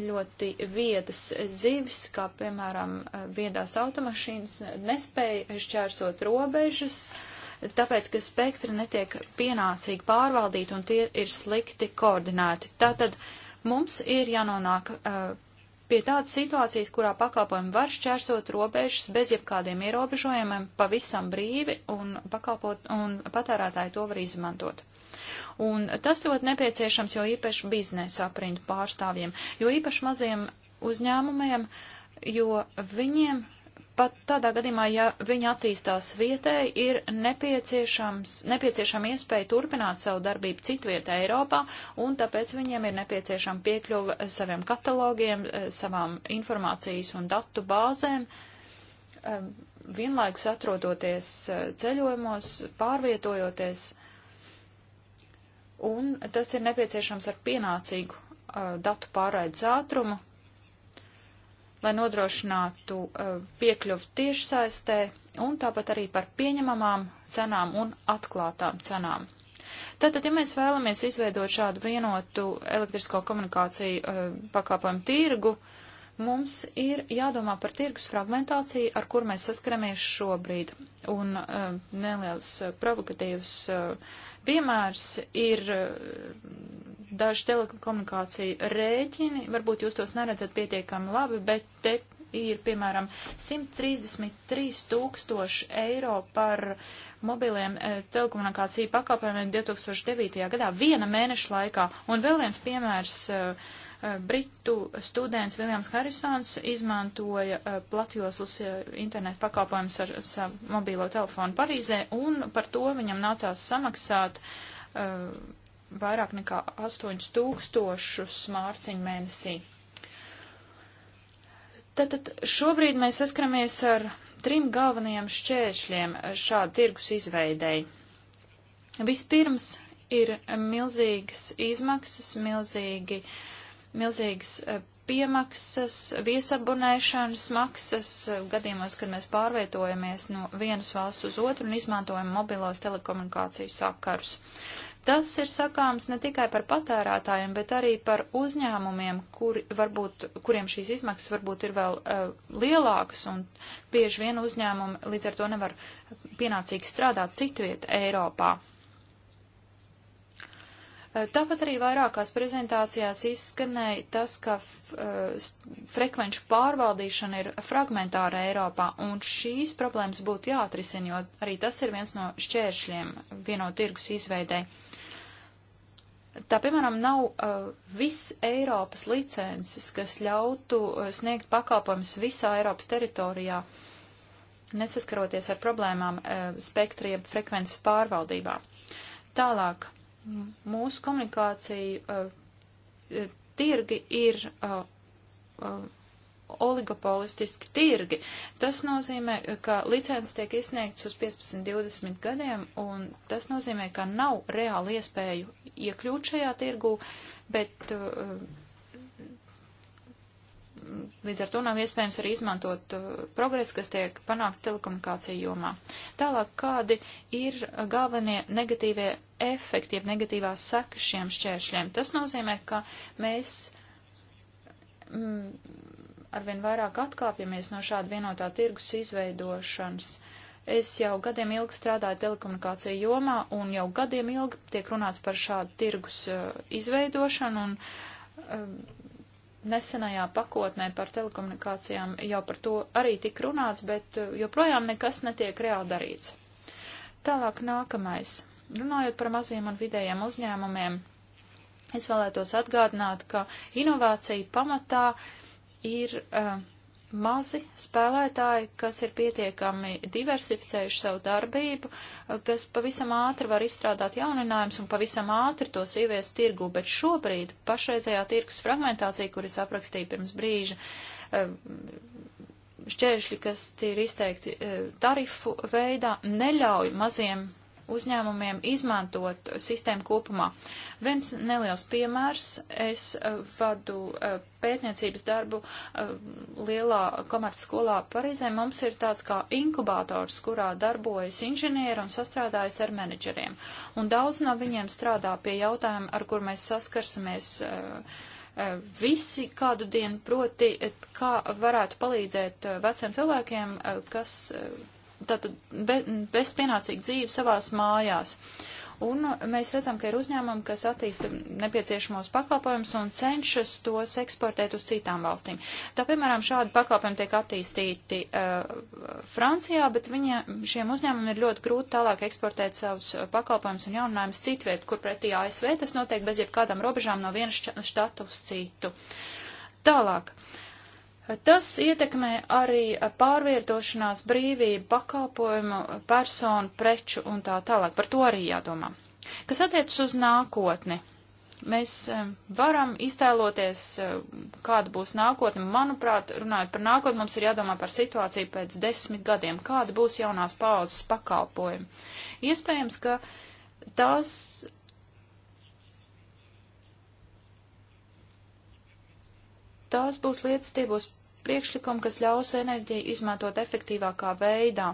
ļoti viedas zivis, kā piemēram eh, viedās automašīnas, nespēja šķērsot robežas, tāpēc, ka spektri netiek pienācīgi pārvaldīti un tie ir slikti koordinēti. Tātad mums ir jānonāk uh, pie tādas situācijas, kurā pakalpojumi var šķērsot robežas bez jebkādiem ierobežojumiem, pavisam brīvi, un, pakalpot, un patērētāji to var izmantot. Un tas ļoti nepieciešams, jo īpaši biznesa aprindu pārstāvjiem, jo īpaši maziem uzņēmumiem, jo viņiem pat tādā gadījumā, ja viņi attīstās vietēji, ir nepieciešama iespēja turpināt savu darbību citvietē Eiropā, un tāpēc viņiem ir nepieciešama piekļuva saviem katalogiem, eh, savām informācijas un datu bāzēm, eh, vienlaikus atrodoties eh, ceļojumos, pārvietojoties, un tas ir nepieciešams ar pienācīgu datu pārraides ātrumu, lai nodrošinātu eh, piekļuvu tiešsaistē un tāpat arī par pieņemamām cenām un atklātām cenām. Tātad, ja mēs vēlamies izveidot šādu vienotu elektrisko komunikāciju eh, pakāpojumu tirgu, mums ir jādomā par tirgus fragmentāciju, ar kur mēs saskaramies šobrīd. Un eh, neliels provokatīvs piemērs ir daži telekomunikāciju rēķini, varbūt jūs tos neredzat pietiekami labi, bet te ir, piemēram, 133 tūkstoši eiro par mobiliem e, telekomunikāciju pakalpojumiem 2009. gadā, viena mēneša laikā. Un vēl viens piemērs, e, e Britu students Viljams Harrisons izmantoja e, platjoslas e, internetu pakalpojumus ar savu mobīlo telefonu Parīzē, un par to viņam nācās samaksāt uh, vairāk nekā 8000 mārciņu mēnesī. Tātad šobrīd mēs saskaramies ar trim galvenajiem šķēršļiem šāda tirgus izveidei. Vispirms ir milzīgas izmaksas, milzīgi, milzīgas eh, piemaksas, viesabunēšanas maksas, eh, gadījumos, kad mēs pārvietojamies no vienas valsts uz otru un izmantojam mobilos telekomunikāciju sakarus. Uh, Tas ir sakāms ne tikai par patērētājiem, bet arī par uzņēmumiem, kur, varbūt, kuriem šīs izmaksas varbūt ir vēl uh, lielākas, un bieži vien uzņēmumi līdz ar to nevar pienācīgi strādāt citviet Eiropā. Tāpat arī vairākās prezentācijās izskanēja tas, ka eh, frekvenču pārvaldīšana ir fragmentāra Eiropā, un šīs problēmas būtu jāatrisina, jo arī tas ir viens no šķēršļiem vieno tirgus izveidē. Tā, piemēram, nav uh, viss Eiropas licences, kas ļautu eh, sniegt pakalpojumus visā Eiropas teritorijā, nesaskaroties ar problēmām uh, spektriem frekvences pārvaldībā. Tālāk mūsu komunikācija uh, tirgi ir uh, uh, oligopolistiski tirgi. Tas nozīmē, ka licences tiek izsniegts uz 15-20 gadiem, un tas nozīmē, ka nav reāli iespēju iekļūt šajā tirgū, bet uh, līdz ar to nav iespējams arī izmantot uh, progresu, kas tiek panākts telekomunikāciju jomā. Tālāk, kādi ir galvenie negatīvie efekti, jeb negatīvās sekas šiem šķēršļiem? Tas nozīmē, ka mēs mm, arvien vairāk atkāpjamies no šāda vienotā tirgus izveidošanas. Es jau gadiem ilgi strādāju telekomunikāciju jomā, un jau gadiem ilgi tiek runāts par šādu tirgus uh, izveidošanu, un uh, nesenajā pakotnē par telekomunikācijām jau par to arī tik runāts, bet uh, joprojām nekas netiek reāli darīts. Tālāk nākamais. Runājot par maziem un vidējiem uzņēmumiem, es vēlētos atgādināt, ka inovācija pamatā ir uh, mazi spēlētāji, kas ir pietiekami diversificējuši savu darbību, kas pavisam ātri var izstrādāt jauninājumus un pavisam ātri tos ieviest tirgu, bet šobrīd pašreizējā tirkus fragmentācija, kuras aprakstīja pirms brīža, eh, šķēršļi, kas ir izteikti eh, tarifu veidā, neļauj maziem uzņēmumiem izmantot sistēmu kopumā. Viens neliels piemērs, es eh, vadu eh, pētniecības darbu eh, lielā komercskolā Parīzē. Mums ir tāds kā inkubators, kurā darbojas inženieri un sastrādājas ar menedžeriem. Un daudz no viņiem strādā pie jautājuma, ar kur mēs saskarsimies visi kādu dienu, proti, kā varētu palīdzēt veciem cilvēkiem, kas tātad be, vest pienācīgu dzīvi savās mājās. Un mēs redzam, ka ir uzņēmumi, kas attīsta nepieciešamos pakalpojumus un cenšas tos eksportēt uz citām valstīm. Tā, piemēram, šādi pakalpojumi tiek attīstīti uh, Francijā, bet viņa, šiem uzņēmumiem ir ļoti grūti tālāk eksportēt savus uh, pakalpojumus un jauninājumus citviet, kur pretī ASV tas notiek bez jebkādām robežām no viena štata uz citu. Tālāk. Uh, Tas ietekmē arī pārvietošanās brīvību, pakāpojumu, personu, preču un tā tālāk. Par to arī jādomā. Kas attiecas uz nākotni? Mēs eh, varam iztēloties, eh, kāda būs nākotne. Manuprāt, runājot par nākotni, mums ir jādomā par situāciju pēc desmit gadiem, kāda būs jaunās paudzes pakalpojumi. Iespējams, ka tās tās būs lietas, tie būs priekšlikumu, kas ļaus enerģiju izmantot efektīvākā veidā.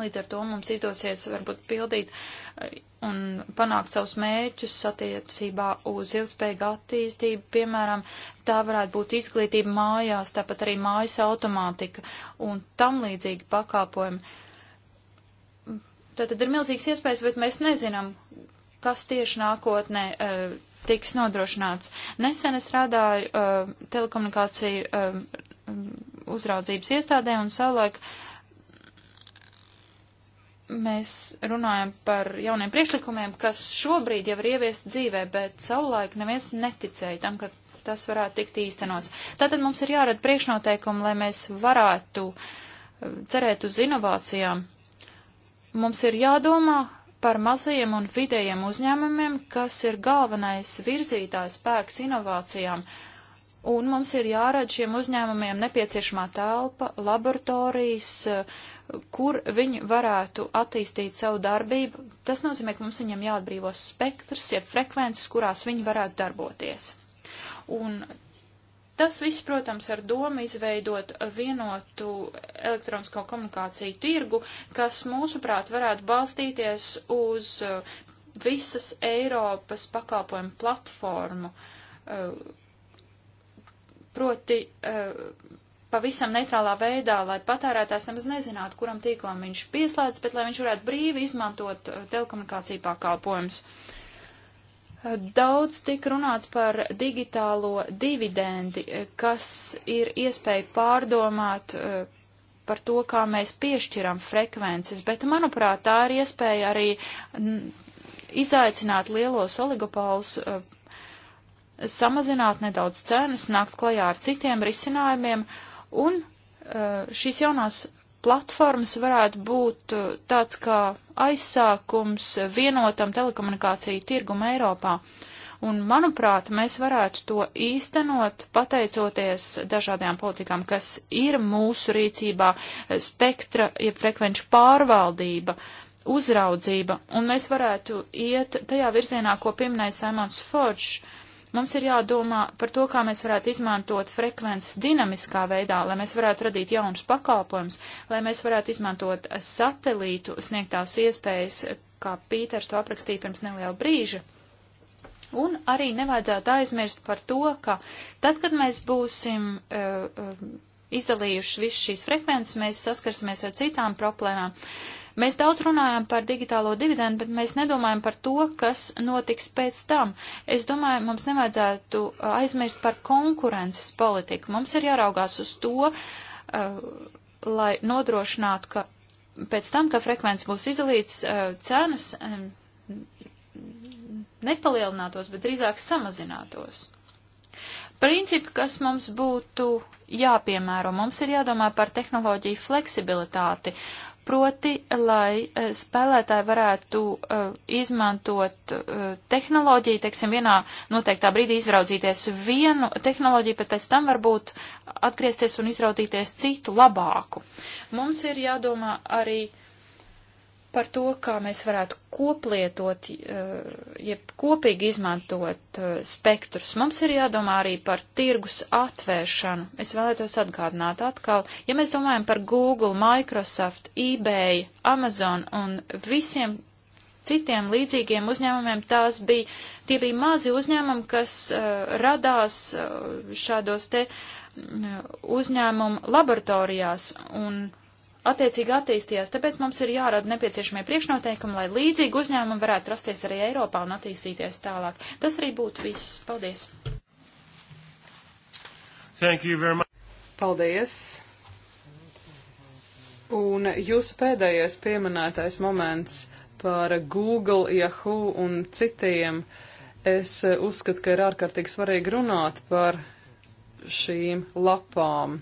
Līdz ar to mums izdosies varbūt pildīt eh, un panākt savus mērķus attiecībā uz ilgspējīgu attīstību. Piemēram, tā varētu būt izglītība mājās, tāpat arī mājas automātika un tam līdzīgi pakalpojumi. Tātad ir milzīgs iespējas, bet mēs nezinām, kas tieši nākotnē eh, tiks nodrošināts. Nesen es strādāju uh, telekomunikāciju uh, uzraudzības iestādē un savulaik mēs runājam par jauniem priekšlikumiem, kas šobrīd jau ir ieviest dzīvē, bet savulaik neviens neticēja tam, ka tas varētu tikt īstenots. Tātad mums ir jārada priekšnoteikumi, lai mēs varētu uh, cerēt uz inovācijām. Mums ir jādomā, par mazajiem un vidējiem uzņēmumiem, kas ir galvenais virzītājs spēks inovācijām. Un mums ir jārada šiem uzņēmumiem nepieciešamā telpa, laboratorijas, kur viņi varētu attīstīt savu darbību. Tas nozīmē, ka mums viņam jāatbrīvos spektrs, jeb frekvences, kurās viņi varētu darboties. Un Tas viss, protams, ar domu izveidot vienotu elektronisko komunikāciju tirgu, kas, mūsuprāt, varētu balstīties uz uh, visas Eiropas pakalpojumu platformu, uh, proti uh, pavisam neitrālā veidā, lai patērētājs nemaz nezinātu, kuram tīklam viņš pieslēdz, bet lai viņš varētu brīvi izmantot telekomunikāciju pakalpojumus. Uh, Daudz tika runāts par digitālo dividendi, kas ir iespēja pārdomāt eh, par to, kā mēs piešķiram frekvences, bet, manuprāt, tā ir iespēja arī izaicināt lielos oligopolus, eh, samazināt nedaudz cenas, nākt klajā ar citiem risinājumiem, un eh, šīs jaunās platformas varētu būt uh, tāds kā aizsākums vienotam telekomunikāciju tirgumu Eiropā. Un, manuprāt, mēs varētu to īstenot pateicoties dažādajām politikām, kas ir mūsu rīcībā eh, - spektra, jeb frekvenču pārvaldība, uzraudzība, un mēs varētu iet tajā virzienā, ko pieminēja Simons Foršs Mums ir jādomā par to, kā mēs varētu izmantot frekvences dinamiskā veidā, lai mēs varētu radīt jaunus pakalpojumus, lai mēs varētu izmantot satelītu sniegtās iespējas, kā Pīters to aprakstīja pirms neliela brīža. Un arī nevajadzētu aizmirst par to, ka tad, kad mēs būsim uh, uh, izdalījuši visu šīs frekvences, mēs saskarsimies ar citām problēmām. Uh, Mēs daudz runājam par digitālo dividendu, bet mēs nedomājam par to, kas notiks pēc tam. Es domāju, mums nevajadzētu uh, aizmirst par konkurences politiku. Mums ir jāraugās uz to, uh, lai nodrošinātu, ka pēc tam, ka frekvence būs izalīts, uh, cenas um, nepalielinātos, bet drīzāk samazinātos. Principi, kas mums būtu jāpiemēro, mums ir jādomā par tehnoloģiju fleksibilitāti, proti, lai eh, spēlētāji varētu uh, izmantot uh, tehnoloģiju, teiksim, vienā noteiktā brīdī izraudzīties vienu tehnoloģiju, bet pēc tam varbūt atgriezties un izraudīties citu labāku. Mums ir jādomā arī uh, par to, kā mēs varētu koplietot, eh, jeb kopīgi izmantot eh, spektrus. Mums ir jādomā arī par tirgus atvēršanu. Es vēlētos atgādināt atkal, ja mēs domājam par Google, Microsoft, eBay, Amazon un visiem citiem līdzīgiem uzņēmumiem, tās bija, tie bija mazi uzņēmumi, kas uh, radās uh, šādos te uh, uzņēmumu laboratorijās un attiecīgi attīstījās. Tāpēc mums ir jārada nepieciešamie priekšnoteikumi, lai līdzīgi uzņēmumi varētu rasties arī Eiropā un attīstīties tālāk. Tas arī būtu viss. Paldies! Paldies! Un jūsu pēdējais pieminētais moments par Google, Yahoo un citiem. Es uzskatu, ka ir ārkārtīgi svarīgi runāt par šīm lapām.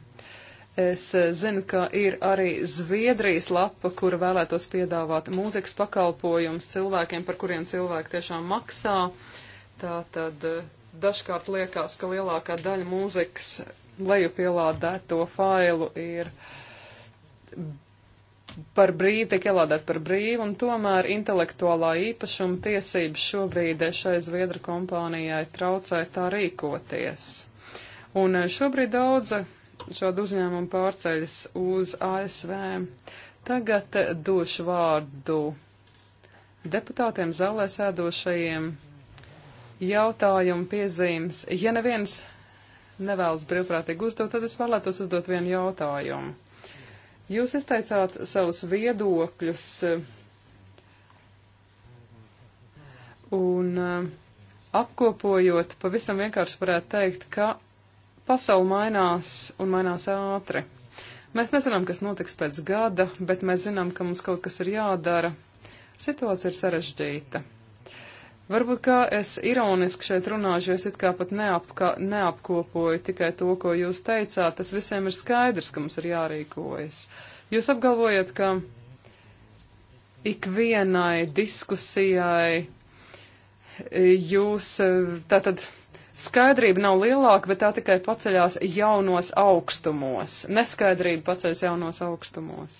Es eh, zinu, ka ir arī Zviedrijas lapa, kura vēlētos piedāvāt mūzikas pakalpojumus cilvēkiem, par kuriem cilvēki tiešām maksā. Tā tad eh, dažkārt liekas, ka lielākā daļa mūzikas lejupielādēto failu ir par brīvu, tiek ielādēt par brīvu, un tomēr intelektuālā īpašuma tiesības šobrīd šai Zviedru kompānijai traucē tā rīkoties. Un eh, šobrīd daudza šādu uzņēmumu pārceļas uz ASV. Tagad došu vārdu deputātiem zālē sēdošajiem jautājumu piezīmes. Ja neviens nevēlas brīvprātīgi uzdot, tad es vēlētos uzdot vienu jautājumu. Jūs izteicāt savus viedokļus un eh, apkopojot, pavisam vienkārši varētu teikt, ka Pasaule mainās un mainās ātri. Mēs nezinām, kas notiks pēc gada, bet mēs zinām, ka mums kaut kas ir jādara. Situācija ir sarežģīta. Varbūt kā es ironiski šeit runāšu, jo es it kā pat neapka, neapkopoju tikai to, ko jūs teicāt. Tas visiem ir skaidrs, ka mums ir jārīkojas. Jūs apgalvojat, ka ikvienai diskusijai jūs eh, tātad. Tā Skaidrība nav lielāka, bet tā tikai paceļās jaunos augstumos. Neskaidrība paceļas jaunos augstumos.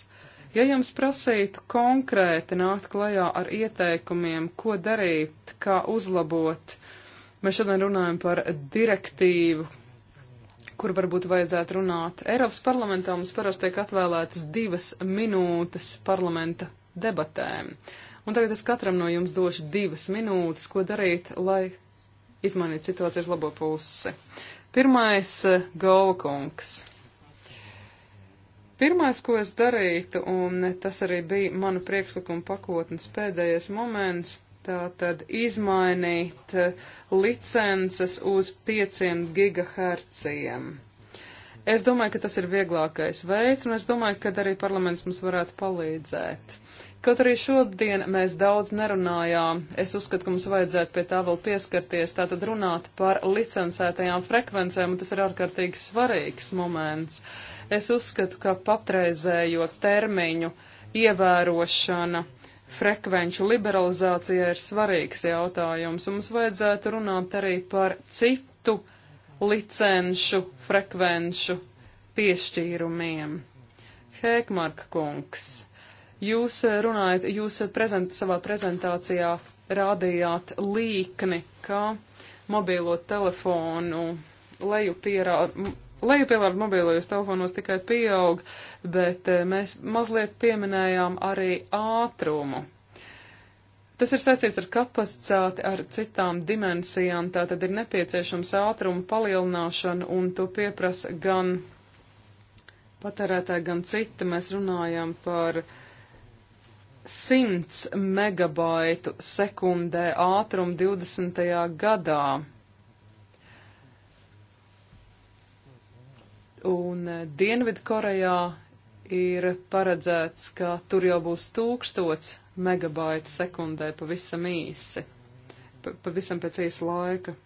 Ja jums prasītu konkrēti nākt klajā ar ieteikumiem, ko darīt, kā uzlabot, mēs šodien runājam par direktīvu, kur varbūt vajadzētu runāt. Eiropas parlamentā mums parasti tiek atvēlētas divas minūtes parlamenta debatēm. Un tagad es katram no jums došu divas minūtes, ko darīt, lai izmainīt situācijas labo pusi. Pirmais eh, - Golkungs. Pirmais, ko es darītu, un tas arī bija manu priekšlikumu pakotnes pēdējais moments, tā tad izmainīt eh, licences uz 5 gigahercijiem. Es domāju, ka tas ir vieglākais veids, un es domāju, ka arī parlaments mums varētu palīdzēt. Kaut arī šodien mēs daudz nerunājām, es uzskatu, ka mums vajadzētu pie tā vēl pieskarties, tātad runāt par licencētajām frekvencēm, un tas ir ārkārtīgi svarīgs moments. Es uzskatu, ka patreizējo termiņu ievērošana frekvenču liberalizācija ir svarīgs jautājums, un mums vajadzētu runāt arī par citu licenšu frekvenču piešķīrumiem. Hēkmark kungs. Jūs eh, runājat, jūs eh, prezent, savā prezentācijā rādījāt līkni, ka mobīlo telefonu lejupierāda lejupielāde mobilajos telefonos tikai pieaug, bet eh, mēs mazliet pieminējām arī ātrumu. Tas ir saistīts ar kapacitāti, ar citām dimensijām, tā tad ir nepieciešams ātruma palielināšana un to pieprasa gan patērētāji, gan citi. Mēs runājam par uh, 100 megabaitu sekundē ātrumu 20. gadā. Un eh, Dienvidkorejā ir paredzēts, ka tur jau būs tūkstots megabaita sekundē pavisam īsi, pa, pavisam pēc īsa laika.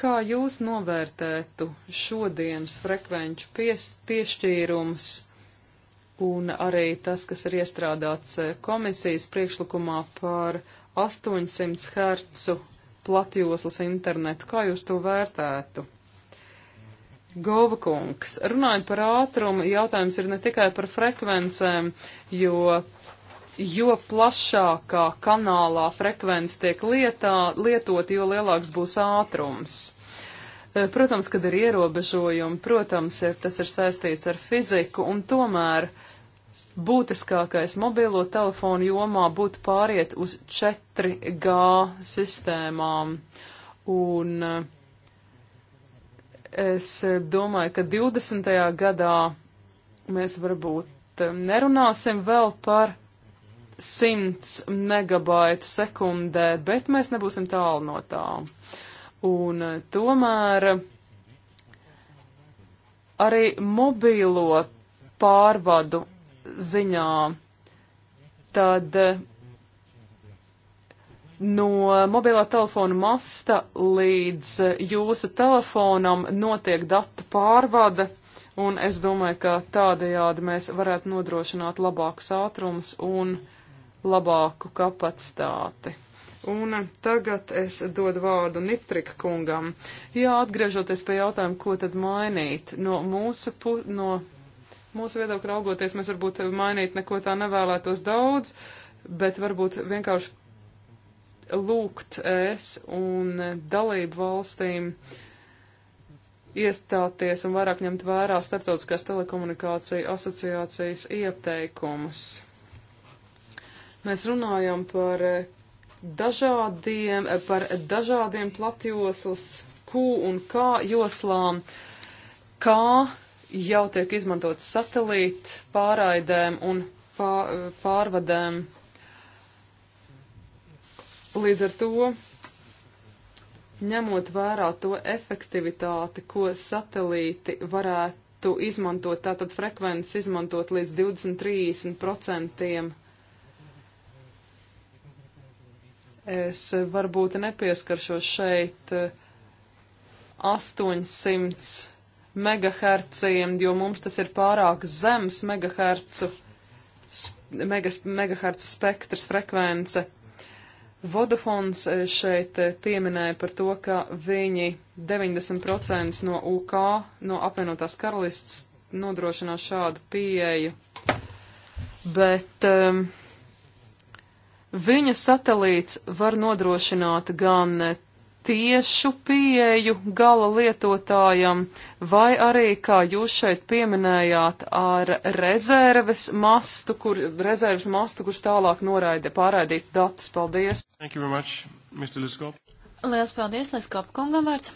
Kā jūs novērtētu šodienas frekvenču pies, piešķīrums un arī tas, kas ir iestrādāts eh, komisijas priekšlikumā par 800 Hz platjoslas internetu. Kā jūs to vērtētu? Gova kungs, runājot par ātrumu, jautājums ir ne tikai par frekvencēm, jo, jo plašākā kanālā frekvence tiek lietā, lietot, jo lielāks būs ātrums. Eh, protams, kad ir ierobežojumi, protams, tas ir saistīts ar fiziku, un tomēr būtiskākais mobilo telefonu jomā būtu pāriet uz 4G sistēmām. Un eh, es domāju, ka 20. gadā mēs varbūt eh, nerunāsim vēl par 100 megabaitu sekundē, bet mēs nebūsim tālu no tām. Un eh, tomēr arī mobīlo pārvadu ziņā tad eh, no mobilā telefona masta līdz eh, jūsu telefonam notiek datu pārvade, un es domāju, ka tādējādi mēs varētu nodrošināt labākus ātrums un labāku kapacitāti. Un tagad es dodu vārdu Nitrika kungam. Jā, atgriežoties pie jautājuma, ko tad mainīt no mūsu, pu, no mūsu viedokļa raugoties, mēs varbūt mainīt neko tā nevēlētos daudz, bet varbūt vienkārši lūgt es un dalību valstīm iestāties un vairāk ņemt vērā starptautiskās telekomunikācija asociācijas ieteikumus. Mēs runājam par dažādiem, par dažādiem platjoslas Q un K joslām, kā jau tiek izmantot satelīta pārraidēm un pārvadēm. Līdz ar to, ņemot vērā to efektivitāti, ko satelīti varētu izmantot, tātad frekvences izmantot līdz 20-30% Es varbūt nepieskaršos šeit 800 eh, megaherciem, jo mums tas ir pārāk zems megahercu, megas, megahercu spektrs frekvence. Vodafons eh, šeit eh, pieminēja par to, ka viņi 90% no UK, no apvienotās karalists, nodrošinās šādu pieeju. Bet um, Viņa satelīts var nodrošināt gan tiešu pieeju gala lietotājam, vai arī, kā jūs šeit pieminējāt, ar rezerves mastu, kur, rezerves mastu kurš tālāk noraida pārraidīt datus. Paldies! Thank you very much, Mr. Liskop. Lielas paldies, Liskop kungam vārds.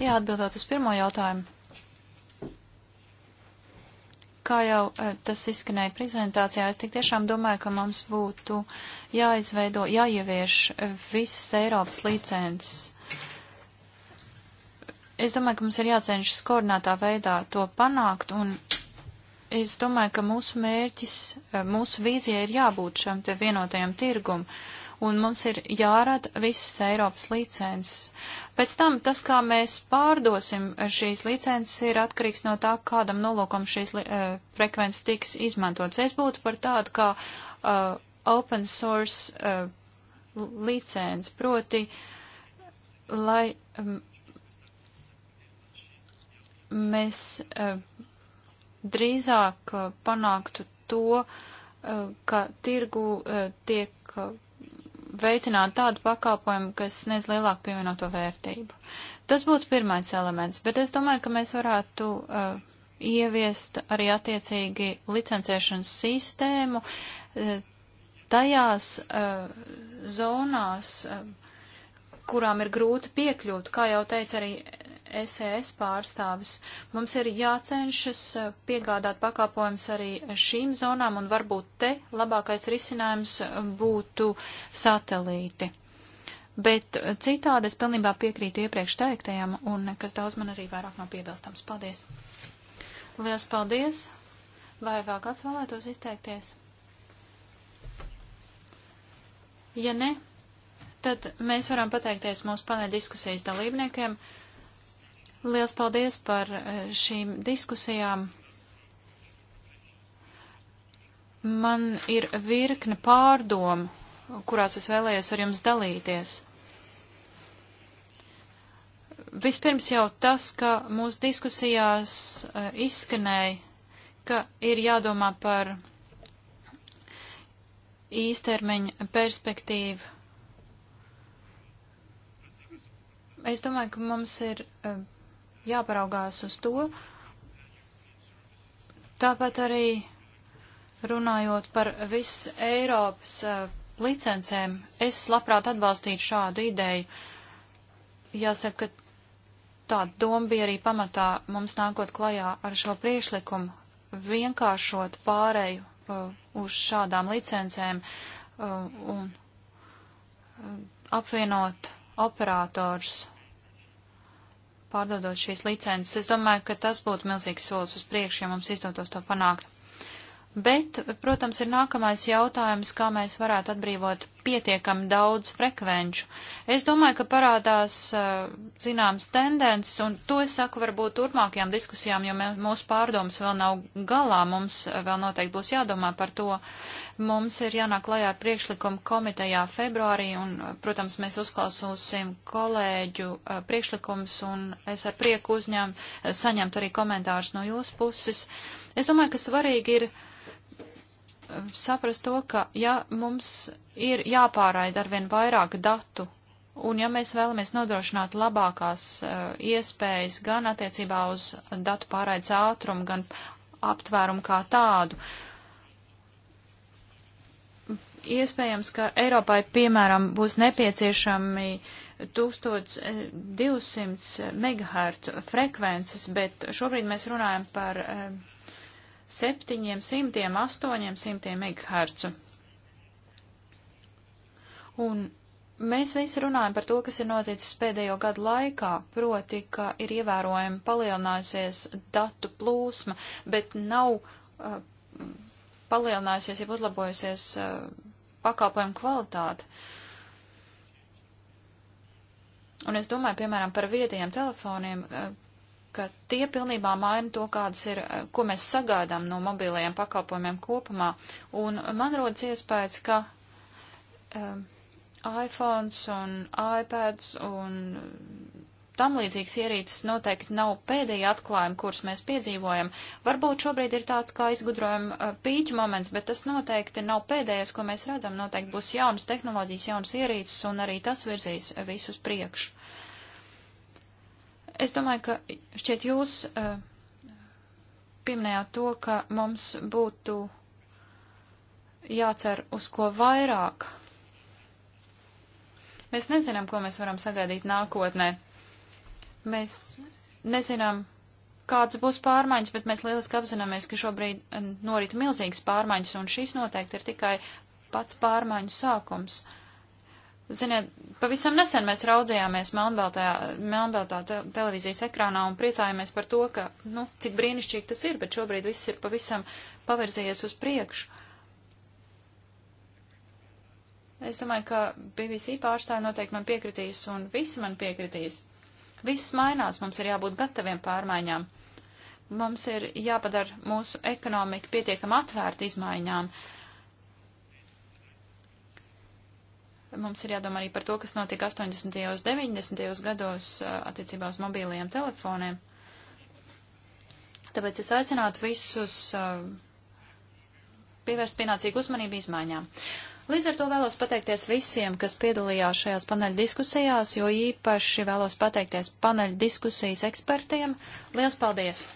Jā, atbildot uz pirmo jautājumu. Kā jau eh, tas izskanēja prezentācijā, es tik tiešām domāju, ka mums būtu jāizveido, jāievieš eh, visas Eiropas licences. Es domāju, ka mums ir jācenšas koordinātā veidā to panākt, un es domāju, ka mūsu mērķis, eh, mūsu vīzija ir jābūt šam te vienotajam tirgum, un mums ir jārada visas Eiropas licences. Pēc tam tas, kā mēs pārdosim šīs licences, ir atkarīgs no tā, kādam nolūkam šīs uh, frekvences tiks izmantotas. Es būtu par tādu kā uh, open source uh, eh, licenci, proti, lai um, mēs uh, drīzāk uh, panāktu to, uh, ka tirgu tiek veicināt tādu pakalpojumu, kas sniedz lielāku pievienoto vērtību. Tas būtu pirmais elements, bet es domāju, ka mēs varētu uh, ieviest arī attiecīgi licencēšanas sistēmu uh, tajās uh, zonās. Uh, kurām ir grūti piekļūt, kā jau teica arī SES e pārstāvis. Mums ir jācenšas eh, piegādāt pakāpojums arī šīm zonām, un varbūt te labākais risinājums eh, būtu satelīti. Bet eh, citādi es pilnībā piekrītu iepriekš teiktajam, un nekas daudz man arī vairāk nav no piebilstams. Paldies! Lielas paldies! Vai vēl kāds vēlētos izteikties? Ja ne, tad mēs varam pateikties mūsu paneļa diskusijas dalībniekiem. Liels paldies par eh, šīm diskusijām. Man ir virkne pārdomu, kurās es vēlējos ar jums dalīties. Vispirms jau tas, ka mūsu diskusijās eh, izskanēja, ka ir jādomā par īstermiņa perspektīvu Es domāju, ka mums ir eh, jāparaugās uz to. Tāpat arī runājot par visu Eiropas eh, licencēm, es labprāt atbalstītu šādu ideju. Jāsaka, ka tāda doma bija arī pamatā mums nākot klajā ar šo priešlikumu vienkāršot pārēju uh, eh, uz šādām licencēm uh, un uh, apvienot operators pārdodot šīs licences. Es domāju, ka tas būtu milzīgs solis uz priekšu, ja mums izdotos to panākt. Bet, protams, ir nākamais jautājums, kā mēs varētu atbrīvot pietiekami daudz frekvenču. Es domāju, ka parādās eh, zināms tendences, un to es saku varbūt turpmākajām diskusijām, jo mūsu pārdomas vēl nav galā, mums vēl noteikti būs jādomā par to. Mums ir jānāk klajā ar priekšlikumu komitejā februārī, un, protams, mēs uzklausīsim kolēģu eh, priekšlikums, un es ar prieku uzņem, eh, saņemtu arī komentārus no jūsu puses. Es domāju, ka svarīgi ir saprast to, ka ja mums ir jāpāraida arvien vairāk datu, un ja mēs vēlamies nodrošināt labākās eh, iespējas gan attiecībā uz datu pārraides ātrumu, gan aptvērumu kā tādu, iespējams, ka Eiropai, piemēram, būs nepieciešami 1200 eh, MHz frekvences, bet šobrīd mēs runājam par eh, 700-800 MHz. Un mēs visi runājam par to, kas ir noticis pēdējo gadu laikā, proti, ka ir ievērojami palielinājusies datu plūsma, bet nav uh, palielinājusies, ja uzlabojusies uh, pakalpojumu kvalitāte. Un es domāju, piemēram, par viedajiem telefoniem, uh, ka tie pilnībā maina to, kādas ir, eh, ko mēs sagādām no mobilajiem pakalpojumiem kopumā. Un man rodas iespējas, ka um, iPhones un iPads un tam līdzīgas ierīces noteikti nav pēdējie atklājumi, kurus mēs piedzīvojam. Varbūt šobrīd ir tāds kā izgudrojuma eh, pīķa moments, bet tas noteikti nav pēdējais, ko mēs redzam. Noteikti būs jaunas tehnoloģijas, jaunas ierīces un arī tas virzīs visus priekšu. Es domāju, ka šķiet jūs eh, pieminējāt to, ka mums būtu jācer uz ko vairāk. Mēs nezinām, ko mēs varam sagaidīt nākotnē. Mēs nezinām, kādas būs pārmaiņas, bet mēs lieliski apzināmies, ka šobrīd eh, norit milzīgas pārmaiņas, un šīs noteikti ir tikai pats pārmaiņu sākums. Uh, Ziniet, pavisam nesen mēs raudzījāmies Melnbaltā te, televīzijas ekrānā un priecājāmies par to, ka, nu, cik brīnišķīgi tas ir, bet šobrīd viss ir pavisam pavirzījies uz priekšu. Es domāju, ka BBC pārstāvi noteikti man piekritīs un visi man piekritīs. Viss mainās, mums ir jābūt gataviem pārmaiņām. Mums ir jāpadara mūsu ekonomika pietiekam atvērta izmaiņām. Uh, Mums ir jādomā arī par to, kas notika 80. un 90. gados uh, attiecībā uz mobīliem telefoniem. Tāpēc es aicinātu visus uh, pievērst pienācīgu uzmanību izmaiņām. Līdz ar to vēlos pateikties visiem, kas piedalījās šajās paneļa diskusijās, jo īpaši vēlos pateikties paneļa diskusijas ekspertiem. Lielas paldies!